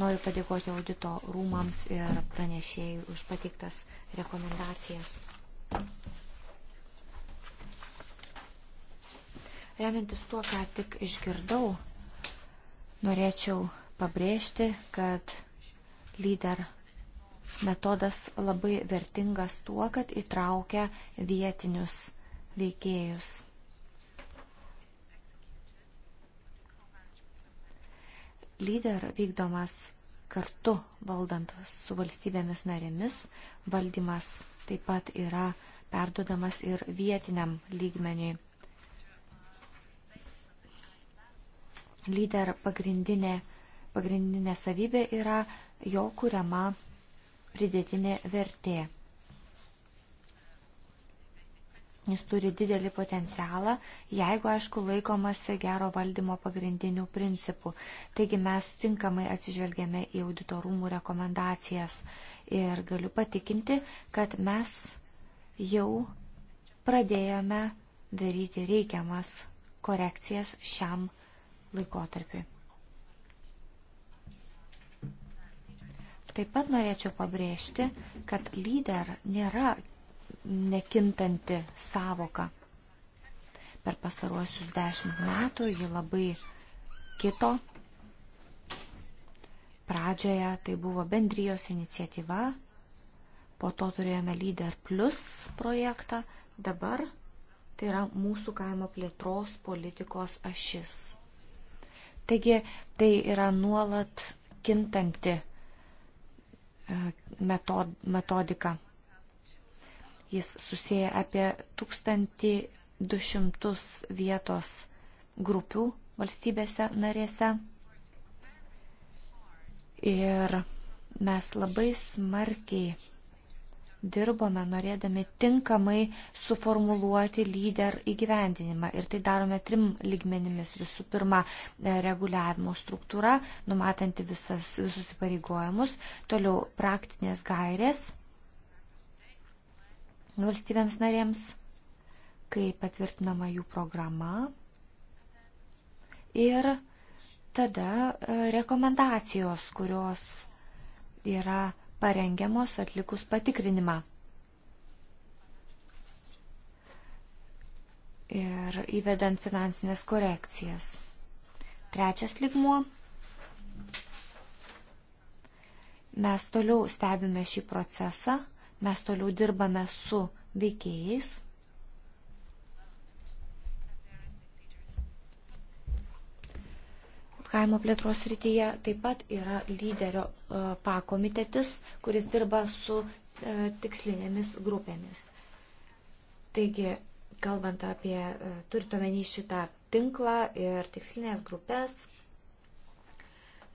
Noriu padėkoti audito rūmams ir pranešėjai už patiktas rekomendacijas. Remiantis tuo, ką tik išgirdau, norėčiau pabrėžti, kad lyder metodas labai vertingas tuo, kad įtraukia vietinius veikėjus. Lyder vykdomas kartu valdant su valstybėmis narėmis, valdymas taip pat yra perdodamas ir vietiniam lygmeniui. lyder pagrindinė, pagrindinė savybė yra jo kuriama pridėtinė vertė. Jis turi didelį potencialą, jeigu, aišku, laikomasi gero valdymo pagrindinių principų. Taigi mes tinkamai atsižvelgėme į auditorumų rekomendacijas ir galiu patikinti, kad mes jau pradėjome daryti reikiamas korekcijas šiam dokumentui laikotarpiui. Taip pat norėčiau pabrėžti, kad lyder nėra nekintanti savoka. Per pastaruosius dešimt metų ji labai kito. Pradžioje tai buvo bendrijos iniciatyva, po to turėjome Lyder Plus projektą, dabar tai yra mūsų kaimo plėtros politikos ašis. Taigi tai yra nuolat kintanti e, metod, metodika. Jis susiję apie 1200 vietos grupių valstybėse narėse. Ir mes labai smarkiai dirbame norėdami tinkamai suformuluoti lyder įgyvendinimą. Ir tai darome trim lygmenimis. Visų pirma, e, reguliavimo struktūra, numatanti visas, visus įpareigojimus. Toliau praktinės gairės valstybėms narėms, kai patvirtinama jų programa. Ir tada e, rekomendacijos, kurios yra parengiamos atlikus patikrinimą. Ir įvedant finansinės korekcijas. Trečias ligmuo. Mes toliau stebime šį procesą, mes toliau dirbame su veikėjais kaimo plėtros rytyje. Taip pat yra lyderio e, pakomitetis, kuris dirba su e, tikslinėmis grupėmis. Taigi, kalbant apie, e, turitomenį šitą tinklą ir tikslinės grupės,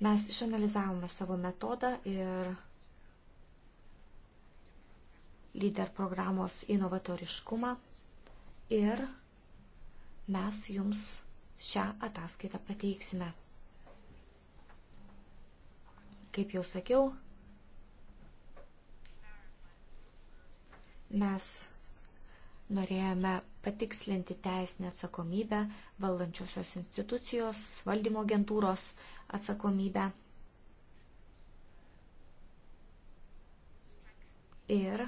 mes išanalizavome savo metodą ir lyder programos inovatoriškumą ir mes jums šią ataskaitą pateiksime. Kaip jau sakiau, mes norėjome patikslinti teisinę atsakomybę, valdančiosios institucijos, valdymo agentūros atsakomybę. Ir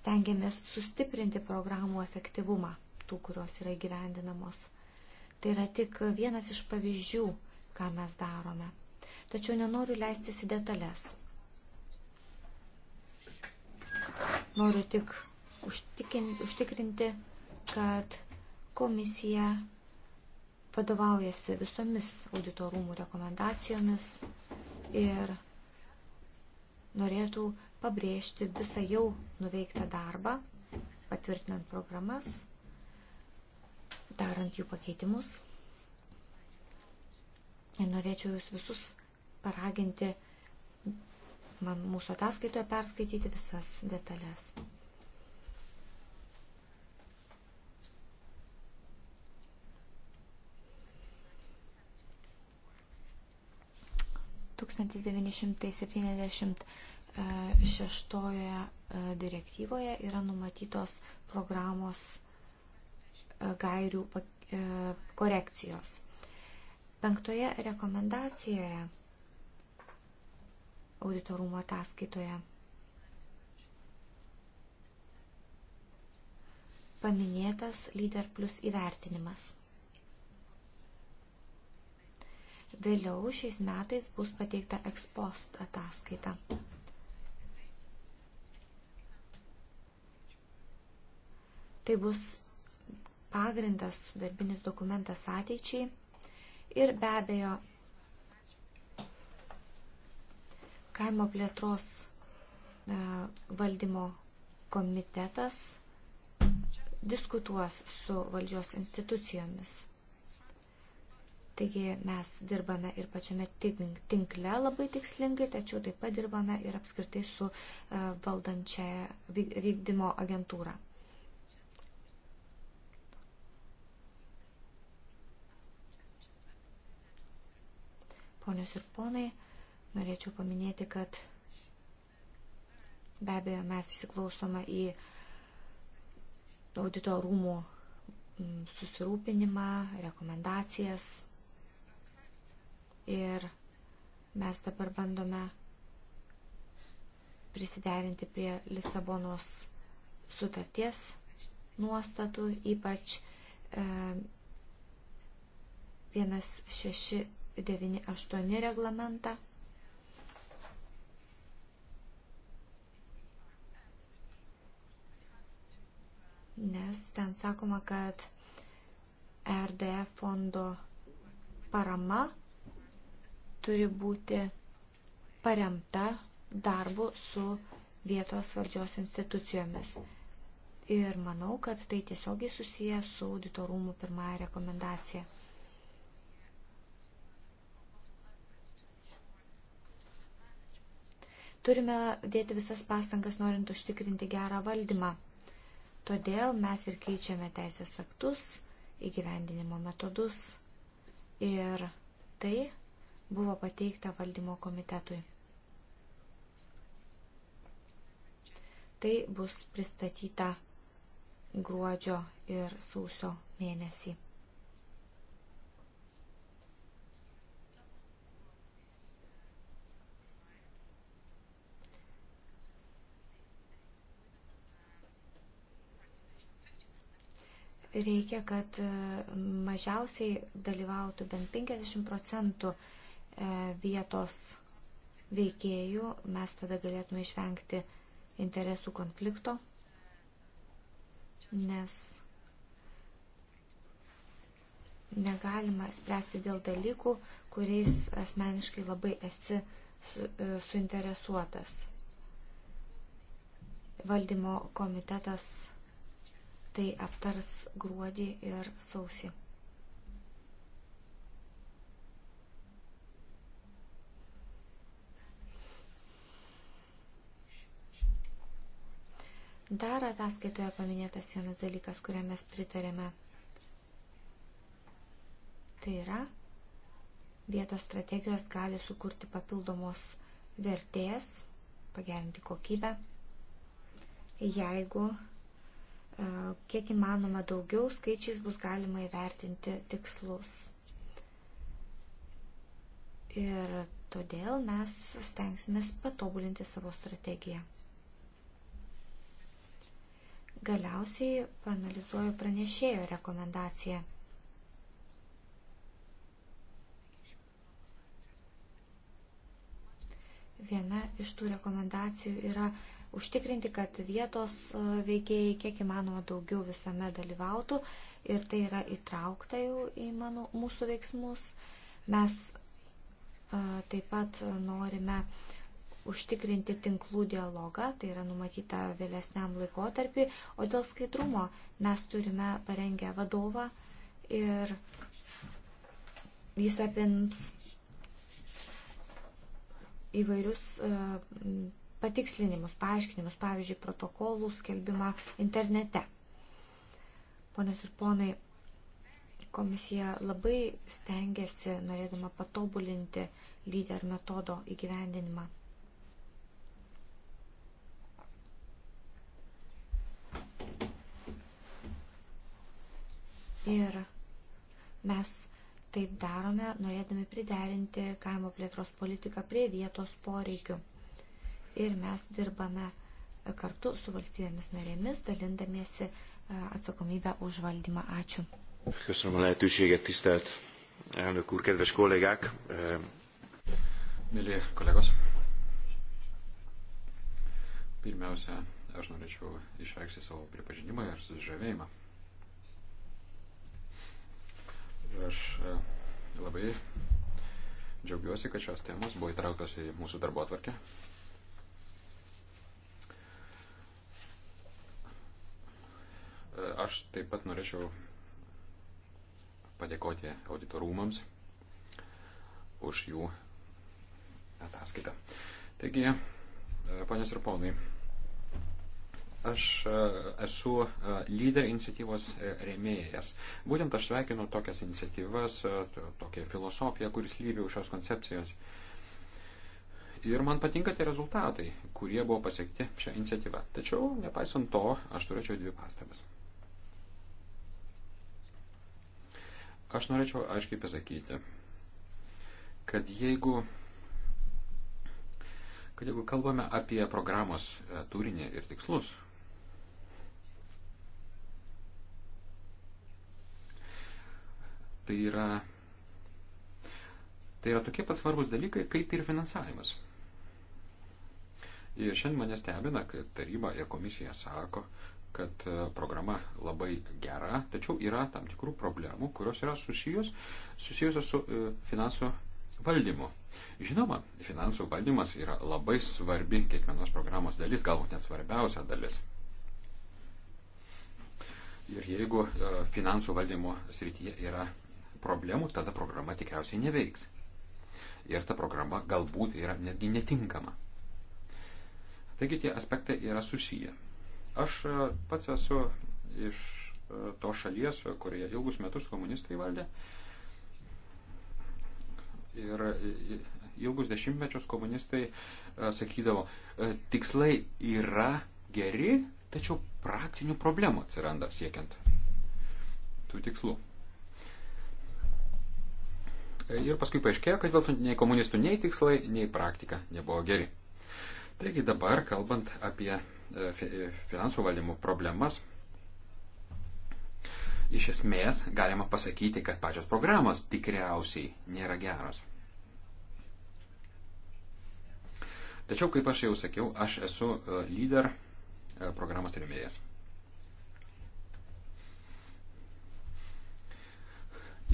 stengiamės sustiprinti programų efektyvumą, tų, kurios yra įgyvendinamos. Tai yra tik vienas iš pavyzdžių, ką mes darome tačiau nenoriu leistis į detalės. Noriu tik užtikrinti, kad komisija vadovaujasi visomis auditorumų rekomendacijomis ir norėtų pabrėžti visą jau nuveiktą darbą, patvirtinant programas, darant jų pakeitimus. Ir norėčiau jūs visus raginti man mūsų ataskaitoje perskaityti visas detalės. Tūkstantis devyni šimtai septyniasdešimt šeštojoje e, direktyvoje yra numatytos programos e, gairių e, korekcijos. Penktoje rekomendacijoje auditorumo ataskaitoje. Paminėtas Lyder Plus įvertinimas. Vėliau šiais metais bus pateikta ekspost ataskaita. Tai bus pagrindas darbinis dokumentas ateičiai ir be abejo Kaimo plėtros e, valdymo komitetas diskutuos su valdžios institucijomis. Taigi mes dirbame ir pačiame tinkle labai tikslingai, tačiau taip pat dirbame ir apskritai su e, valdančia vykdymo agentūra. Ponios ir ponai, norėčiau paminėti, kad be abejo mes įsiklausome į audito rūmų susirūpinimą, rekomendacijas ir mes dabar bandome prisiderinti prie Lisabonos sutarties nuostatų, ypač e, 1698 reglamentą nes ten sakoma, kad RDF fondo parama turi būti paremta darbu su vietos valdžios institucijomis. Ir manau, kad tai tiesiogiai susiję su auditorumų pirmąją rekomendaciją. Turime dėti visas pastangas, norint užtikrinti gerą valdymą. Todėl mes ir keičiame teisės aktus, įgyvendinimo metodus ir tai buvo pateikta valdymo komitetui. Tai bus pristatyta gruodžio ir sausio mėnesį. reikia, kad e, mažiausiai dalyvautų bent 50 procentų e, vietos veikėjų, mes tada galėtume išvengti interesų konflikto, nes negalima spręsti dėl dalykų, kuriais asmeniškai labai esi su, e, suinteresuotas. Valdymo komitetas tai aptars gruodį ir sausį. Dar ataskaitoje paminėtas vienas dalykas, kuriam mes pritarėme. Tai yra, vietos strategijos gali sukurti papildomos vertės, pagerinti kokybę, jeigu E, kiek įmanoma daugiau skaičiais bus galima įvertinti tikslus. Ir todėl mes stengsimės patobulinti savo strategiją. Galiausiai panalizuoju pranešėjo rekomendaciją. Viena iš tų rekomendacijų yra užtikrinti, kad vietos e, veikėjai kiek įmanoma daugiau visame dalyvautų ir tai yra įtraukta jau į mano, mūsų veiksmus. Mes e, taip pat norime užtikrinti tinklų dialogą, tai yra numatyta vėlesniam laikotarpiu, o dėl skaidrumo mes turime parengę vadovą ir jis apims įvairius e, patikslinimus, paaiškinimus, pavyzdžiui, protokolų skelbimą internete. Ponios ir ponai, komisija labai stengiasi, norėdama patobulinti lyder metodo įgyvendinimą. Ir mes taip darome, norėdami priderinti kaimo plėtros politiką prie vietos poreikių ir mes dirbame kartu su valstybėmis narėmis, dalindamiesi e, atsakomybę už valdymą. Ačiū. Köszönöm a lehetőséget, tisztelt elnök úr, kedves kollégák! E, Mėly kolegos, pirmiausia, aš norėčiau išreikšti savo pripažinimą ir susižavėjimą. Ir aš e, labai džiaugiuosi, kad šios temos buvo įtrauktos į mūsų darbo atvarkę, Aš taip pat norėčiau padėkoti auditorumams už jų ataskaitą. Taigi, ponios ir ponai, aš e, esu e, lyder iniciatyvos e, rėmėjas. Būtent aš sveikinu tokias iniciatyvas, tokią filosofiją, kuris lypi už šios koncepcijos. Ir man patinka tie rezultatai, kurie buvo pasiekti šią iniciatyvą. Tačiau, nepaisant to, aš turėčiau dvi pastabas. Aš norėčiau aiškiai pasakyti, kad jeigu, kad jeigu kalbame apie programos e, turinį ir tikslus, tai yra, tai yra tokie pat svarbus dalykai, kaip ir finansavimas. Ir šiandien mane stebina, kad taryba ir komisija sako, kad e, programa labai gera, tačiau yra tam tikrų problemų, kurios yra susijus, susijusios su e, finansų valdymu. Žinoma, finansų valdymas yra labai svarbi kiekvienos programos dalis, galbūt net svarbiausia dalis. Ir jeigu e, finansų valdymo srityje yra problemų, tada programa tikriausiai neveiks. Ir ta programa galbūt yra netgi netinkama. Taigi tie aspektai yra susiję. Aš e, pats esu iš e, to šalies, e, kurioje ilgus metus komunistai valdė. Ir ilgus dešimtmečius komunistai sakydavo, tikslai yra geri, tačiau praktinių problemų atsiranda siekiant tų tikslų. Ir paskui paaiškėjo, kad vėl nei komunistų nei tikslai, nei praktika nebuvo geri. Taigi dabar, kalbant apie E, e, finansų valdymo problemas, iš esmės galima pasakyti, kad pačios programos tikriausiai nėra geros. Tačiau, kaip aš jau sakiau, aš esu e, lyder programos remėjas.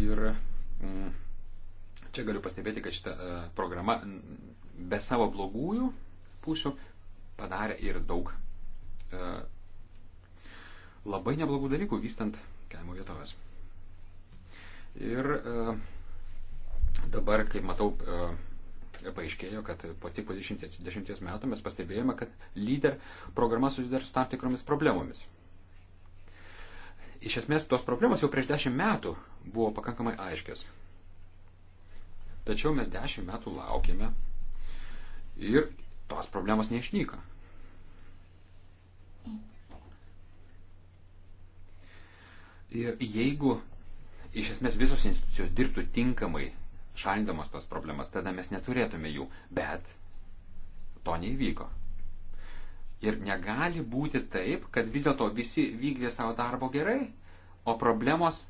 Ir mm, čia galiu pastebėti, kad šita programa be savo blogųjų pusių padarė ir daug E, labai neblogų dalykų vystant kaimo vietovės. Ir e, dabar, kai matau, e, paaiškėjo, kad po tik po dešimties, dešimties metų mes pastebėjome, kad lyder programa susidar su tam tikromis problemomis. Iš esmės, tos problemos jau prieš dešimt metų buvo pakankamai aiškios. Tačiau mes dešimt metų laukėme ir tos problemos neišnyka. Ir jeigu iš esmės visos institucijos dirbtų tinkamai, šalindamos tas problemas, tada mes neturėtume jų. Bet to neįvyko. Ir negali būti taip, kad vis dėlto visi vykdė savo darbo gerai, o problemos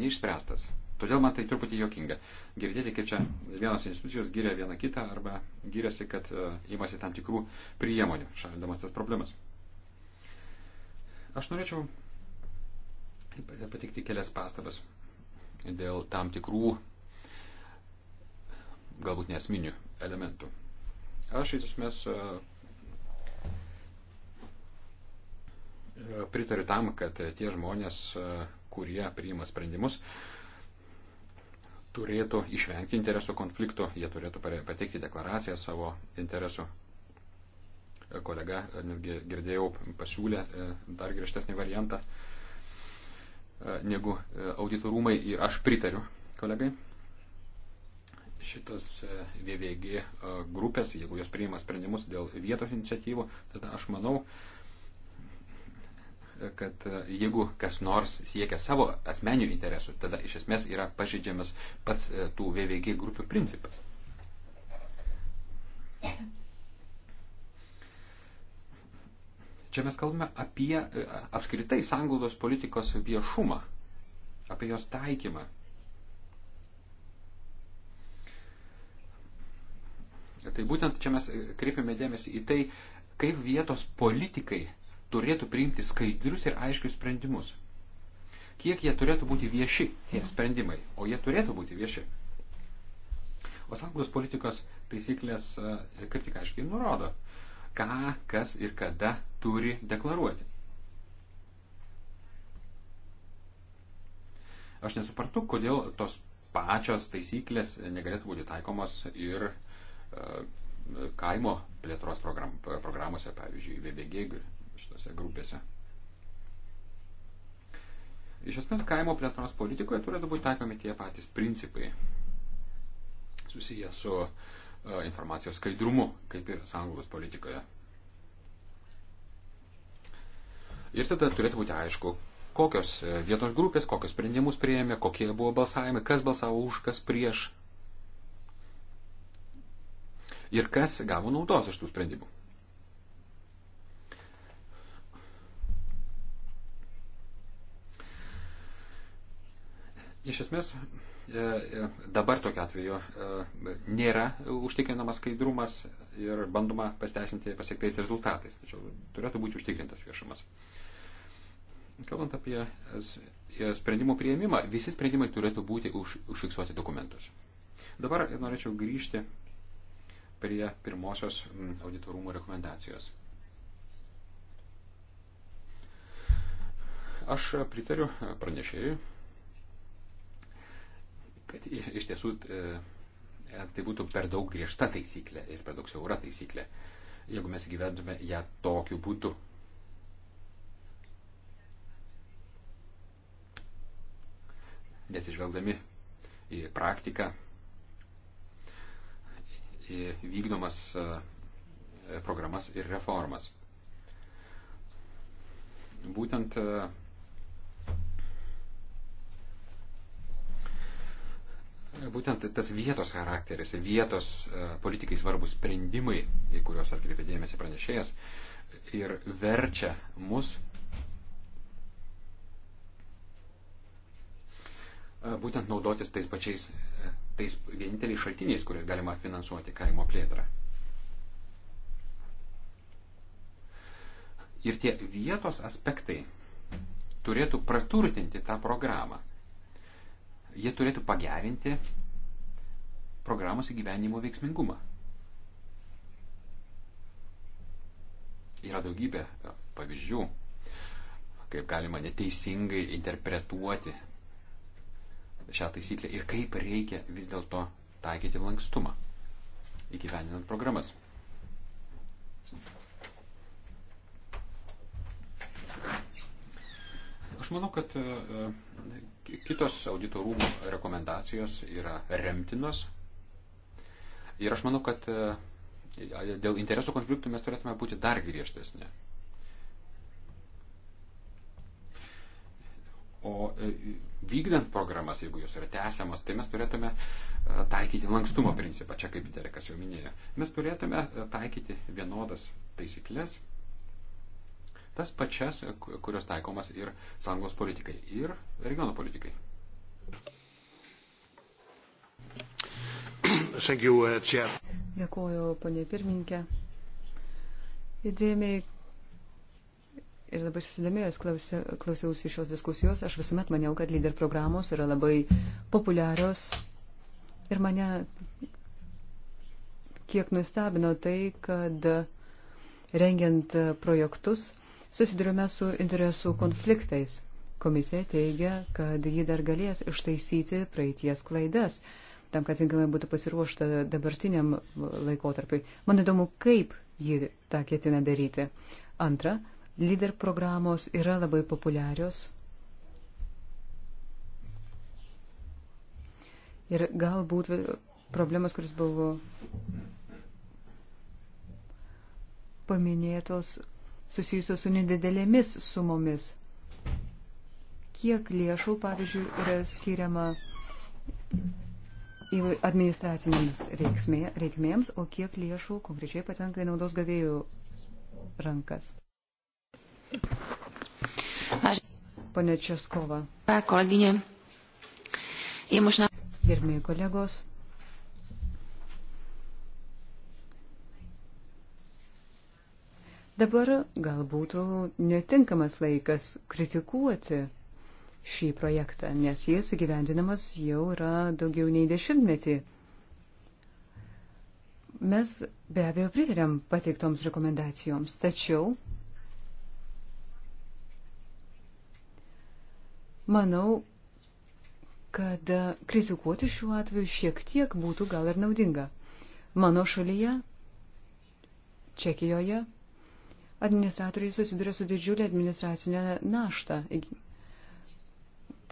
neišspręstas. Todėl man tai truputį jokinga. Girdėti, kaip čia vienos institucijos giria vieną kitą arba giriasi, kad uh, imasi tam tikrų priemonių, šalindamas tas problemas. Aš norėčiau patikti kelias pastabas dėl tam tikrų, galbūt nesminių elementų. Aš iš esmės e, e, pritariu tam, kad tie žmonės, e, kurie priima sprendimus, turėtų išvengti interesų konflikto, jie turėtų pateikti deklaraciją savo interesų. Kolega, netgi girdėjau, pasiūlė dar griežtesnį variantą, negu e, auditorumai ir aš pritariu kolegai. Šitas e, VVG e, grupės, jeigu jos priima sprendimus dėl vietos iniciatyvų, tada aš manau, kad jeigu kas nors siekia savo asmeninių interesų, tada iš esmės yra pažeidžiamas pats tų VVG grupių principas. Čia mes kalbame apie e, apskritai sanglaudos politikos viešumą, apie jos taikymą. Tai būtent čia mes e, kreipiame dėmesį į tai, kaip vietos politikai turėtų priimti skaidrius ir aiškius sprendimus. Kiek jie turėtų būti vieši, tie sprendimai, o jie turėtų būti vieši. O sanglaudos politikos taisyklės e, kaip tik aiškiai nurodo, ką, kas ir kada turi deklaruoti. Aš nesuprantu, kodėl tos pačios taisyklės negalėtų būti taikomos ir e, kaimo plėtros program, programuose, pavyzdžiui, VBG šitose grupėse. Iš esmės, kaimo plėtros politikoje turėtų būti taikomi tie patys principai susiję su uh, informacijos skaidrumu, kaip ir sąjungos politikoje. Ir tada turėtų būti aišku, kokios e, vietos grupės, kokius sprendimus prieėmė, kokie buvo balsavimai, kas balsavo už, kas prieš. Ir kas gavo naudos iš tų sprendimų. Iš esmės, e, e, dabar tokiu atveju nėra užtikrinamas skaidrumas ir bandoma pasteisinti pasiektais rezultatais, tačiau turėtų būti užtikrintas viešumas. Kalbant apie e, sprendimų prieimimą, visi sprendimai turėtų būti už, užfiksuoti dokumentus. Dabar norėčiau grįžti prie pirmosios auditorumų rekomendacijos. Aš pritariu pranešėjui, kad iš tiesų e, e, tai būtų per daug griežta taisyklė ir per daug siaura taisyklė, jeigu mes gyventume ją tokiu būdu. nesižvelgdami į praktiką, į vykdomas e, programas ir reformas. Būtent e, Būtent tas vietos charakteris, vietos e, politikai svarbus sprendimai, į kuriuos atkreipė dėmesį pranešėjas, ir verčia mus būtent naudotis tais pačiais, e, tais vieninteliais šaltiniais, kuriais galima finansuoti kaimo plėtrą. Ir tie vietos aspektai turėtų praturtinti tą programą. Jie turėtų pagerinti programos įgyvenimo veiksmingumą. Yra daugybė e, pavyzdžių, kaip galima neteisingai interpretuoti šią taisyklę ir kaip reikia vis dėlto taikyti lankstumą įgyveninant programas. Aš manau, kad e, kitos audito rūmų rekomendacijos yra remtinos. Ir aš manau, kad e, dėl interesų konfliktų mes turėtume būti dar griežtesni. O e, vykdant programas, jeigu jos yra tęsiamos, tai mes turėtume e, taikyti lankstumo principą, čia kaip Derekas jau minėjo. Mes turėtume e, taikyti vienodas taisyklės, tas pačias, kurios taikomas ir sąjungos politikai, ir regiono politikai. Uh, Dėkuoju, ponė pirmininkė. Įdėmiai ir labai susidomėjęs klausiausi šios diskusijos. Aš visuomet maniau, kad lyder programos yra labai populiarios ir mane kiek nustebino tai, kad rengiant projektus susidurime su interesų konfliktais. Komisija teigia, kad ji dar galės ištaisyti praeities klaidas, tam, kad tinkamai būtų pasiruošta dabartiniam laikotarpiui. Man įdomu, kaip ji tą ketina daryti. Antra, Lyder programos yra labai populiarios. Ir galbūt problemas, kuris buvo paminėtos, susijusios su nedidelėmis sumomis. Kiek lėšų, pavyzdžiui, yra skiriama administracinėms reikmė, reikmėms, o kiek lėšų konkrečiai patenka į naudos gavėjų rankas. Aš... Pane Českova. Koleginė. Įmušna. Gerbėjai kolegos. Dabar gal būtų netinkamas laikas kritikuoti šį projektą, nes jis įgyvendinamas jau yra daugiau nei dešimtmetį. Mes be abejo pritarėm pateiktoms rekomendacijoms, tačiau Manau, kad kritikuoti šiuo atveju šiek tiek būtų gal ir naudinga. Mano šalyje, Čekijoje, administratoriai susiduria su didžiulė administracinė našta.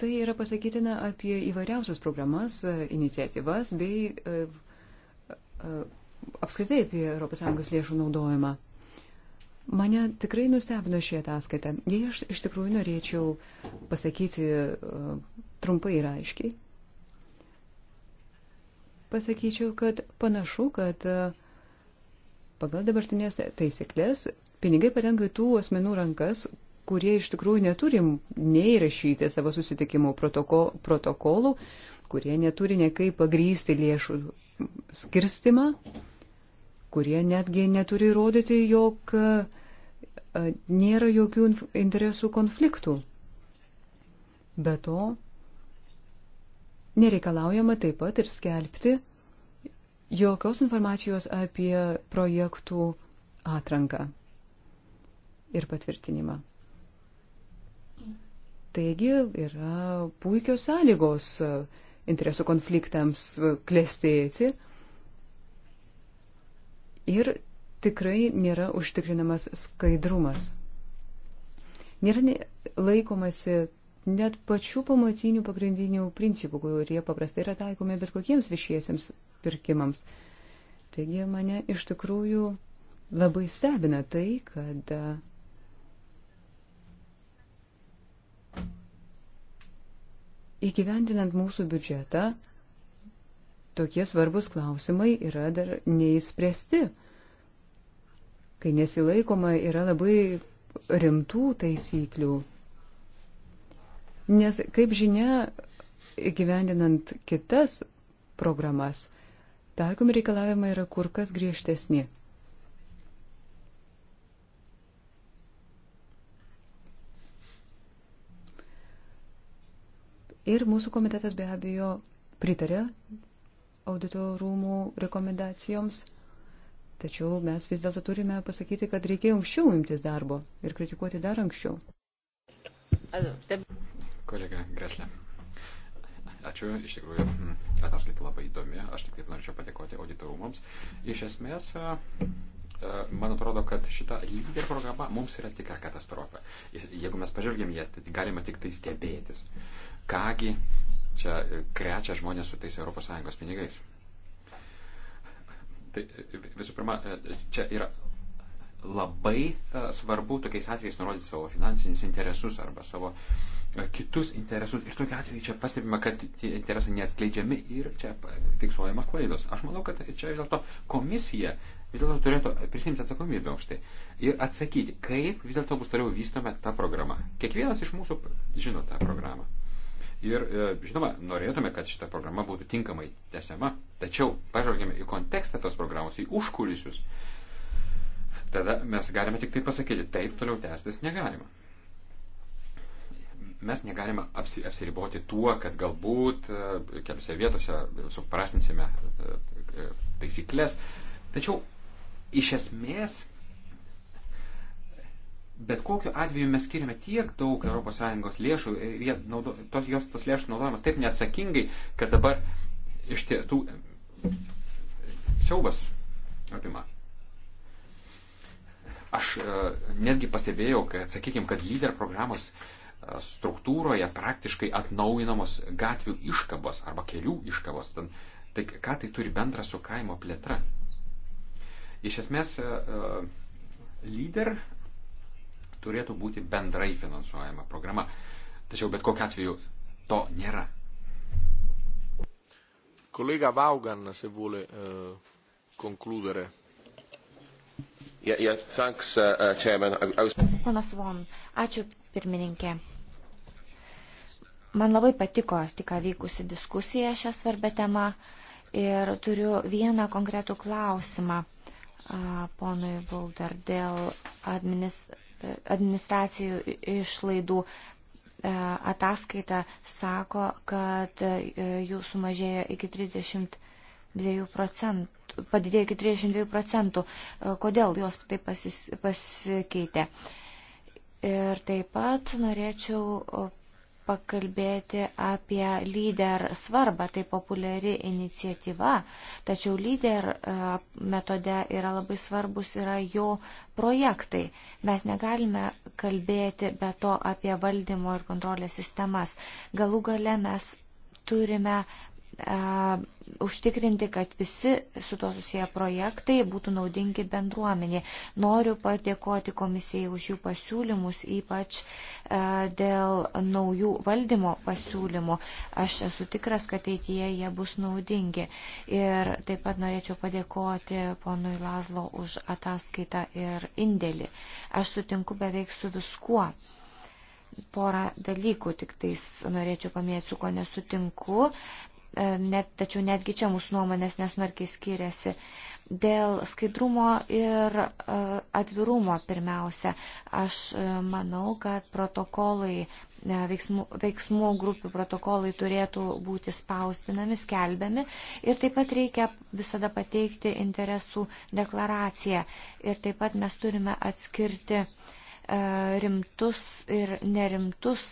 Tai yra pasakytina apie įvairiausias programas, iniciatyvas bei e, e, apskritai apie ES lėšų naudojimą. Mane tikrai nustebino šį ataskaitą. Jei aš iš tikrųjų norėčiau pasakyti uh, trumpai ir aiškiai, pasakyčiau, kad panašu, kad uh, pagal dabartinės taisyklės pinigai patenka į tų asmenų rankas, kurie iš tikrųjų neturi nei rašyti savo susitikimų protoko, protokolų, kurie neturi nekaip pagrysti lėšų skirstimą, kurie netgi neturi įrodyti, jog uh, E, nėra jokių interesų konfliktų. Be to, nereikalaujama taip pat ir skelbti jokios informacijos apie projektų atranką ir patvirtinimą. Taigi yra puikios sąlygos e, interesų konfliktams klestėti ir tikrai nėra užtikrinamas skaidrumas. Nėra laikomasi net pačių pamatinių pagrindinių principų, kurie paprastai yra taikomi bet kokiems viešiesiems pirkimams. Taigi mane iš tikrųjų labai stebina tai, kad e, įgyvendinant mūsų biudžetą tokie svarbus klausimai yra dar neįspręsti kai nesilaikoma yra labai rimtų taisyklių. Nes, kaip žinia, įgyvendinant kitas programas, taikomi reikalavimai yra kur kas griežtesni. Ir mūsų komitetas be abejo pritarė audito rūmų rekomendacijoms. Tačiau mes vis dėlto turime pasakyti, kad reikėjo anksčiau imtis darbo ir kritikuoti dar anksčiau. Kolega Greslė. Ačiū, iš tikrųjų, ataskaita labai įdomi. Aš tik taip norėčiau padėkoti auditorumams. Iš esmės, man atrodo, kad šita lyderio programa mums yra tikra katastrofa. Jeigu mes pažvelgėm ją, tai galima tik tai stebėtis. Kągi čia e, krečia žmonės su tais ES pinigais. Tai visų pirma, e, čia yra labai e, svarbu tokiais atvejais nurodyti savo finansinius interesus arba savo e, kitus interesus. Ir tokiu atveju čia pastebima, kad tie interesai neatskleidžiami ir čia fiksuojamas klaidos. Aš manau, kad čia vis dėlto komisija vis dėlto turėtų prisimti atsakomybę už tai ir atsakyti, kaip vis dėlto bus toliau vystoma ta programa. Kiekvienas iš mūsų žino tą programą. Ir e, žinoma, norėtume, kad šita programa būtų tinkamai tęsiama, tačiau pažvelgėme į kontekstą tos programos, į užkulisius. Tada mes galime tik tai pasakyti, taip toliau tęstis negalima. Mes negalime apsi, apsiriboti tuo, kad galbūt e, keliose vietose suprastinsime e, taisyklės. Tačiau iš esmės bet kokiu atveju mes skiriame tiek daug ES lėšų ir naudo, tos, jos tos lėšos naudojamos taip neatsakingai, kad dabar iš tiesų e, siaubas apima. Aš e, netgi pastebėjau, kad, sakykime, kad lyder programos e, struktūroje praktiškai atnaujinamos gatvių iškabos arba kelių iškabos. Ten, tai ką tai turi bendra su kaimo plėtra? Iš esmės, e, e lyder turėtų būti bendrai finansuojama programa. Tačiau bet kokiu atveju to nėra. Kolega Vaugan, se vuole uh, eh, konkludere. Yeah, yeah, thanks, uh, uh, chairman. I, I was... Ponas Von, ačiū pirmininkė. Man labai patiko tik vykusi diskusija šią svarbę temą ir turiu vieną konkretų klausimą ponui Vulder dėl, administ administracijų išlaidų e, ataskaita sako, kad e, jų sumažėjo iki 32 procentų, padidėjo iki 32 procentų. E, kodėl jos taip pasis, pasikeitė? Ir taip pat norėčiau pakalbėti apie lyder svarbą, tai populiari iniciatyva, tačiau lyder e, metode yra labai svarbus yra jo projektai. Mes negalime kalbėti be to apie valdymo ir kontrolės sistemas. Galų gale mes turime E, užtikrinti, kad visi su to susiję projektai būtų naudingi bendruomenė. Noriu padėkoti komisijai už jų pasiūlymus, ypač e, dėl naujų valdymo pasiūlymų. Aš esu tikras, kad ateityje jie bus naudingi. Ir taip pat norėčiau padėkoti ponui Lazlo už ataskaitą ir indėlį. Aš sutinku beveik su viskuo porą dalykų tik tais norėčiau paminėti, su ko nesutinku net, tačiau netgi čia mūsų nuomonės nesmarkiai skiriasi. Dėl skaidrumo ir e, atvirumo pirmiausia, aš e, manau, kad protokolai, e, veiksmų, veiksmų grupių protokolai turėtų būti spausdinami, skelbiami ir taip pat reikia visada pateikti interesų deklaraciją. Ir taip pat mes turime atskirti rimtus ir nerimtus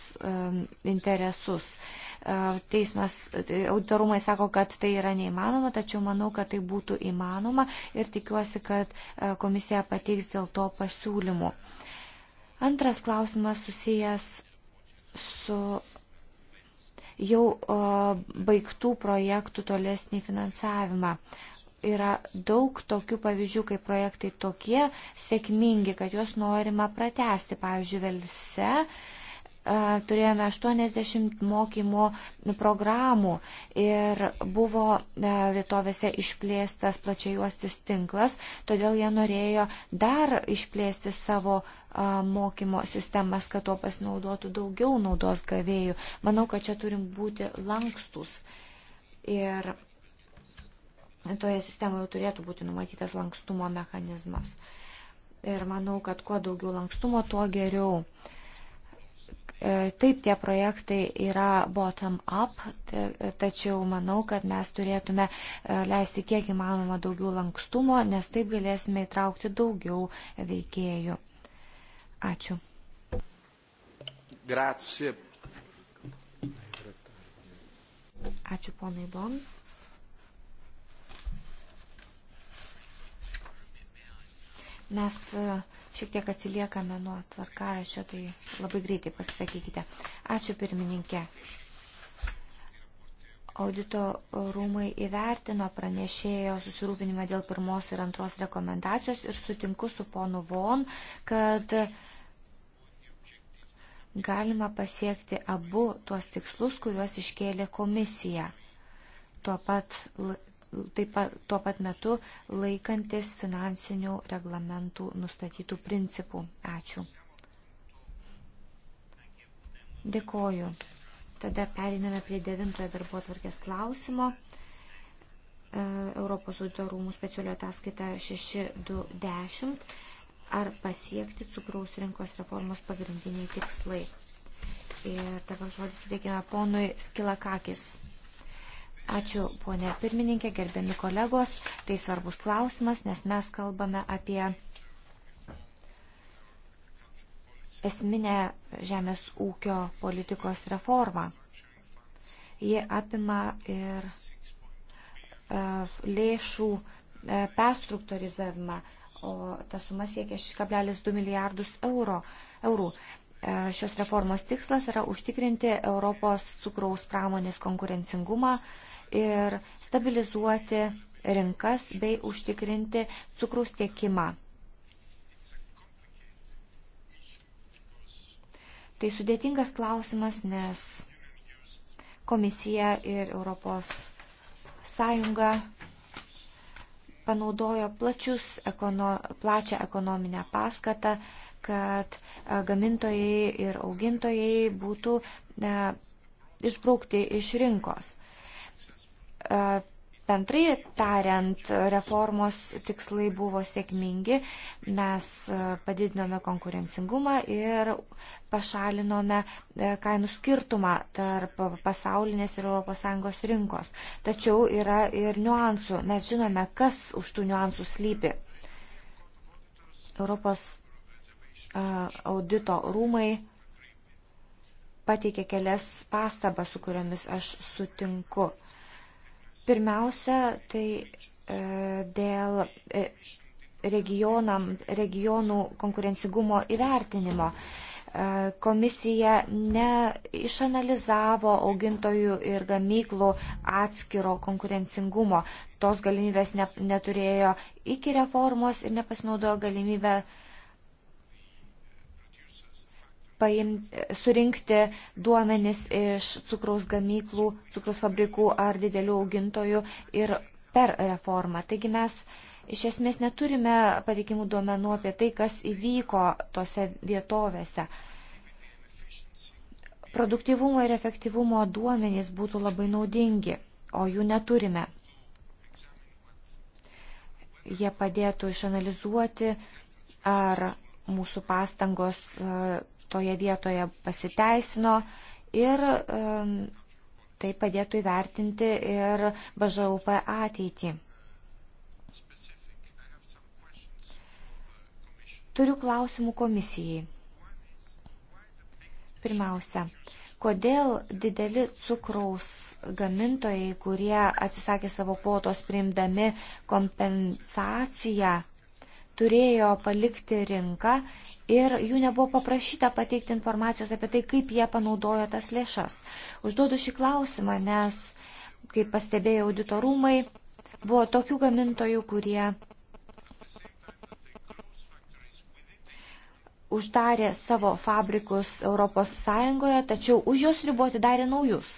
interesus. E, teismas, tai auditorumai sako, kad tai yra neįmanoma, tačiau manau, kad tai būtų įmanoma ir tikiuosi, kad e, komisija pateiks dėl to pasiūlymų. Antras klausimas susijęs su jau e, baigtų projektų tolesnį finansavimą yra daug tokių pavyzdžių, kai projektai tokie sėkmingi, kad juos norima pratesti. Pavyzdžiui, Velse turėjome 80 mokymo programų ir buvo vietovėse išplėstas plačiajuostis tinklas, todėl jie norėjo dar išplėsti savo mokymo sistemas, kad to pasinaudotų daugiau naudos gavėjų. Manau, kad čia turim būti lankstus. Ir toje sistemoje turėtų būti numatytas lankstumo mechanizmas. Ir manau, kad kuo daugiau lankstumo, tuo geriau. Uh, E, taip, tie projektai yra bottom-up, tačiau manau, kad mes turėtume e, leisti kiek įmanoma daugiau lankstumo, nes taip galėsime įtraukti daugiau veikėjų. Ačiū. Grazie. Ačiū ponai Bon. Mes uh, Šiek tiek atsiliekame nuo tvarkaraščio, tai labai greitai pasisakykite. Ačiū pirmininkė. Audito rūmai įvertino pranešėjo susirūpinimą dėl pirmos ir antros rekomendacijos ir sutinku su ponu Von, kad galima pasiekti abu tuos tikslus, kuriuos iškėlė komisija tuo pat taip pat tuo pat metu laikantis finansinių reglamentų nustatytų principų. Ačiū. Dėkoju. Tada periname prie devintojo darbo atvarkės klausimo. E, Europos auditorumų specialio ataskaita 6210 ar pasiekti cukraus rinkos reformos pagrindiniai tikslai. Ir dabar žodį suteikime ponui Skilakakis. Ačiū, ponė pirmininkė, gerbiami kolegos. Tai svarbus klausimas, nes mes kalbame apie esminę žemės ūkio politikos reformą. Ji apima ir e, lėšų e, perstruktūrizavimą, o ta suma siekia 6,2 milijardus euro, eurų. E, šios reformos tikslas yra užtikrinti Europos cukraus pramonės konkurencingumą, ir stabilizuoti rinkas bei užtikrinti cukrus tiekimą. Tai sudėtingas klausimas, nes komisija ir Europos Sąjunga panaudojo plačius, ekono, plačią ekonominę paskatą, kad e, gamintojai ir augintojai būtų e, išbraukti iš rinkos. E, bendrai tariant, reformos tikslai buvo sėkmingi, mes e, padidinome konkurencingumą ir pašalinome e, kainų skirtumą tarp pasaulinės ir ES rinkos. Tačiau yra ir niuansų. Mes žinome, kas už tų niuansų slypi. Europos audito rūmai pateikė kelias pastabas, su kuriomis aš sutinku. Pirmiausia, tai e, dėl e, regionam, regionų konkurencigumo įvertinimo. E, komisija neišanalizavo augintojų ir gamyklų atskiro konkurencingumo. Tos galimybės ne, neturėjo iki reformos ir nepasinaudojo galimybę uh, paim, surinkti duomenis iš cukraus gamyklų, cukraus fabrikų ar didelių augintojų ir per reformą. Taigi mes iš esmės neturime patikimų duomenų apie tai, kas įvyko tose vietovėse. Produktivumo ir efektyvumo duomenys būtų labai naudingi, o jų neturime. Jie padėtų išanalizuoti, ar mūsų pastangos toje vietoje pasiteisino ir tai padėtų įvertinti ir BŽUP ateitį. Turiu klausimų komisijai. Pirmiausia, kodėl dideli cukraus gamintojai, kurie atsisakė savo kvotos priimdami kompensaciją, turėjo palikti rinką ir jų nebuvo paprašyta pateikti informacijos apie tai, kaip jie panaudojo tas lėšas. Užduodu šį klausimą, nes, kaip pastebėjo auditorumai, buvo tokių gamintojų, kurie uždarė savo fabrikus ES, tačiau už jos ribų atidarė naujus.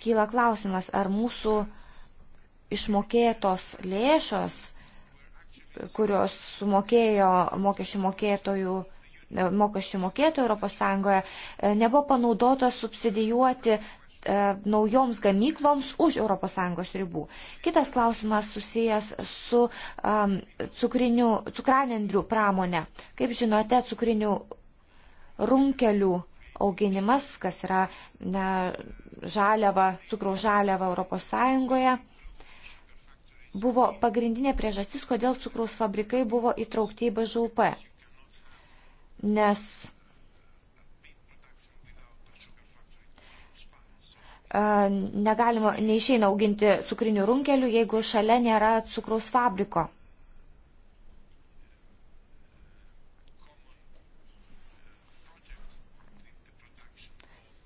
Kyla klausimas, ar mūsų išmokėtos lėšos kurios sumokėjo mokesčių mokėtojų e, mokesčių mokėtojų ES, e, nebuvo panaudotos subsidijuoti e, naujoms gamykloms už ES ribų. Kitas klausimas susijęs su um, cukriniu, cukranendrių pramonė. Kaip žinote, cukrinių runkelių auginimas, kas yra ne, žaliava, cukraus žaliava ES, buvo pagrindinė priežastis, kodėl cukraus fabrikai buvo įtraukti į BŽUP. Nes e, negalima, neišeina auginti cukrinių runkelių, jeigu šalia nėra cukraus fabriko.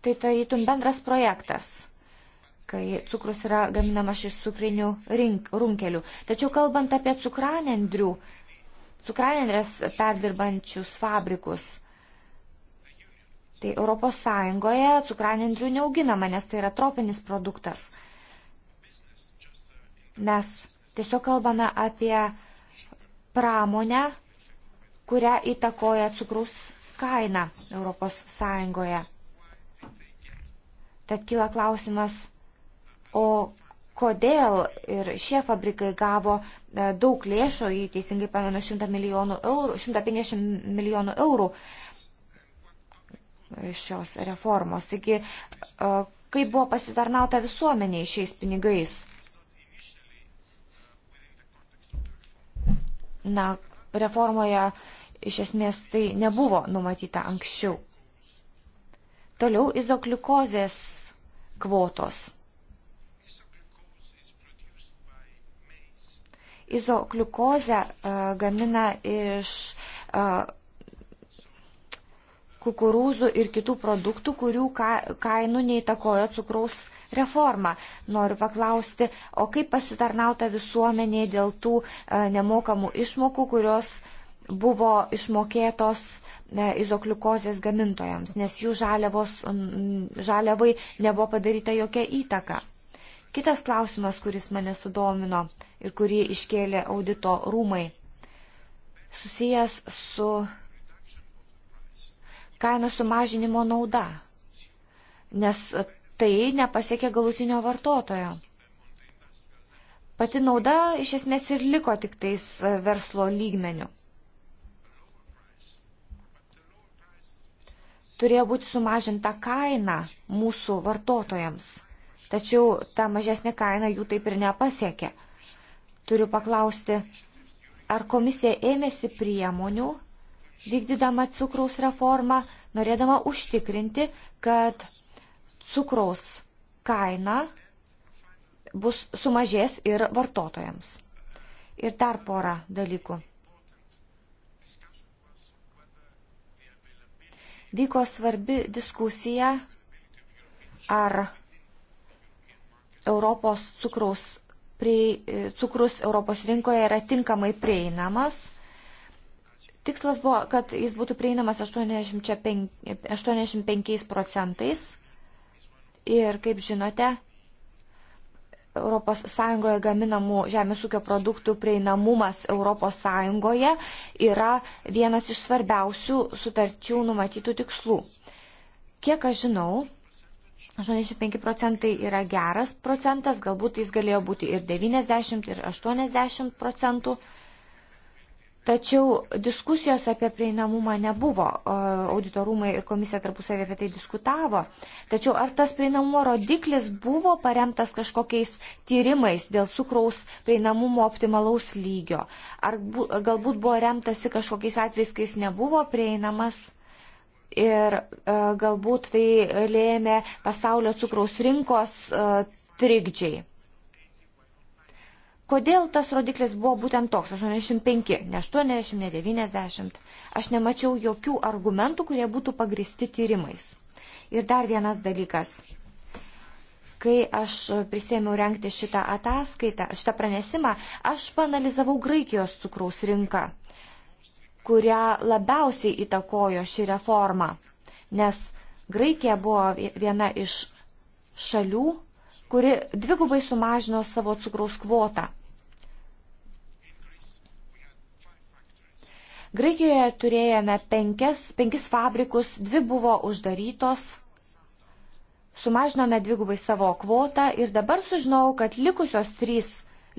Tai tarytum bendras projektas kai cukrus yra gaminamas iš cukrinių rink, runkelių. Tačiau kalbant apie cukranendrių, cukranendrės perdirbančius fabrikus, tai ES cukranendrių neauginama, nes tai yra tropinis produktas. Mes tiesiog kalbame apie pramonę, kurią įtakoja cukrus kaina ES. Tad kyla klausimas, O kodėl ir šie fabrikai gavo e, daug lėšų, jei teisingai pamenu, 100 milijonų eurų, 150 milijonų eurų šios reformos. Taigi, e, kaip buvo pasitarnauta visuomeniai šiais pinigais? Na, reformoje iš esmės tai nebuvo numatyta anksčiau. Toliau izokliukozės kvotos. Izogliukozę e, gamina iš e, kukurūzų ir kitų produktų, kurių kainų neįtakojo cukraus reforma. Noriu paklausti, o kaip pasitarnauta visuomenėje dėl tų e, nemokamų išmokų, kurios buvo išmokėtos izokliukozės gamintojams, nes jų žaliavos, žaliavai nebuvo padaryta jokia įtaka. Kitas klausimas, kuris mane sudomino ir kurį iškėlė audito rūmai, susijęs su kainų sumažinimo nauda, nes tai nepasiekia galutinio vartotojo. Pati nauda iš esmės ir liko tik tais verslo lygmenių. Turėjo būti sumažinta kaina mūsų vartotojams, tačiau ta mažesnė kaina jų taip ir nepasiekė turiu paklausti, ar komisija ėmėsi priemonių, vykdydama cukraus reformą, norėdama užtikrinti, kad cukraus kaina bus sumažės ir vartotojams. Ir dar porą dalykų. Vyko svarbi diskusija, ar Europos cukraus prie, e, cukrus Europos rinkoje yra tinkamai prieinamas. Tikslas buvo, kad jis būtų prieinamas 85, 85 procentais. Ir kaip žinote, ES gaminamų žemės ūkio produktų prieinamumas ES yra vienas iš svarbiausių sutarčių numatytų tikslų. Kiek aš žinau, 85 procentai yra geras procentas, galbūt jis galėjo būti ir 90, ir 80 procentų. Tačiau diskusijos apie prieinamumą nebuvo, auditorumai ir komisija tarpusavė apie tai diskutavo. Tačiau ar tas prieinamumo rodiklis buvo paremtas kažkokiais tyrimais dėl cukraus prieinamumo optimalaus lygio? Ar bu, galbūt buvo remtasi kažkokiais atvejais, kai jis nebuvo prieinamas? Ir e, galbūt tai lėmė pasaulio cukraus rinkos e, trikdžiai. Kodėl tas rodiklis buvo būtent toks 85, ne 80, ne 90? Aš nemačiau jokių argumentų, kurie būtų pagristi tyrimais. Ir dar vienas dalykas. Kai aš prisėmiau renkti šitą ataskaitą, šitą pranesimą, aš panalizavau Graikijos cukraus rinką kurią labiausiai įtakojo ši reforma, nes Graikija buvo viena iš šalių, kuri dvigubai sumažino savo cukraus kvotą. Graikijoje turėjome penkias, penkis fabrikus, dvi buvo uždarytos, sumažinome dvigubai savo kvotą ir dabar sužinau, kad likusios trys,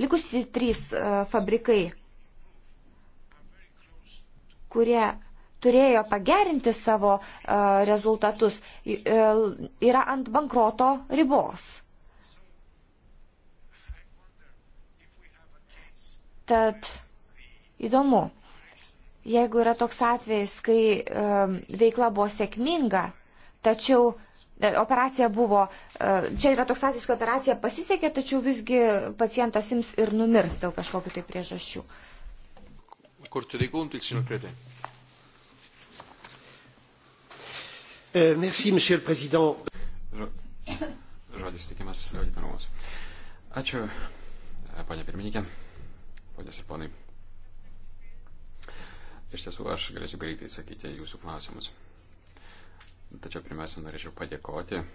likusi trys e, fabrikai kurie turėjo pagerinti savo e, rezultatus, e, yra ant bankroto ribos. Tad įdomu, jeigu yra toks atvejis, kai e, veikla buvo sėkminga, tačiau operacija buvo, čia yra toks atvejis, kai operacija pasisekė, tačiau visgi pacientas ims ir numirs dėl kažkokiu tai priežasčiu. Corte dei Conti, il signor Cretin. Uh, merci, monsieur le président. Žodis tikimas auditorumas. Ačiū, eh, ponia pirmininkė, ponios ir ponai. Iš tiesų, aš galėsiu greitai atsakyti jūsų klausimus. Tačiau nu pirmiausia, norėčiau padėkoti eh,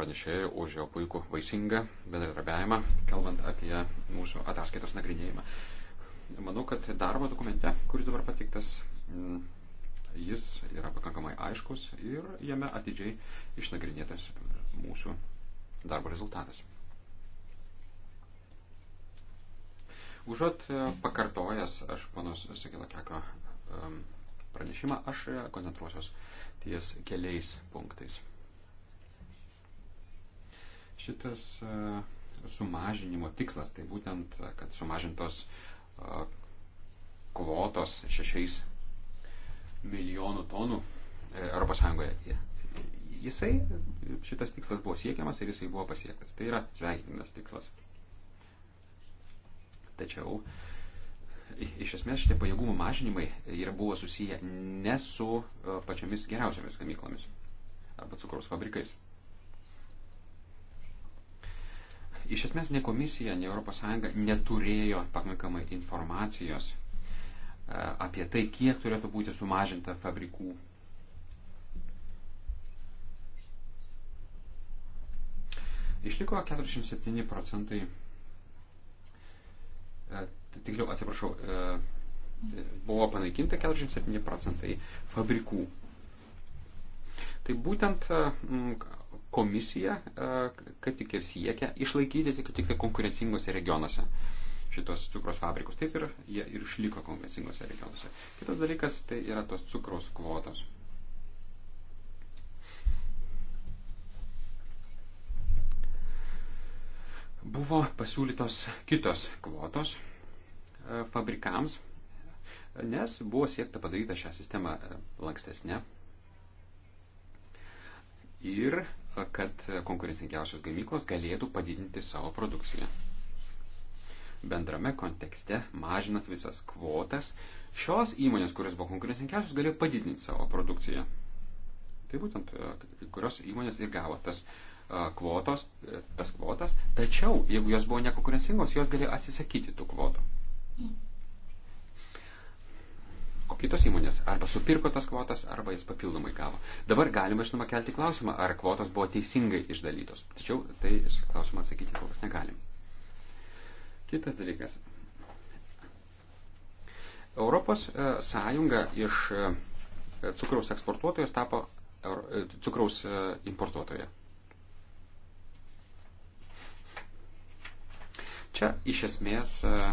pranešėjai už jo puikų vaisingą bendradarbiavimą, kalbant apie mūsų ataskaitos nagrinėjimą manau, kad darbo dokumente, kuris dabar pateiktas, mm, jis yra pakankamai aiškus ir jame atidžiai išnagrinėtas mūsų darbo rezultatas. Užuot e, pakartojęs aš panos Sakilakeko pranešimą, aš koncentruosios ties keliais punktais. Šitas e, sumažinimo tikslas, tai būtent, kad sumažintos uh, kvotos 6 milijonų tonų ES. Jisai, šitas tikslas buvo siekiamas ir jisai buvo pasiektas. Tai yra sveikintinas tikslas. Tačiau iš esmės šitie pajėgumų mažinimai yra buvo susiję ne su e, pačiamis geriausiamis gamyklomis arba cukraus fabrikais. iš esmės ne komisija, ne ES neturėjo pakankamai informacijos e, apie tai, kiek turėtų būti sumažinta fabrikų. Išliko 47 procentai, e, tiksliau atsiprašau, e, buvo panaikinta 47 procentai fabrikų. Tai būtent komisija, e, kaip tik ir siekia, išlaikyti tik, tik tai konkurencingose regionuose šitos cukros fabrikus. Taip ir jie ir išliko konkurencingose regionuose. Kitas dalykas tai yra tos cukraus kvotos. Buvo pasiūlytos kitos kvotos e, fabrikams, nes buvo siekta padaryti šią sistemą e, lankstesnę ir kad konkurencingiausios gamyklos galėtų padidinti savo produkciją. Bendrame kontekste, mažinant visas kvotas, šios įmonės, kurios buvo konkurencingiausios, galėjo padidinti savo produkciją. Tai būtent e, kai kurios įmonės ir gavo tas e, kvotos, e, tas kvotas, tačiau jeigu jos buvo nekonkurencingos, jos galėjo atsisakyti tų kvotų. Mm o kitos įmonės arba supirko tas kvotas, arba jis papildomai gavo. Dabar galima, žinoma, kelti klausimą, ar kvotos buvo teisingai išdalytos. Tačiau tai klausimą atsakyti kol kas negalim. Kitas dalykas. Europos e, sąjunga iš e, cukraus eksportuotojos tapo e, cukraus importuotoja. Čia iš esmės uh,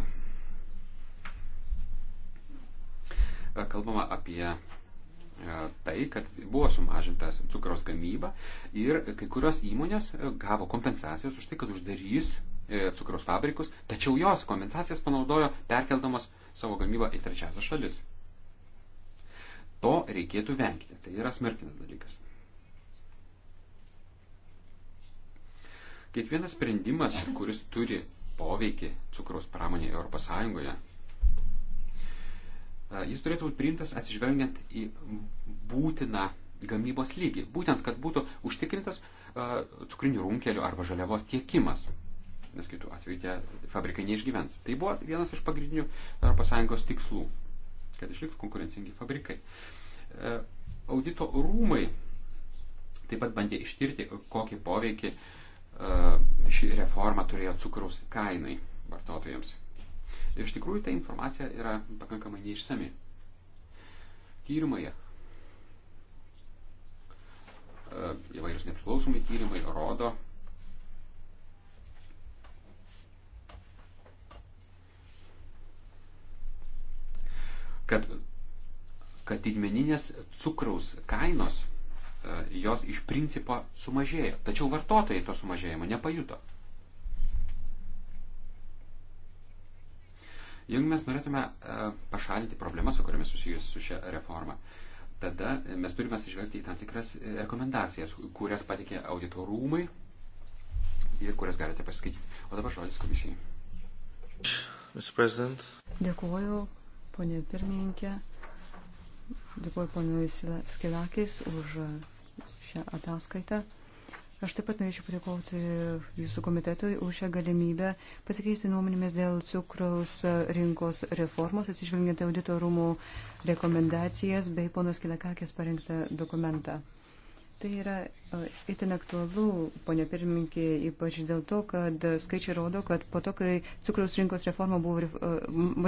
E, kalbama apie e, tai, kad buvo sumažinta cukraus gamyba ir kai kurios įmonės e, gavo kompensacijos už tai, kad uždarys cukraus fabrikus, tačiau jos kompensacijas panaudojo perkeldamos savo gamybą į trečiasias šalis. To reikėtų vengti. Tai yra smertinas dalykas. Kiekvienas sprendimas, kuris turi poveikį cukraus pramonėje ES, Jis turėtų būti priimtas atsižvelgiant į būtiną gamybos lygį. Būtent, kad būtų užtikrintas cukrinių runkelių arba žaliavos tiekimas. Nes kitų atveju tie fabrikai neišgyvens. Tai buvo vienas iš pagrindinių ES tikslų, kad išliktų konkurencingi fabrikai. Audito rūmai taip pat bandė ištirti, kokį poveikį ši reforma turėjo cukraus kainai vartotojams. Ir iš tikrųjų ta informacija yra pakankamai neišsami. Tyrimai, e, įvairius nepriklausomai tyrimai rodo, kad, kad didmeninės cukraus kainos e, jos iš principo sumažėjo. Tačiau vartotojai to sumažėjimo nepajuto. Jeigu mes norėtume e, pašalinti problemas, su kuriamis susijęs su šia reforma, tada mes turime atsižvelgti į tam tikras e, rekomendacijas, kurias patikė audito rūmai ir kurias galite pasiskaityti. O dabar žodis komisijai. Dėkuoju, ponė pirmininkė. Dėkuoju ponui Skilakis už šią ataskaitą. Aš taip pat norėčiau padėkoti jūsų komitetui už šią galimybę pasikeisti nuomonėmis dėl cukraus rinkos reformos, atsižvelgiant audito rūmų rekomendacijas bei ponos Kilakakės parengtą dokumentą. Tai yra e, itin aktualu, ponia pirmininkė, ypač dėl to, kad skaičiai rodo, kad po to, kai cukraus rinkos reforma buvo, e,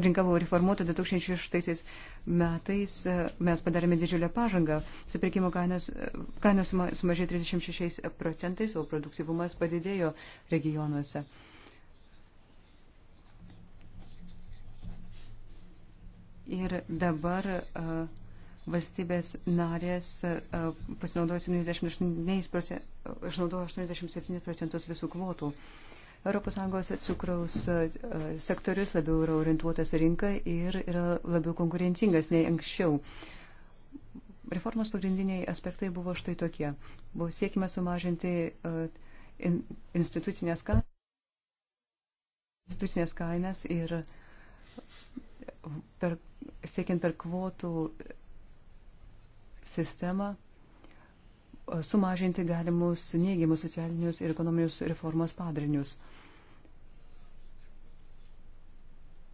rinka buvo reformuota 2006 metais, e, mes padarėme didžiulę pažangą. Supirkimo kainos, kainos sumažėjo 36 procentais, o produktyvumas padidėjo regionuose. Ir dabar. Uh, valstybės narės e, pasinaudojo 78 87 procentus visų kvotų. ES cukraus e, sektorius labiau yra orientuotas rinka ir yra labiau konkurencingas nei anksčiau. Reformos pagrindiniai aspektai buvo štai tokie. Buvo siekime sumažinti e, institucinės, ka... institucinės kainas ir per, siekiant per kvotų sistemą, sumažinti galimus neigiamus socialinius ir ekonominius reformos padarinius.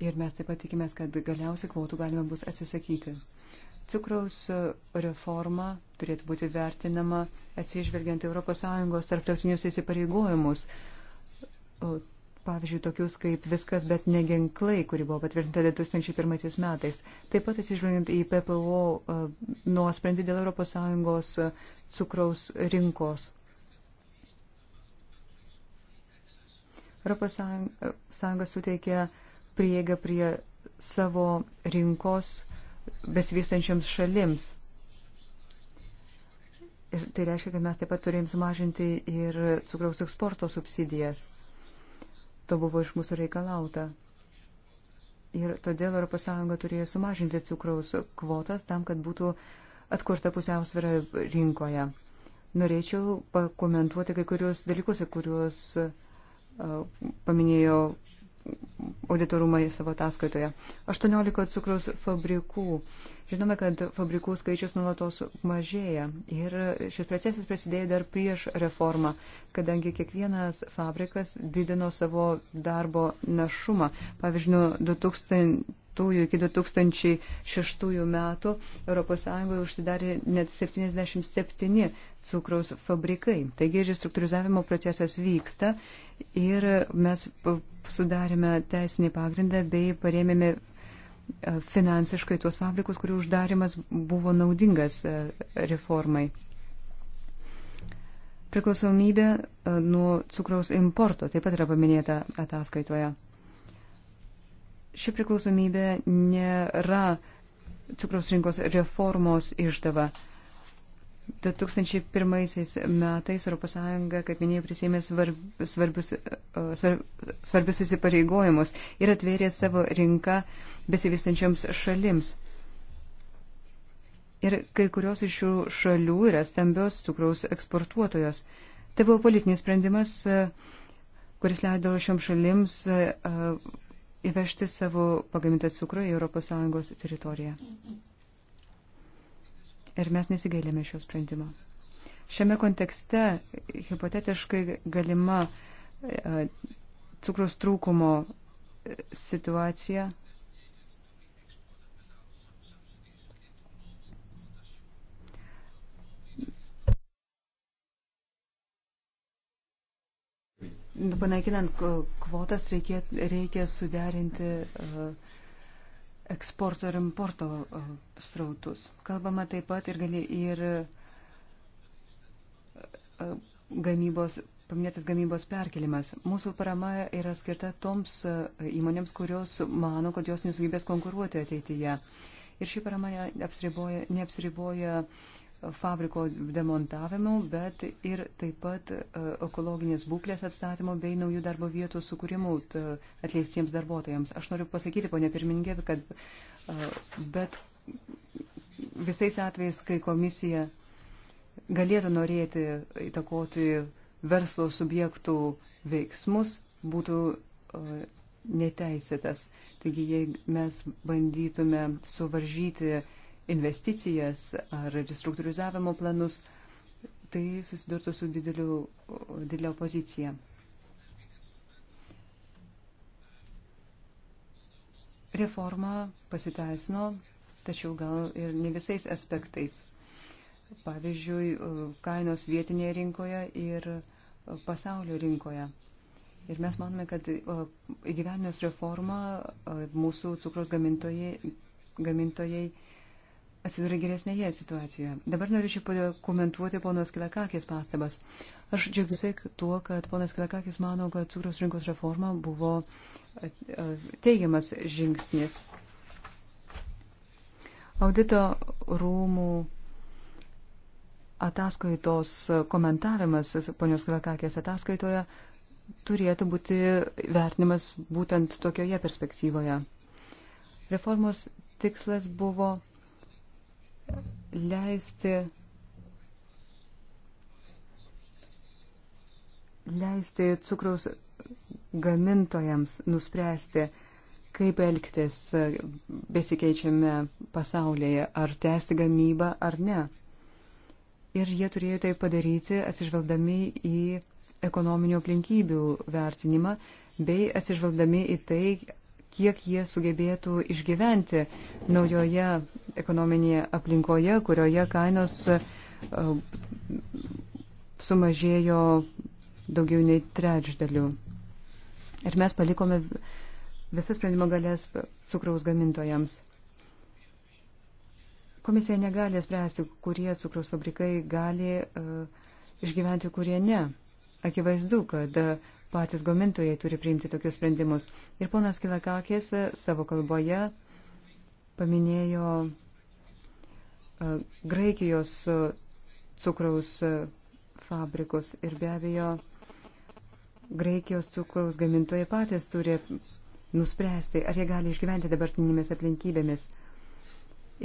Ir mes taip pat tikimės, kad galiausiai kvotų galima bus atsisakyti. Cukraus reforma turėtų būti vertinama atsižvelgiant ES tarptautinius įsipareigojimus pavyzdžiui, tokius kaip viskas, bet neginklai, kuri buvo patvirtinta 2001 metais. Taip pat atsižvelgiant į PPO e, nuosprendį dėl ES e, cukraus rinkos. ES e, suteikia prieigą prie savo rinkos besivystančiams šalims. Ir tai reiškia, kad mes taip pat turėjom sumažinti ir cukraus eksporto subsidijas. To buvo iš mūsų reikalauta. Ir todėl ES turėjo sumažinti cukraus kvotas tam, kad būtų atkurta pusiausvėra rinkoje. Norėčiau pakomentuoti kai kurios dalykus, kuriuos paminėjo auditorumai savo ataskaitoje. 18 cukraus fabrikų. Žinome, kad fabrikų skaičius nulatos mažėja ir šis procesas prasidėjo dar prieš reformą, kadangi kiekvienas fabrikas didino savo darbo našumą. Pavyzdžiui, 2000 2004 iki 2006 metų ES užsidarė net 77 cukraus fabrikai. Taigi restruktūrizavimo procesas vyksta ir mes sudarėme teisinį pagrindą bei parėmėme e, finansiškai tuos fabrikus, kurių uždarimas buvo naudingas e, reformai priklausomybė e, nuo cukraus importo taip pat yra paminėta ataskaitoje. Ši priklausomybė nėra cukraus rinkos reformos išdava. 2001 metais ES, kaip minėjau, prisėmė svarbius, svarbius įsipareigojimus ir atvėrė savo rinką besivystančioms šalims. Ir kai kurios iš šių šalių yra stambios cukraus eksportuotojos. Tai buvo politinis sprendimas, kuris leido šioms šalims įvežti savo pagamintą cukrų į ES teritoriją. Ir mes nesigailėme šio sprendimo. Šiame kontekste hipotetiškai galima e, cukrus trūkumo situacija Panaikinant kvotas reikia, reikia suderinti e, eksporto ir importo e, srautus. Kalbama taip pat ir, gali, ir e, gamybos, paminėtas gamybos perkelimas. Mūsų parama yra skirta toms įmonėms, kurios mano, kad jos nesugebės konkuruoti ateityje. Ir ši parama neapsiriboja, neapsiriboja uh, fabriko demontavimu, bet ir taip pat e, ekologinės būklės atstatymu bei naujų darbo vietų sukūrimu atleistiems darbuotojams. Aš noriu pasakyti, ponė pirmininkė, kad e, bet visais atvejais, kai komisija galėtų norėti įtakoti verslo subjektų veiksmus, būtų e, neteisėtas. Taigi, jei mes bandytume suvaržyti uh, investicijas ar restruktūrizavimo planus, tai susidurtų su dideliu, didelio pozicija. Reforma pasiteisino, tačiau gal ir ne visais aspektais. Pavyzdžiui, kainos vietinėje rinkoje ir pasaulio rinkoje. Ir mes manome, kad įgyvenęs reformą mūsų cukros gamintojai, gamintojai atsidūrė geresnėje situacijoje. Dabar norėčiau komentuoti ponos Kilakakės pastabas. Aš džiaugiuosi tuo, kad ponas Kilakakis mano, kad cukraus rinkos reforma buvo teigiamas žingsnis. Audito rūmų ataskaitos komentavimas, ponios Kilakakės ataskaitoje, turėtų būti vertinimas būtent tokioje perspektyvoje. Reformos tikslas buvo leisti, leisti cukraus gamintojams nuspręsti, kaip elgtis besikeičiame pasaulyje, ar tęsti gamybą ar ne. Ir jie turėjo tai padaryti atsižvelgdami į ekonominių aplinkybių vertinimą bei atsižvelgdami į tai, kiek jie sugebėtų išgyventi naujoje ekonominėje aplinkoje, kurioje kainos e, sumažėjo daugiau nei trečdalių. Ir mes palikome visas sprendimo galės cukraus gamintojams. Komisija negali spręsti, kurie cukraus fabrikai gali uh, išgyventi, kurie ne. Akivaizdu, kad uh, Patys gamintojai turi priimti tokius sprendimus. Ir ponas Kilakakės e, savo kalboje paminėjo e, Graikijos e, cukraus fabrikus ir be abejo Graikijos cukraus gamintojai patys turi nuspręsti, ar jie gali išgyventi dabartinėmis aplinkybėmis.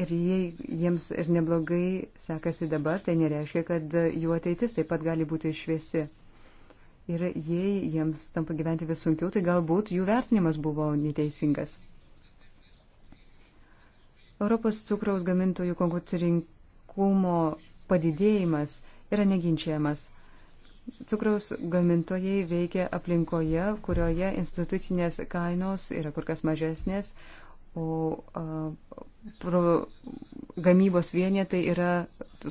Ir jei jiems ir neblogai sekasi dabar, tai nereiškia, kad jų ateitis taip pat gali būti šviesi. Ir jei jiems tampa gyventi vis sunkiau, tai galbūt jų vertinimas buvo neteisingas. Europos cukraus gamintojų konkurencingumo padidėjimas yra neginčiamas. Cukraus gamintojai veikia aplinkoje, kurioje institucinės kainos yra kur kas mažesnės, o a, gamybos vienetai yra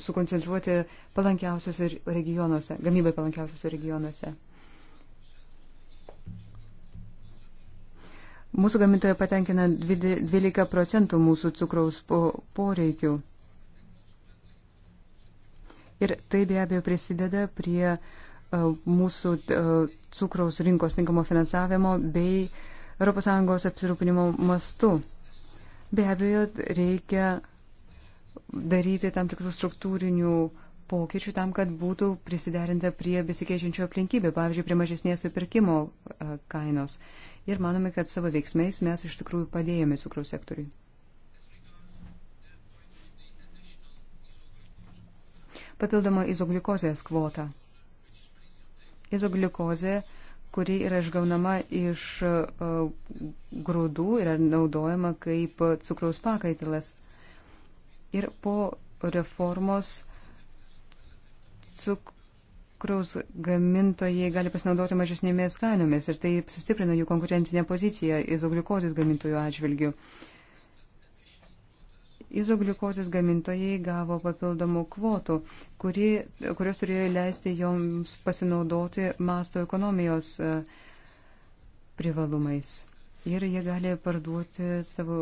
sukoncentruoti palankiausiuose regionuose, gamybai palankiausiuose regionuose. Mūsų gamintoje patenkina 12 procentų mūsų cukraus poreikių. Ir tai be abejo prisideda prie e, mūsų e, cukraus rinkos tinkamo finansavimo bei ES apsirūpinimo mastu. Be abejo, reikia daryti tam tikrų struktūrinių pokyčių tam, kad būtų prisiderinta prie besikeičiančių aplinkybių, pavyzdžiui, prie mažesnės supirkimo e, kainos. Ir manome, kad savo veiksmais mes iš tikrųjų padėjome cukraus sektoriui. Papildoma izogliukozės kvota. Izogliukozė kuri yra išgaunama iš e, grūdų ir naudojama kaip cukraus pakaitilas. Ir po reformos cukraus gamintojai gali pasinaudoti mažesnėmis kainomis ir tai sustiprina jų konkurencinę poziciją izogliukozės gamintojų atžvilgių. Uh, izogliukozės gamintojai gavo papildomų kvotų, kuri, kurios turėjo leisti joms pasinaudoti masto ekonomijos e, privalumais. Ir jie gali parduoti savo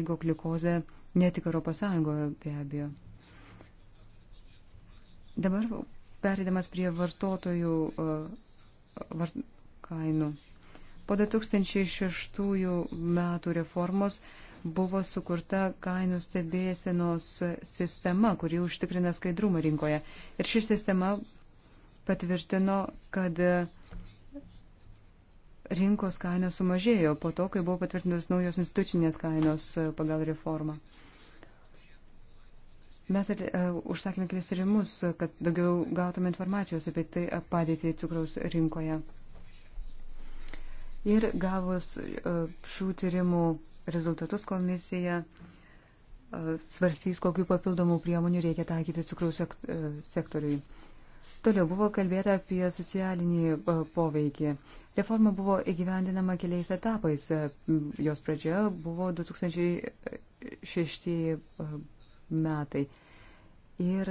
izogliukozę ne tik ES be abejo. Dabar perėdamas prie vartotojų vart, kainų. Po 2006 metų reformos buvo sukurta kainų stebėsenos sistema, kuri užtikrina skaidrumą rinkoje. Ir ši sistema patvirtino, kad rinkos kainos sumažėjo po to, kai buvo patvirtintos naujos institucinės kainos e, pagal reformą. Mes at, uh, e, užsakėme kelis tyrimus, kad daugiau gautume informacijos apie tai padėtį cukraus rinkoje. Ir gavus uh, šių tyrimų rezultatus komisija e, svarstys, kokiu papildomų priemonių reikia taikyti cukraus e, sektoriui. Toliau buvo kalbėta apie socialinį e, poveikį. Reforma buvo įgyvendinama keliais etapais. Jos pradžia buvo 2006 metai. Ir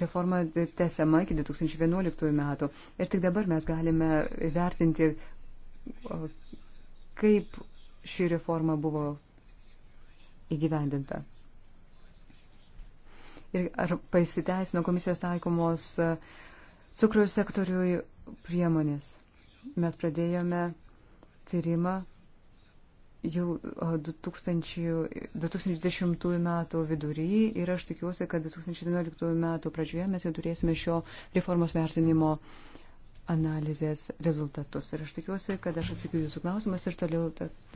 reforma tęsiama iki 2011 metų. Ir tik dabar mes galime vertinti, kaip ši reforma buvo įgyvendinta. Ir ar pasiteisino komisijos taikomos e, cukraus sektoriui priemonės. Mes pradėjome tyrimą jau 2000, e, 2010 metų vidury ir aš tikiuosi, kad 2011 metų pradžioje mes jau turėsime šio reformos vertinimo uh, analizės rezultatus. Ir aš tikiuosi, kad aš atsakiau jūsų klausimus ir toliau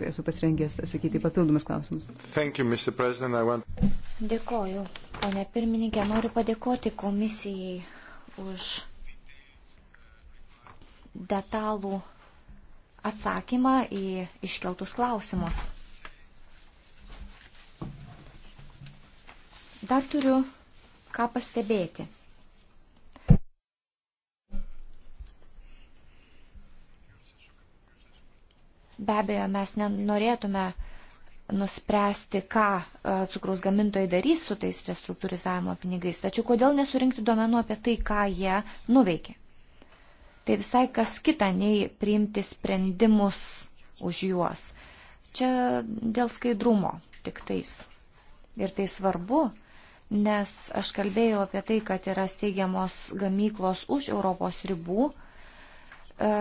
esu pasirengęs atsakyti papildomus klausimus. Thank you, want... Dėkoju, ponė pirmininkė. Noriu padėkoti komisijai už detalų atsakymą į iškeltus klausimus. Dar turiu ką pastebėti. Be abejo, mes nenorėtume nuspręsti, ką e, cukraus gamintojai darys su tais restruktūrizavimo pinigais. Tačiau kodėl nesurinkti duomenų apie tai, ką jie nuveikė? Tai visai kas kita, nei priimti sprendimus už juos. Čia dėl skaidrumo tik tais. Ir tai svarbu, nes aš kalbėjau apie tai, kad yra steigiamos gamyklos už Europos ribų. E,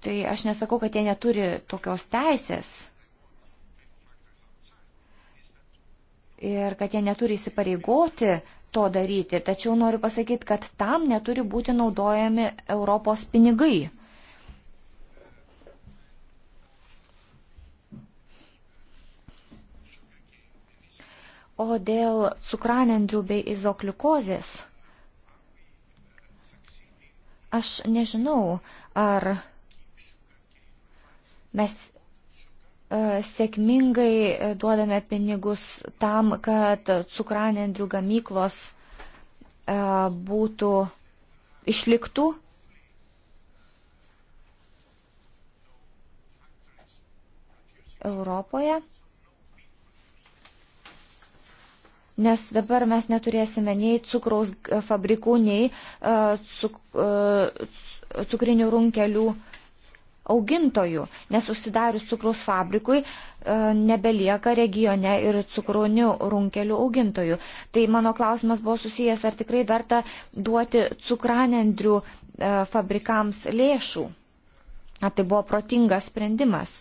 Tai aš nesakau, kad jie neturi tokios teisės ir kad jie neturi įsipareigoti to daryti, tačiau noriu pasakyti, kad tam neturi būti naudojami Europos pinigai. O dėl cukranendrių bei izokliukozės, aš nežinau, ar Mes e, sėkmingai e, duodame pinigus tam, kad cukranendrių gamyklos e, būtų išliktų. Europoje. Nes dabar mes neturėsime nei cukraus fabrikų, nei uh, cuk, uh, cukrinių runkelių uh, augintojų, nes užsidarius cukraus fabrikui e, nebelieka regione ir cukronių runkelių augintojų. Tai mano klausimas buvo susijęs, ar tikrai verta duoti cukranendrių e, fabrikams lėšų. Ar tai buvo protingas sprendimas?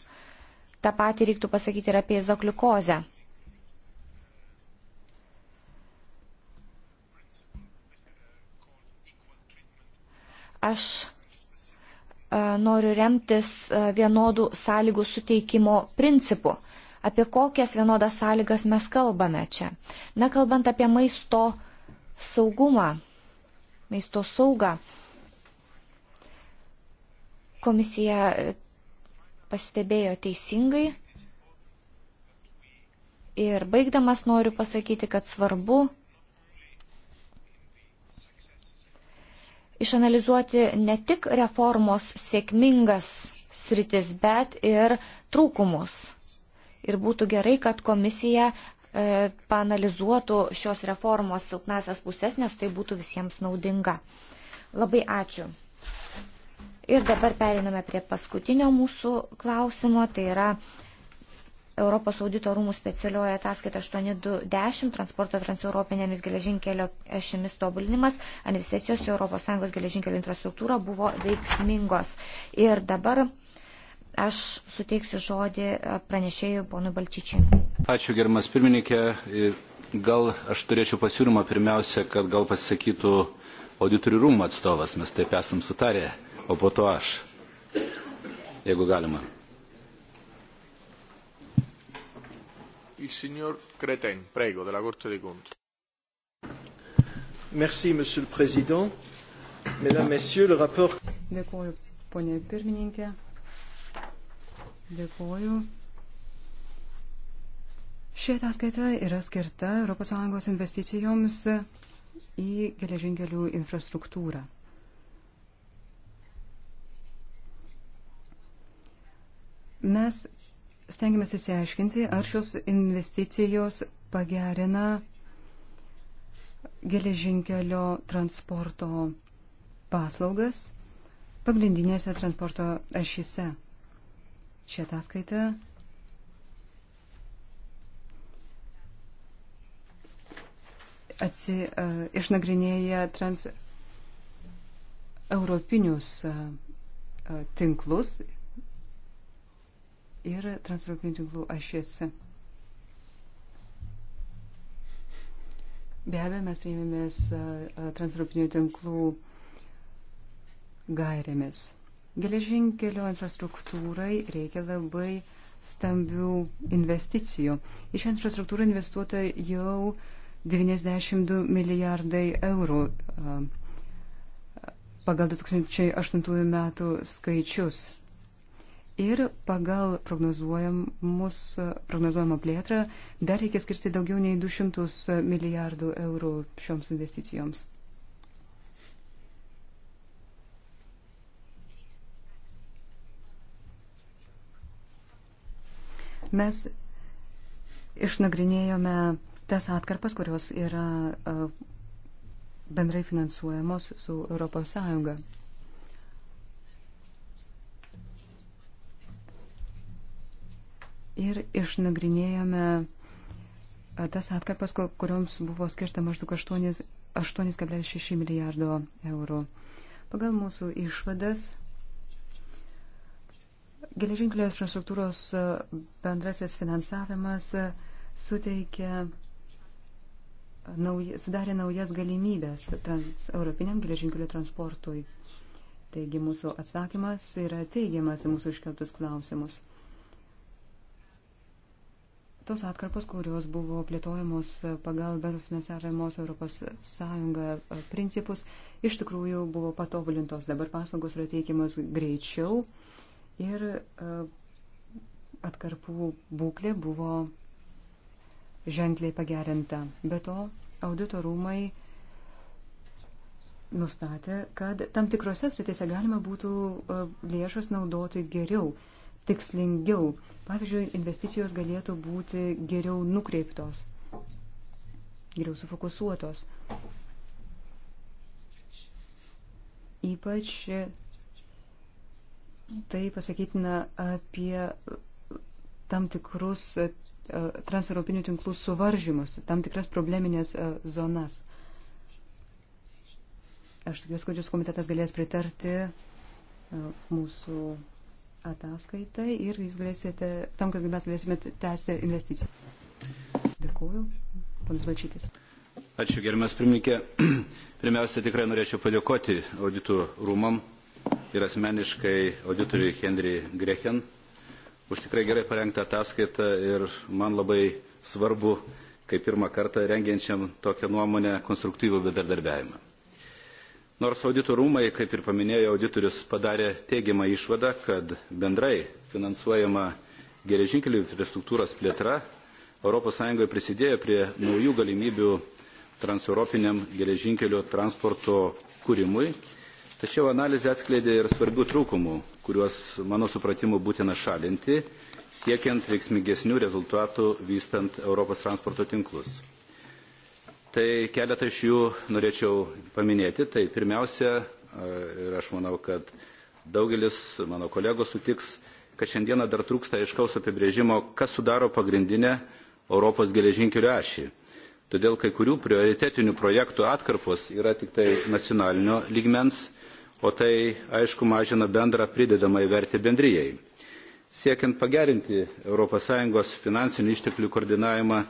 Ta pati reiktų pasakyti ir apie izokliukozę. Aš noriu remtis vienodų sąlygų suteikimo principu. Apie kokias vienodas sąlygas mes kalbame čia? Nekalbant apie maisto saugumą, maisto saugą, komisija e, pastebėjo teisingai. Ir baigdamas noriu pasakyti, kad svarbu išanalizuoti ne tik reformos sėkmingas sritis, bet ir trūkumus. Ir būtų gerai, kad komisija e, panalizuotų šios reformos silpnasias pusės, nes tai būtų visiems naudinga. Labai ačiū. Ir dabar periname prie paskutinio mūsų klausimo, tai yra Europos audito rūmų specialioje ataskaita 8210 transporto transeuropinėmis geležinkelio ašimis tobulinimas, investicijos į ES geležinkelio infrastruktūrą buvo veiksmingos. Ir dabar aš suteiksiu žodį pranešėjų ponui Balčyčiai. Ačiū, gerbiamas pirmininkė. Gal aš turėčiau pasiūlymą pirmiausia, kad gal pasisakytų auditorių rūmų atstovas, mes taip esam sutarę, o po to aš, jeigu galima. il signor Cretin, prego, della Corte dei Conti. Merci, Monsieur le Président. Mesdames, Messieurs, le rapport. Dėkuoju, ponė pirmininkė. Dėkuoju. Ši ataskaita yra skirta ES investicijoms į geležinkelių infrastruktūrą. Mes stengiamės įsiaiškinti, ar šios investicijos pagerina geležinkelio transporto paslaugas pagrindinėse transporto ašyse. Šią ataskaitą atsi, uh, išnagrinėja trans europinius uh, tinklus ir transeuropinių tinklų ašis. Be abejo, mes rėmėmės transeuropinių tinklų gairėmis. Geležinkelio infrastruktūrai reikia labai stambių investicijų. Iš infrastruktūrą investuota jau 92 milijardai eurų pagal 2008 metų skaičius ir pagal prognozuojamą plėtrą dar reikia skirti daugiau nei 200 milijardų eurų šioms investicijoms. Mes išnagrinėjome tas atkarpas, kurios yra bendrai finansuojamos su ES. ir išnagrinėjome e, tas atkarpas, kurioms buvo skirta maždaug 8,6 milijardo eurų. Pagal mūsų išvadas geležinkelio infrastruktūros e, bendrasis finansavimas e, suteikia nauj, sudarė naujas galimybės trans, europiniam geležinkelio transportui. Taigi mūsų atsakymas yra teigiamas į mūsų iškeltus klausimus tos atkarpos, kurios buvo plėtojamos pagal bendro finansavimo Europos Sąjunga e, principus, iš tikrųjų buvo patobulintos. Dabar paslaugos yra teikiamas greičiau ir e, atkarpų būklė buvo ženkliai pagerinta. Be to, audito rūmai nustatė, kad tam tikrose sritise galima būtų e, lėšas naudoti geriau tikslingiau. Pavyzdžiui, investicijos galėtų būti geriau nukreiptos, geriau sufokusuotos. Ypač tai pasakytina apie tam tikrus e, transeuropinių tinklų suvaržymus, tam tikras probleminės e, zonas. Aš tikiuosi, kad jūs komitetas galės pritarti e, mūsų ataskaitai ir jūs galėsite, tam, kad mes galėsime tęsti investiciją. Dėkuoju. Panas Valčytis. Ačiū, gerimas pirmininkė. Pirmiausia, tikrai norėčiau padėkoti auditų rūmam ir asmeniškai auditoriui Henry Greken už tikrai gerai parengtą ataskaitą ir man labai svarbu, kaip pirmą kartą rengiančiam tokią nuomonę, konstruktyvų bedarbiavimą. Nors audito rūmai, kaip ir paminėjo auditorius, padarė teigiamą išvadą, kad bendrai finansuojama geležinkelių infrastruktūros plėtra ES prisidėjo prie naujų galimybių transeuropiniam geležinkelio transporto kūrimui, tačiau analizė atskleidė ir svarbių trūkumų, kuriuos mano supratimu būtina šalinti, siekiant veiksmingesnių rezultatų vystant Europos transporto tinklus. Tai keletą iš jų norėčiau paminėti. Tai pirmiausia, ir aš manau, kad daugelis mano kolegų sutiks, kad šiandieną dar trūksta aiškaus apibrėžimo, kas sudaro pagrindinę Europos geležinkelių ašį. Todėl kai kurių prioritetinių projektų atkarpos yra tik tai nacionalinio lygmens, o tai aišku mažina bendrą pridedamą įvertę bendryjei. Siekiant pagerinti ES finansinių išteklių koordinavimą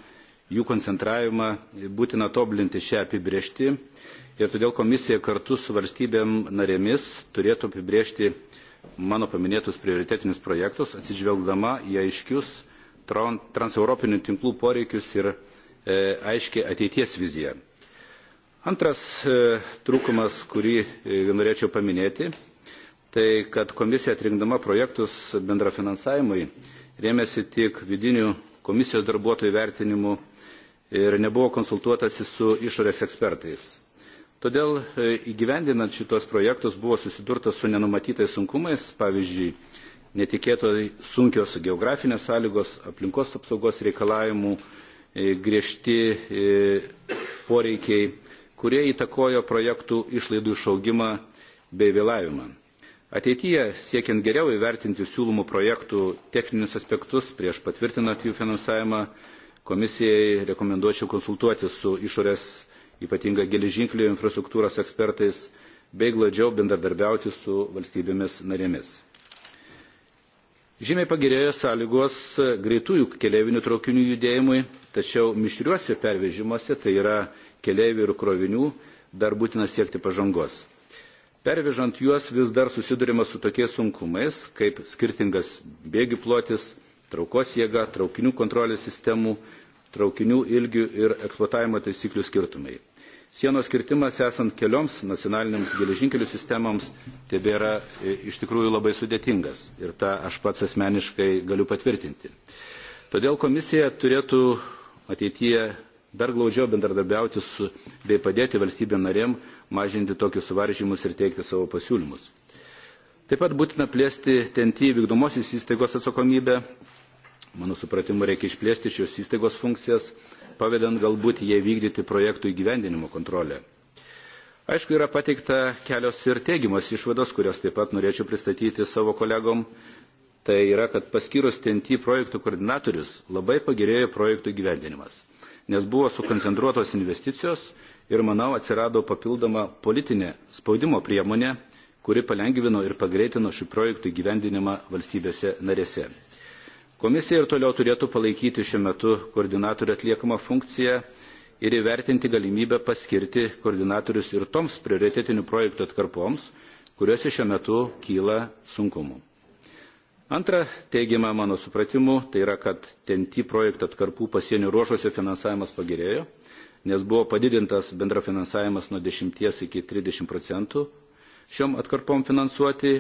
jų koncentravimą, būtina tobulinti šią apibriežtį ir todėl komisija kartu su valstybėm narėmis turėtų apibriežti mano paminėtus prioritetinius projektus, atsižvelgdama į aiškius transeuropinių tinklų poreikius ir e, aiškiai ateities viziją. Antras e, trūkumas, kurį e, norėčiau paminėti, tai kad komisija atrinkdama projektus bendrafinansavimui rėmėsi tik vidinių komisijos darbuotojų vertinimų ir nebuvo konsultuotasi su išorės ekspertais. Todėl e, įgyvendinant šitos projektus buvo susidurta su nenumatytais sunkumais, pavyzdžiui, netikėtai sunkios geografinės sąlygos, aplinkos apsaugos reikalavimų, e, griežti e, poreikiai, kurie įtakojo projektų išlaidų išaugimą bei vėlavimą. Ateityje, siekiant geriau įvertinti siūlomų projektų techninius aspektus prieš patvirtinant jų finansavimą, Komisijai rekomenduočiau konsultuoti su išorės ypatinga geležinkelių infrastruktūros ekspertais bei glaudžiau bendradarbiauti su valstybėmis narėmis. Žymiai pagerėjo sąlygos greitųjų keliaivinių traukinių judėjimui, tačiau mišriuose pervežimuose, tai yra keliaivių ir krovinių, dar būtina siekti pažangos. Pervežant juos vis dar susidurima su tokiais sunkumais, kaip skirtingas bėgių plotis, traukos jėga, traukinių kontrolės sistemų, traukinių ilgių ir eksploatavimo taisyklių skirtumai. Sienos kirtimas esant kelioms nacionaliniams geležinkelių sistemams tebėra e, iš tikrųjų labai sudėtingas ir tą aš pats asmeniškai galiu patvirtinti. Todėl komisija turėtų ateityje dar glaudžiau bendradarbiauti su bei padėti valstybėm narėm mažinti tokius suvaržymus ir teikti savo pasiūlymus. Taip pat būtina plėsti TNT vykdomosios įstaigos atsakomybę Mano supratimu, reikia išplėsti šios įstaigos funkcijas, pavedant galbūt jie vykdyti projektų įgyvendinimo kontrolę. Aišku, yra pateikta kelios ir teigiamos išvados, kurios taip pat norėčiau pristatyti savo kolegom. Tai yra, kad paskyrus TNT projektų koordinatorius labai pagerėjo projektų gyvendinimas, nes buvo sukoncentruotos investicijos ir, manau, atsirado papildoma politinė spaudimo priemonė, kuri palengvino ir pagreitino šių projektų gyvendinimą valstybėse narėse. Komisija ir toliau turėtų palaikyti šiuo metu koordinatorių atliekamą funkciją ir įvertinti galimybę paskirti koordinatorius ir toms prioritetinių projektų atkarpoms, kuriuose šiuo metu kyla sunkumų. Antra teigiama mano supratimu, tai yra, kad TNT projektų atkarpų pasienio ruožuose finansavimas pagerėjo, nes buvo padidintas bendrafinansavimas nuo 10 iki 30 procentų šiom atkarpom finansuoti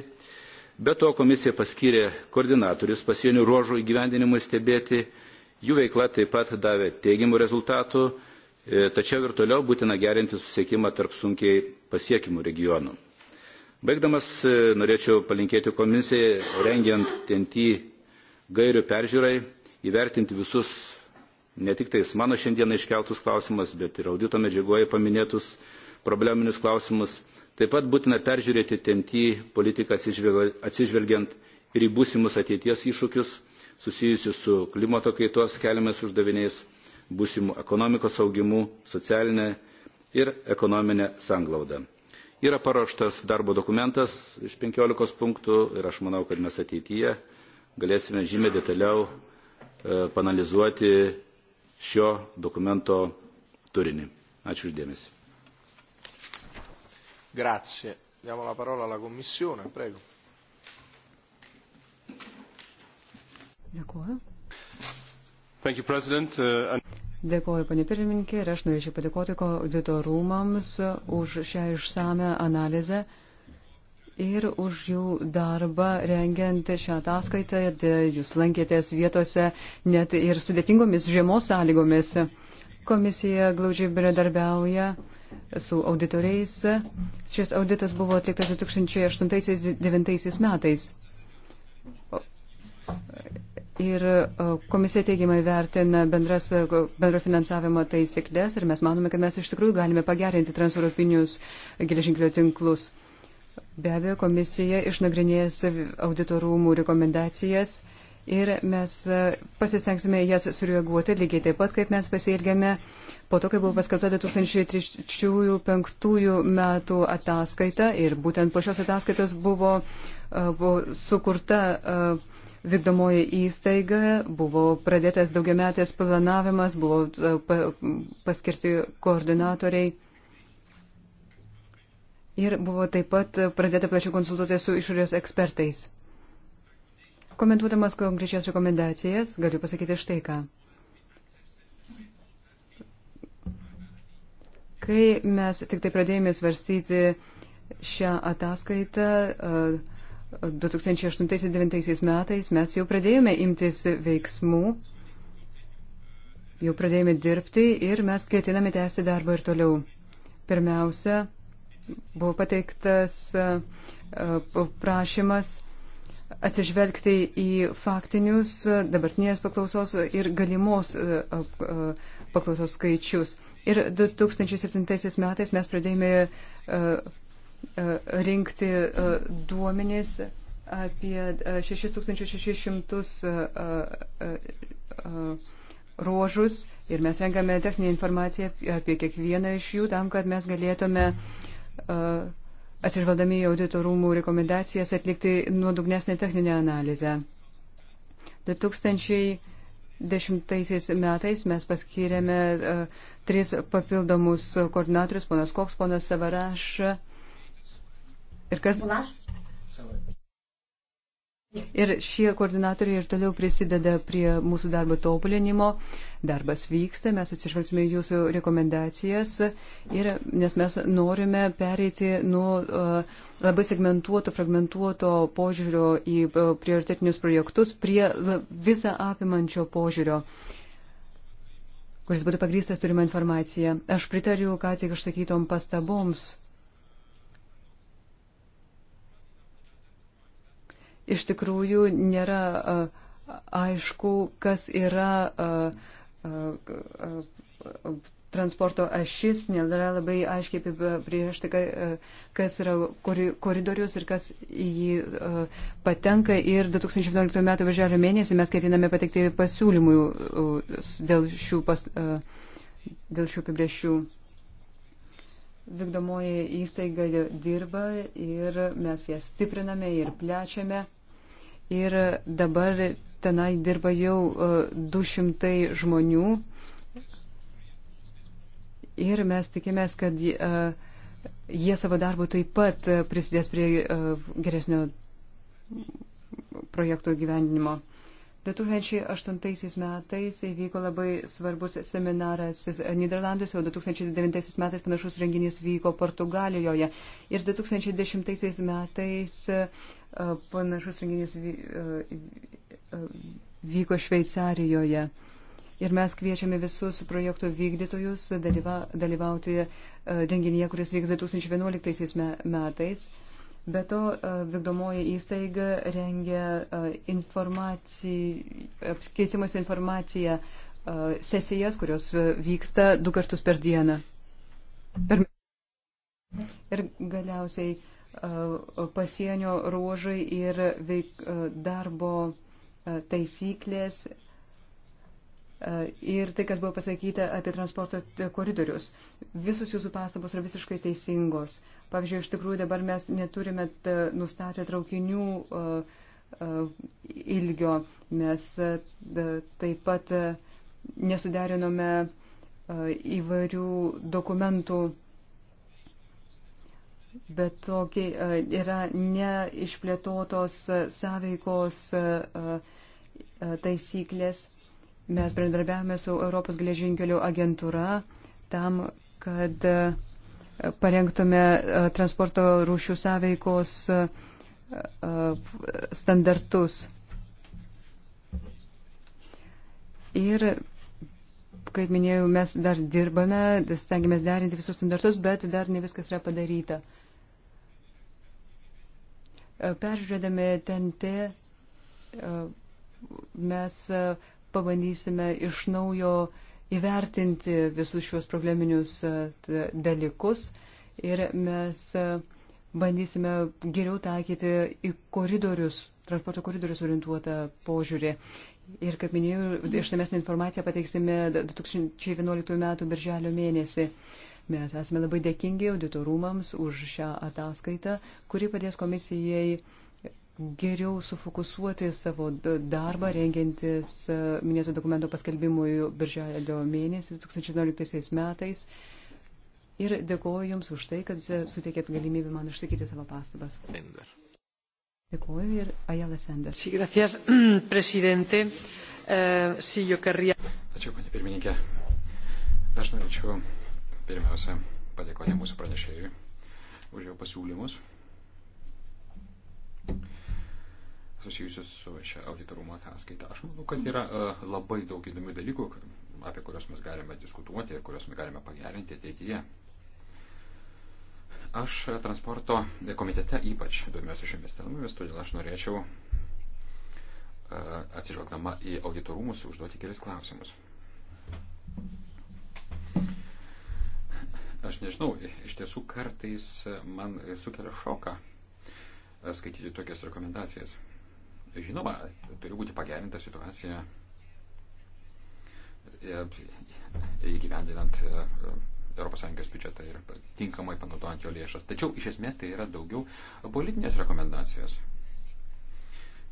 Be to komisija paskyrė koordinatorius pasienio ruožų įgyvendinimui stebėti, jų veikla taip pat davė teigiamų rezultatų, e, tačiau ir toliau būtina gerinti susiekimą tarp sunkiai pasiekimų regionų. Baigdamas e, norėčiau palinkėti komisijai, rengiant TNT gairių peržiūrai, įvertinti visus ne tik tais mano šiandieną iškeltus klausimus, bet ir audito medžiagoje paminėtus probleminius klausimus Taip pat būtina peržiūrėti TMT politiką atsižvelgiant ir į būsimus ateities iššūkius susijusius su klimato kaitos keliamais uždaviniais, būsimų ekonomikos augimu, socialinė ir ekonominė sanglauda. Yra paruoštas darbo dokumentas iš 15 punktų ir aš manau, kad mes ateityje galėsime žymiai detaliau e, panalizuoti šio dokumento turinį. Ačiū uždėmesi. Grazie. Diamo la parola alla Commissione, prego. Dėkuoju. Thank you, President. Uh, and... Dėkuoju, panė pirmininkė, ir aš norėčiau padėkoti audito rūmams už šią išsame analizę ir už jų darbą rengiant šią ataskaitą. Jūs lankėtės vietose net ir sudėtingomis žiemos sąlygomis. Komisija glaudžiai bendradarbiauja su auditoriais. Šis auditas buvo atliktas 2008-2009 metais. Ir komisija teigiamai vertina bendras, bendro finansavimo taisyklės ir mes manome, kad mes iš tikrųjų galime pagerinti transeuropinius geležinkelio tinklus. Be abejo, komisija išnagrinės auditorumų rekomendacijas ir mes e, pasistengsime jas sureaguoti lygiai taip pat, kaip mes pasielgėme po to, kai buvo paskelbta 2003-2005 metų ataskaita ir būtent po šios ataskaitos buvo, e, buvo sukurta e, vykdomoji įstaiga, buvo pradėtas daugiametės planavimas, buvo paskirti koordinatoriai. Ir buvo taip pat pradėta plačiau konsultuoti su išorės ekspertais. Komentuodamas konkrečias rekomendacijas, galiu pasakyti štai ką. Kai mes tik tai pradėjome svarstyti šią ataskaitą 2008-2009 metais, mes jau pradėjome imtis veiksmų, jau pradėjome dirbti ir mes ketiname tęsti darbą ir toliau. Pirmiausia, buvo pateiktas prašymas atsižvelgti į faktinius dabartinės paklausos ir galimos e, e, paklausos skaičius. Ir 2007 metais mes pradėjome e, rinkti duomenys apie 6600 ruožus ir mes rengame techninę informaciją apie kiekvieną iš jų tam, kad mes galėtume uh, atsižvaldami į audito rūmų rekomendacijas, atlikti nuodugnesnę techninę analizę. 2010 metais mes paskyrėme uh, tris papildomus koordinatorius, ponas Koks, ponas Savaraš ir kas. Savaraš. Ir šie koordinatoriai ir toliau prisideda prie mūsų darbo tobulinimo. Darbas vyksta, mes atsižvelgsime jūsų rekomendacijas, ir, nes mes norime pereiti nuo uh, labai segmentuoto, fragmentuoto požiūrio į uh, prioritetinius projektus prie uh, visą apimančio požiūrio kuris būtų pagrystas turima informacija. Aš pritariu ką tik išsakytom pastaboms iš tikrųjų nėra aišku, kas yra transporto ašis, nėra labai aiškiai apibriešta, kas yra koridorius ir kas į jį patenka. Ir 2011 m. važiavio mėnesį mes ketiname patekti pasiūlymų dėl šių, pas, dėl šių apibriešių. Vykdomoji įstaiga dirba ir mes ją stipriname ir plečiame. Ir dabar tenai dirba jau 200 e, žmonių. Ir mes tikimės, kad e, jie savo darbu taip pat prisidės prie e, geresnio projekto gyvendinimo. 2008 metais įvyko labai svarbus seminaras Niderlanduose, o 2009 metais panašus renginys vyko Portugalijoje. Ir 2010 metais E, panašus renginys e, e, vyko Šveicarijoje. Ir mes kviečiame visus projektų vykdytojus dalyva, dalyvauti renginyje, kuris vyks 2011 metais. Be to, vykdomoji įstaiga rengia keisimas informaciją sesijas, kurios vyksta du kartus per dieną. Per... Ir galiausiai E, pasienio ruožai ir veik, e, darbo e, taisyklės ir tai, kas buvo pasakyta apie transporto koridorius. Visus jūsų pastabos yra visiškai teisingos. Pavyzdžiui, iš tikrųjų dabar mes neturime nustatę traukinių ilgio. Mes taip pat nesuderinome įvairių dokumentų bet tokiai e, yra neišplėtotos e, sąveikos e, taisyklės. Mes bendradarbiavame su Europos geležinkelių agentūra tam, kad parengtume transporto rūšių sąveikos standartus. Ir, kaip minėjau, mes dar dirbame, stengiamės derinti visus standartus, bet dar ne viskas yra padaryta. Uh, E, peržiūrėdami TNT e, mes e, pabandysime iš naujo įvertinti visus šios probleminius dalykus ir mes bandysime geriau taikyti į koridorius, transporto koridorius orientuotą požiūrį. Ir kaip minėjau, išsamesnę informaciją pateiksime 2011 m. birželio mėnesį. Uh, Mes esame labai dėkingi auditorumams už šią ataskaitą, kuri padės komisijai geriau sufokusuoti savo darbą, rengiantis e, minėto dokumento paskelbimui birželio mėnesį 2011 metais. Ir dėkoju Jums už tai, kad suteikėt galimybę man išsakyti savo pastabas. Dėkoju ir Ajala Sendas. Sí, gracias, presidente. Uh, sí, yo querría... Ačiū, panė pirmininkė. Aš norėčiau pirmiausia padėkoti mūsų pranešėjui už jo pasiūlymus susijusius su šia auditorumo ataskaita. Aš manau, kad yra e, labai daug įdomių dalykų, apie kuriuos mes galime diskutuoti ir kuriuos mes galime pagerinti ateityje. Aš e, transporto komitete ypač domiuosi šiomis temomis, todėl aš norėčiau e, atsižvelgdama į auditorumus užduoti kelis klausimus. Aš nežinau, iš tiesų kartais man sukelia šoką skaityti tokias rekomendacijas. Žinoma, turi būti pagerinta situacija e, įgyvendinant ES biudžetą ir tinkamai panaudojant jo lėšas. Tačiau iš esmės tai yra daugiau politinės rekomendacijos.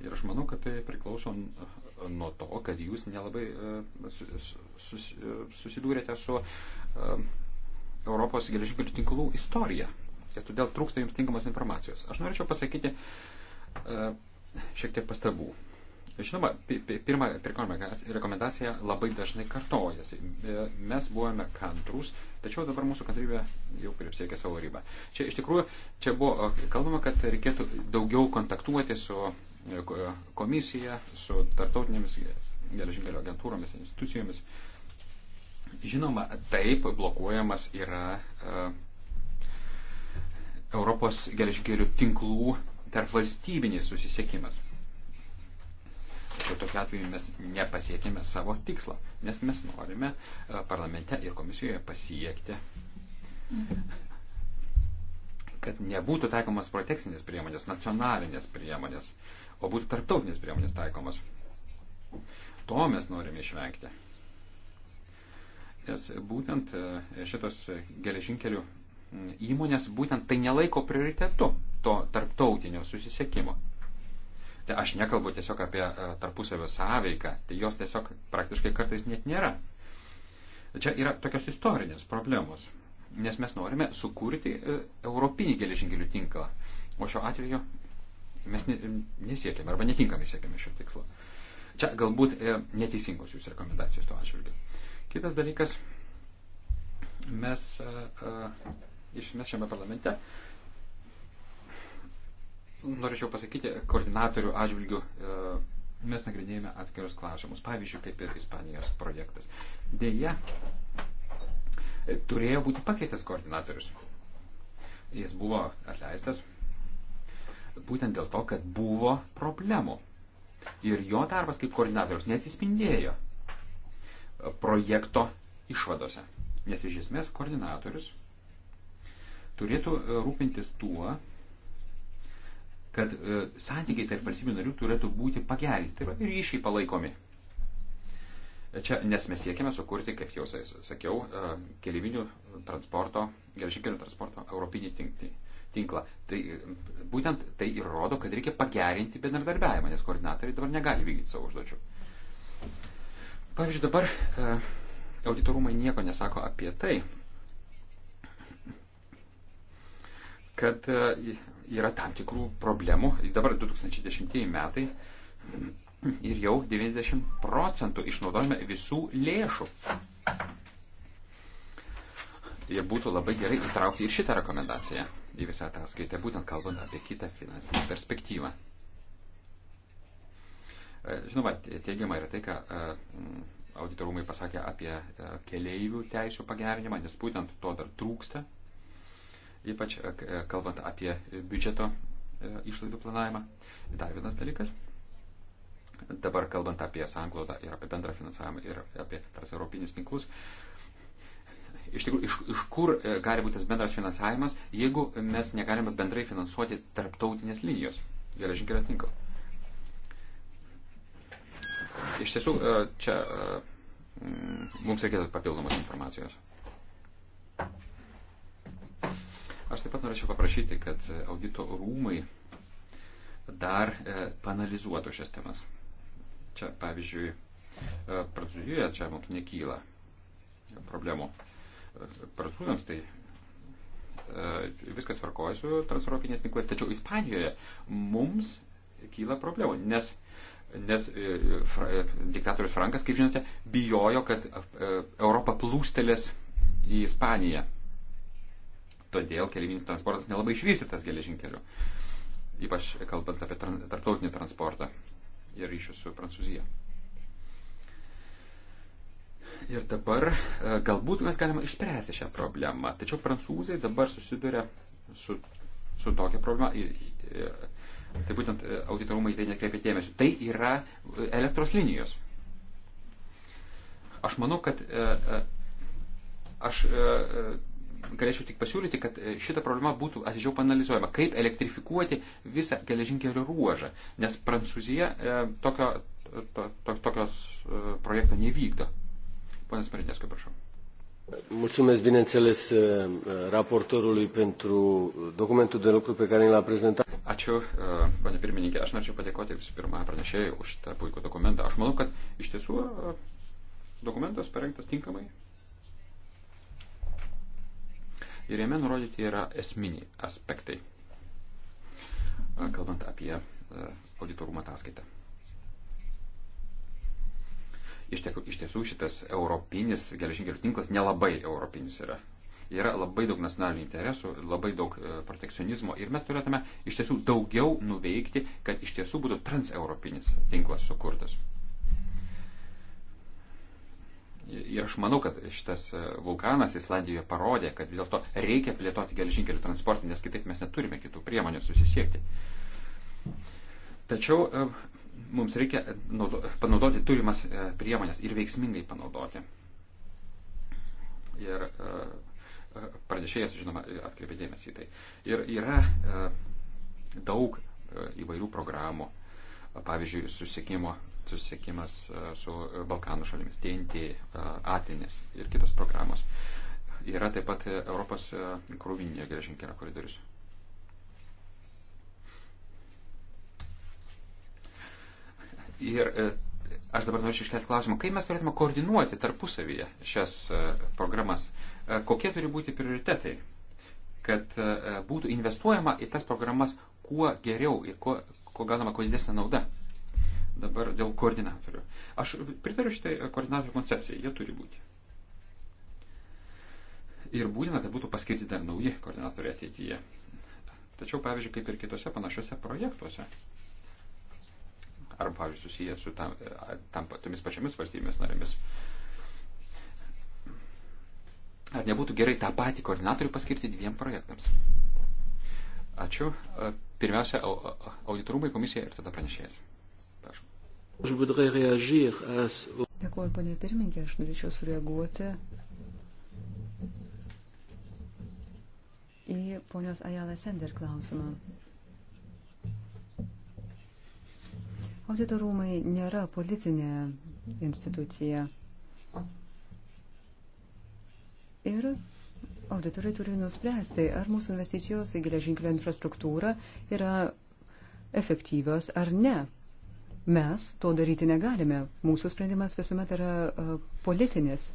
Ir aš manau, kad tai priklauso nuo to, kad jūs nelabai e, susidūrėte su e, Europos geležinkelių tinklų istoriją. Ir todėl trūksta jums tinkamos informacijos. Aš norėčiau pasakyti e, šiek tiek pastabų. Žinoma, pirma rekomendacija labai dažnai kartojasi. E, mes buvome kantrus, tačiau dabar mūsų kantrybė jau prieksiekia savo ribą. Čia iš tikrųjų, čia buvo kalbama, kad reikėtų daugiau kontaktuoti su e, komisija, su tarptautinėmis geležinkelio agentūromis, institucijomis. Uh, Žinoma, taip blokuojamas yra uh, Europos geležinkelių tinklų tarp valstybinis susisiekimas. Tačiau tokiu atveju mes nepasiekėme savo tikslo, nes mes norime uh, parlamente ir komisijoje pasiekti, kad nebūtų taikomas protekcinės priemonės, nacionalinės priemonės, o būtų tarptautinės priemonės taikomas. To mes norime išvengti. Nes būtent e, šitos geležinkelių įmonės būtent tai nelaiko prioritetu to tarptautinio susisiekimo. Tai aš nekalbu tiesiog apie e, tarpusavio sąveiką, tai jos tiesiog praktiškai kartais net nėra. Čia yra tokios istorinės problemos, nes mes norime sukurti e, europinį geležinkelių tinklą, o šiuo atveju mes nesiekėme arba netinkamai siekėme šio tikslo. Čia galbūt neteisingos jūsų rekomendacijos tuo atžvilgiu. Kitas dalykas, mes, mes šiame parlamente, norėčiau pasakyti, koordinatorių atžvilgių mes nagrinėjame atskirus klausimus, pavyzdžiui, kaip ir Ispanijos projektas. Deja, turėjo būti pakeistas koordinatorius. Jis buvo atleistas būtent dėl to, kad buvo problemų. Ir jo darbas kaip koordinatorius neatsispindėjo projekto išvadose. Nes iš esmės koordinatorius turėtų e, rūpintis tuo, kad e, santykiai tarp valstybių narių turėtų būti pagerinti, tai yra ryšiai palaikomi. Čia, nes mes siekiame sukurti, kaip jau sakiau, e, keliavinių transporto, geležinkelių transporto europinį tinklį. tinklą. Tai būtent tai ir rodo, kad reikia pagerinti bendradarbiavimą, nes koordinatoriai dabar negali vykdyti savo užduočių. Pavyzdžiui, dabar e, auditorumai nieko nesako apie tai, kad e, yra tam tikrų problemų. Dabar 2010 metai ir jau 90 procentų išnaudojame visų lėšų. Ir būtų labai gerai įtraukti ir šitą rekomendaciją į visą ataskaitę, būtent kalbant apie kitą finansinę perspektyvą. E, žinoma, teigiama yra tai, ką e, auditorumai pasakė apie e, keleivių teisų pagerinimą, nes būtent to dar trūksta, ypač kalbant apie biudžeto išlaidų planavimą. Dar vienas dalykas. Dabar kalbant apie sąnglaudą ir apie bendrą finansavimą ir apie transeuropinius tinklus, iš tikrųjų, iš, iš kur gali būti tas bendras finansavimas, jeigu mes negalime bendrai finansuoti tarptautinės linijos geležinkelio tinklo. Iš tiesų, e, čia e, mums reikėtų papildomos informacijos. Aš taip pat norėčiau paprašyti, kad audito rūmai dar e, panalizuotų šias temas. Čia, pavyzdžiui, e, Prancūzijoje čia mums nekyla problemų. E, prancūzams tai e, viskas tvarkoja su transeuropiniais tinklais, tačiau Ispanijoje mums kyla problemų, nes nes e, e, diktatorius Frankas, kaip žinote, bijojo, kad e, Europa plūstelės į Ispaniją. Todėl keliavinis transportas nelabai išvystytas geležinkeliu, ypač kalbant apie tarptautinį transportą ir ryšius su Prancūzija. Ir dabar galbūt mes galime išspręsti šią problemą, tačiau prancūzai dabar susiduria su, su tokia problema. Tai būtent e, auditorumai tai nekreipia dėmesio. Tai yra e, elektros linijos. Aš manau, kad e, aš galėčiau tik pasiūlyti, kad šita problema būtų atidžiau panalizuojama, kaip elektrifikuoti visą geležinkelio ruožą, nes Prancūzija tokio, to, to, tokios projekto nevykdo. Ponas Marinėskai, prašau. Mulțumesc, bineînțeles, eh, raportorului pentru documentul de lucru pe care l-a prezentat. Ačiū, eh, panė pirmininkė, aš norėčiau padėkoti visų pirma pranešėjai už tą puikų dokumentą. Aš manau, kad iš tiesų eh, dokumentas parengtas tinkamai. Ir jame nurodyti yra esminiai aspektai, kalbant apie auditorumą ataskaitą. Iš, tiek, iš tiesų šitas europinis geležinkelių tinklas nelabai europinis yra. Yra labai daug nacionalinių interesų, labai daug e, protekcionizmo ir mes turėtume iš tiesų daugiau nuveikti, kad iš tiesų būtų transeuropinis tinklas sukurtas. Ir aš manau, kad šitas e, vulkanas Islandijoje parodė, kad vis dėlto reikia plėtoti geležinkelių transportą, nes kitaip mes neturime kitų priemonių susisiekti. Tačiau e, mums reikia panaudoti turimas e, priemonės ir veiksmingai panaudoti. Ir e, e, pranešėjas, žinoma, atkreipė dėmesį į tai. Ir yra daug įvairių programų, pavyzdžiui, susiekimo, susiekimas su Balkanų šalimis, TNT, Atinės ir kitos programos. Yra taip pat Europos krovinė geležinkelio koridorius Ir e, aš dabar norėčiau iškelti klausimą, kaip mes turėtume koordinuoti tarpusavyje šias e, programas, e, kokie turi būti prioritetai, kad būtų investuojama į tas programas kuo geriau ir kuo, kuo galima kuo didesnė nauda. Dabar dėl koordinatorių. Aš pritariu šitai koordinatorių koncepcijai, jie turi būti. Ir būtina, kad būtų paskirti dar nauji koordinatoriai ateityje. Tačiau, pavyzdžiui, kaip ir kitose panašiose projektuose, arba, pavyzdžiui, susijęs su tam, tam, tomis pačiomis valstybėmis narėmis. Ar nebūtų gerai tą patį koordinatorių paskirti dviem projektams? Ačiū. Pirmiausia, auditorumai komisija ir tada pranešėjas. Prašom. Dėkuoju, panė pirmininkė, aš norėčiau sureaguoti į ponios Ajalą Sender klausimą. Audito rūmai nėra politinė institucija. Ir auditorai turi nuspręsti, ar mūsų investicijos į geležinkelio infrastruktūrą yra efektyvios ar ne. Mes to daryti negalime. Mūsų sprendimas visuomet yra e, politinis.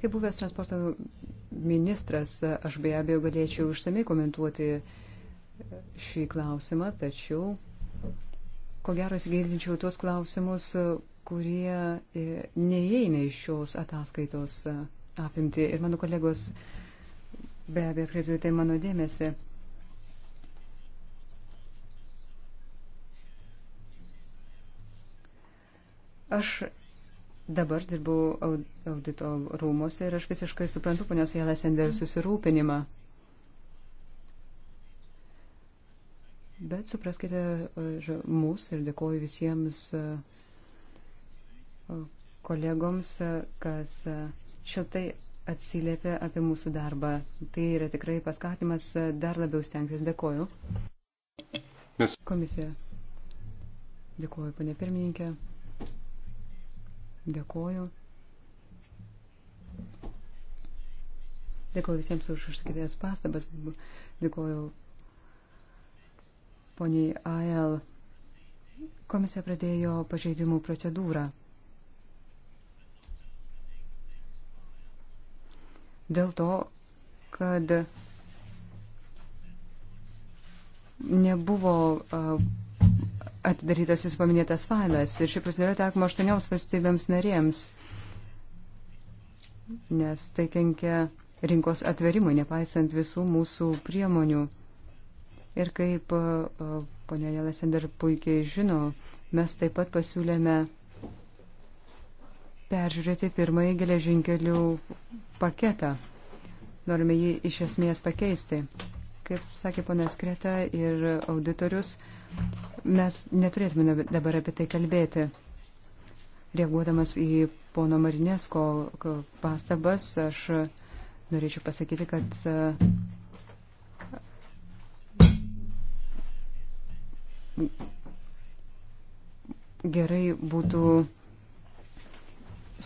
Kaip buvęs transporto ministras, aš be abejo galėčiau išsamei komentuoti e, šį klausimą, tačiau ko gero įsigilinčiau tuos klausimus, kurie e, neįeina iš šios ataskaitos e, apimti. Ir mano kolegos be abejo atkreiptų tai mano dėmesį. Aš dabar dirbau audito rūmose ir aš visiškai suprantu ponios Jelas Ender susirūpinimą. Mm. Bet supraskite ir e, mus ir dėkoju visiems e, kolegoms, e, kas šiltai atsiliepia apie mūsų darbą. Tai yra tikrai paskatimas dar labiau stengtis. Dėkoju. Yes. Komisija. Dėkoju, ponė pirmininkė. Dėkoju. Dėkoju visiems už išsakytės pastabas. Dėkoju poniai AL. Komisija pradėjo pažeidimų procedūrą. Dėl to, kad nebuvo atidarytas jūsų paminėtas failas ir ši procedūra taikoma aštuonioms valstybėms narėms, nes tai kenkia rinkos atverimui, nepaisant visų mūsų priemonių. Ir kaip e, e, ponė Jelesender puikiai žino, mes taip pat pasiūlėme peržiūrėti pirmąjį geležinkelių paketą. Norime jį iš esmės pakeisti. Kaip sakė ponas Kreta ir auditorius, mes neturėtume dabar apie tai kalbėti. Reaguodamas į pono Marinesko pastabas, aš norėčiau pasakyti, kad e, gerai būtų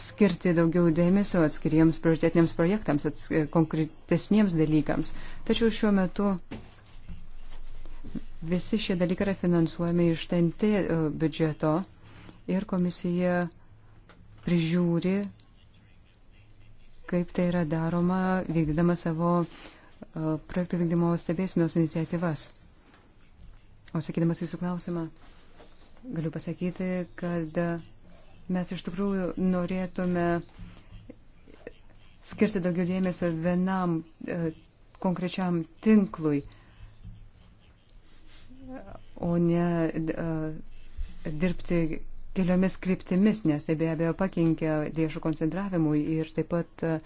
skirti daugiau dėmesio atskiriems prioritetiniams projektams, atsk konkretesniems dalykams. Tačiau šiuo metu visi šie dalykai yra finansuojami iš TNT e, biudžeto ir komisija prižiūri, kaip tai yra daroma, vykdydama savo e, projektų vykdymo stebėsinos iniciatyvas. O sakydamas jūsų klausimą, galiu pasakyti, kad mes iš tikrųjų norėtume skirti daugiau dėmesio vienam e, konkrečiam tinklui, o ne e, dirbti keliomis kryptimis, nes tai be abejo pakenkia lėšų koncentravimui ir taip pat e,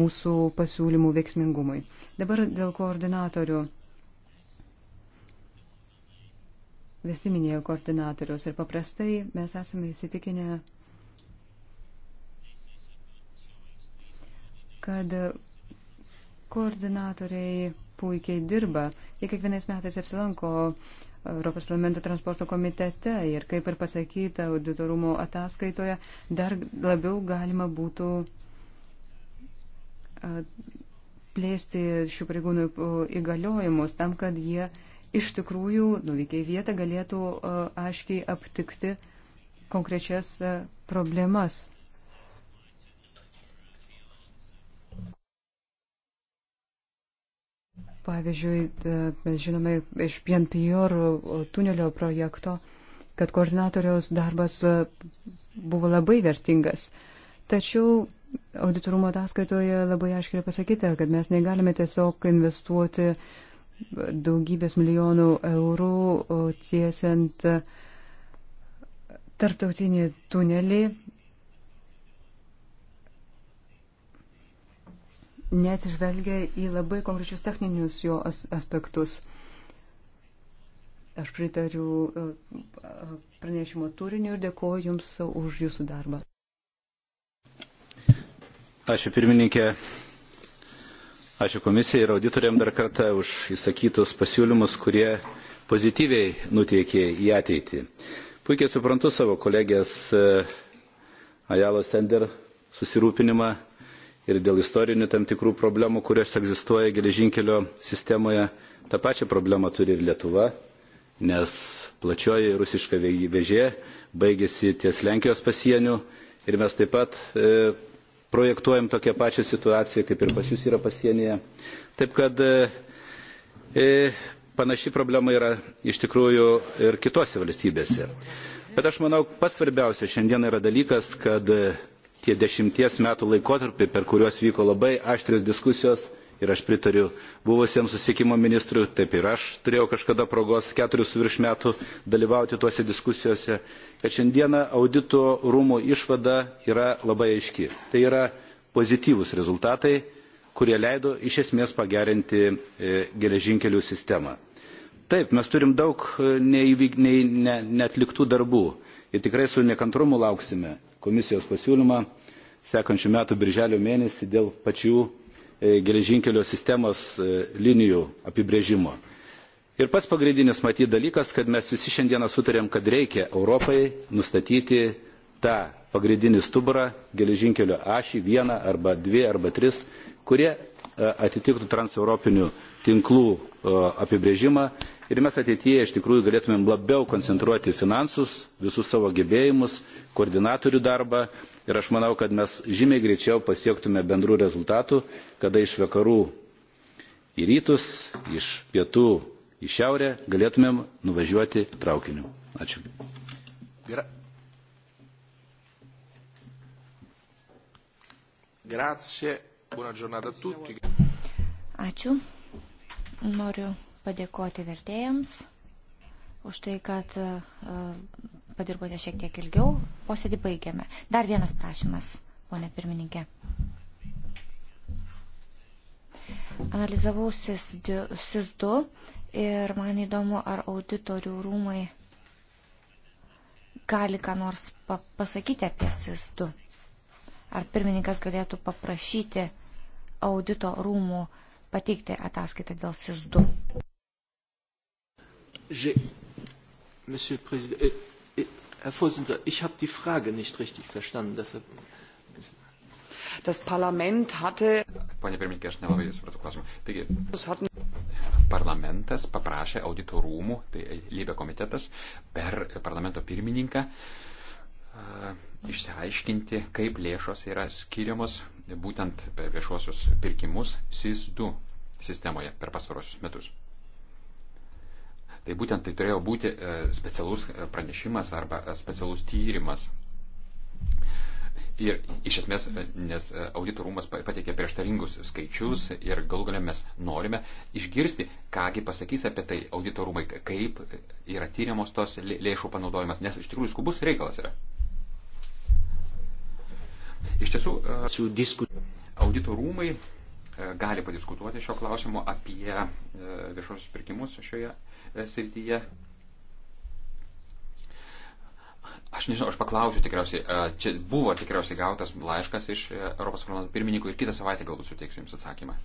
mūsų pasiūlymų veiksmingumui. Dabar dėl koordinatorių Visi minėjo koordinatorius ir paprastai mes esame įsitikinę, kad koordinatoriai puikiai dirba. Jie kiekvienais metais apsilanko Europos parlamento transporto komitete ir kaip ir pasakyta auditorumo ataskaitoje, dar labiau galima būtų plėsti šių pareigūnų įgaliojimus tam, kad jie uh, iš tikrųjų nuvykę į vietą galėtų e, aiškiai aptikti konkrečias e, problemas. Pavyzdžiui, e, mes žinome iš Pienpior tunelio projekto, kad koordinatoriaus darbas buvo labai vertingas. Tačiau auditorumo ataskaitoje labai aiškiai pasakyta, kad mes negalime tiesiog investuoti uh, daugybės milijonų eurų tiesiant tarptautinį tunelį, neatsižvelgia į labai konkrečius techninius jo as aspektus. Aš pritariu e, pranešimo turiniu ir dėkuoju Jums už Jūsų darbą. Ačiū pirmininkė. Ačiū komisijai ir auditoriam dar kartą už įsakytus pasiūlymus, kurie pozityviai nutiekė į ateitį. Puikiai suprantu savo kolegės e, Ajalo Sender susirūpinimą ir dėl istorinių tam tikrų problemų, kurios egzistuoja geležinkelio sistemoje. Ta pačia problema turi ir Lietuva, nes plačioji rusiška vežė baigėsi ties Lenkijos pasieniu ir mes taip pat e, projektuojam tokią pačią situaciją, kaip ir pas jūs yra pasienyje. Taip kad e, e, panaši problema yra iš tikrųjų ir kitose valstybėse. Bet aš manau, pats svarbiausia šiandien yra dalykas, kad e, tie dešimties metų laikotarpiai, per kuriuos vyko labai aštrios diskusijos, ir aš pritariu buvusiam susiekimo ministrui, taip ir aš turėjau kažkada progos keturius virš metų dalyvauti tuose diskusijose, kad šiandieną audito rūmų išvada yra labai aiški. Tai yra pozityvūs rezultatai, kurie leido iš esmės pagerinti e, geležinkelių sistemą. Taip, mes turim daug e, neįvyk, ne, ne, netliktų darbų ir tikrai su nekantrumu lauksime komisijos pasiūlymą sekančių metų birželio mėnesį dėl pačių E, geležinkelio sistemos e, linijų apibrėžimo. Ir pats pagrindinis matyt dalykas, kad mes visi šiandieną sutarėm, kad reikia Europai nustatyti tą pagrindinį stuburą, geležinkelio ašį, vieną arba dvi arba tris, kurie e, atitiktų transeuropinių tinklų apibrėžimą ir mes ateityje iš tikrųjų galėtumėm labiau koncentruoti finansus, visus savo gebėjimus, koordinatorių darbą ir aš manau, kad mes žymiai greičiau pasiektume bendrų rezultatų, kada iš vakarų į rytus, iš pietų į šiaurę galėtumėm nuvažiuoti traukiniu. Ačiū. Gra Grazie, buona giornata a tutti. Ačiū. Noriu padėkoti vertėjams už tai, kad e, padirbote šiek tiek ilgiau. Posėdį baigiame. Dar vienas prašymas, ponė pirmininkė. Analizavau SIS2 ir man įdomu, ar auditorių rūmai gali ką nors pa pasakyti apie SIS2. Ar pirmininkas galėtų paprašyti audito rūmų pateikti ataskaitą dėl SIS2. Monsieur le Président, Herr Vorsitzender, ich habe die Frage nicht richtig verstanden. Deshalb Das Parlament hatte. Pone pirmininkė, aš nelabai supratau klausimą. Taigi, parlamentas paprašė audito rūmų, tai lybė komitetas, per parlamento pirmininką uh, išsiaiškinti, kaip lėšos yra skiriamos būtent per viešuosius pirkimus SIS-2 sistemoje per pastarosius metus. Tai būtent tai turėjo būti e, specialus e, pranešimas arba e, specialus tyrimas. Ir iš esmės, nes auditorumas pateikė prieštaringus skaičius ir galų galę mes norime išgirsti, kągi pasakys apie tai auditorumai, kaip yra tyriamos tos lėšų panaudojimas, nes iš tikrųjų skubus reikalas yra. Iš tiesų, auditorumai gali padiskutuoti šio klausimo apie viešosius pirkimus šioje srityje. Aš nežinau, aš paklausiu tikriausiai, čia buvo tikriausiai gautas laiškas iš e, Europos parlamento pirmininkų ir kitą savaitę galbūt suteiksiu Jums atsakymą.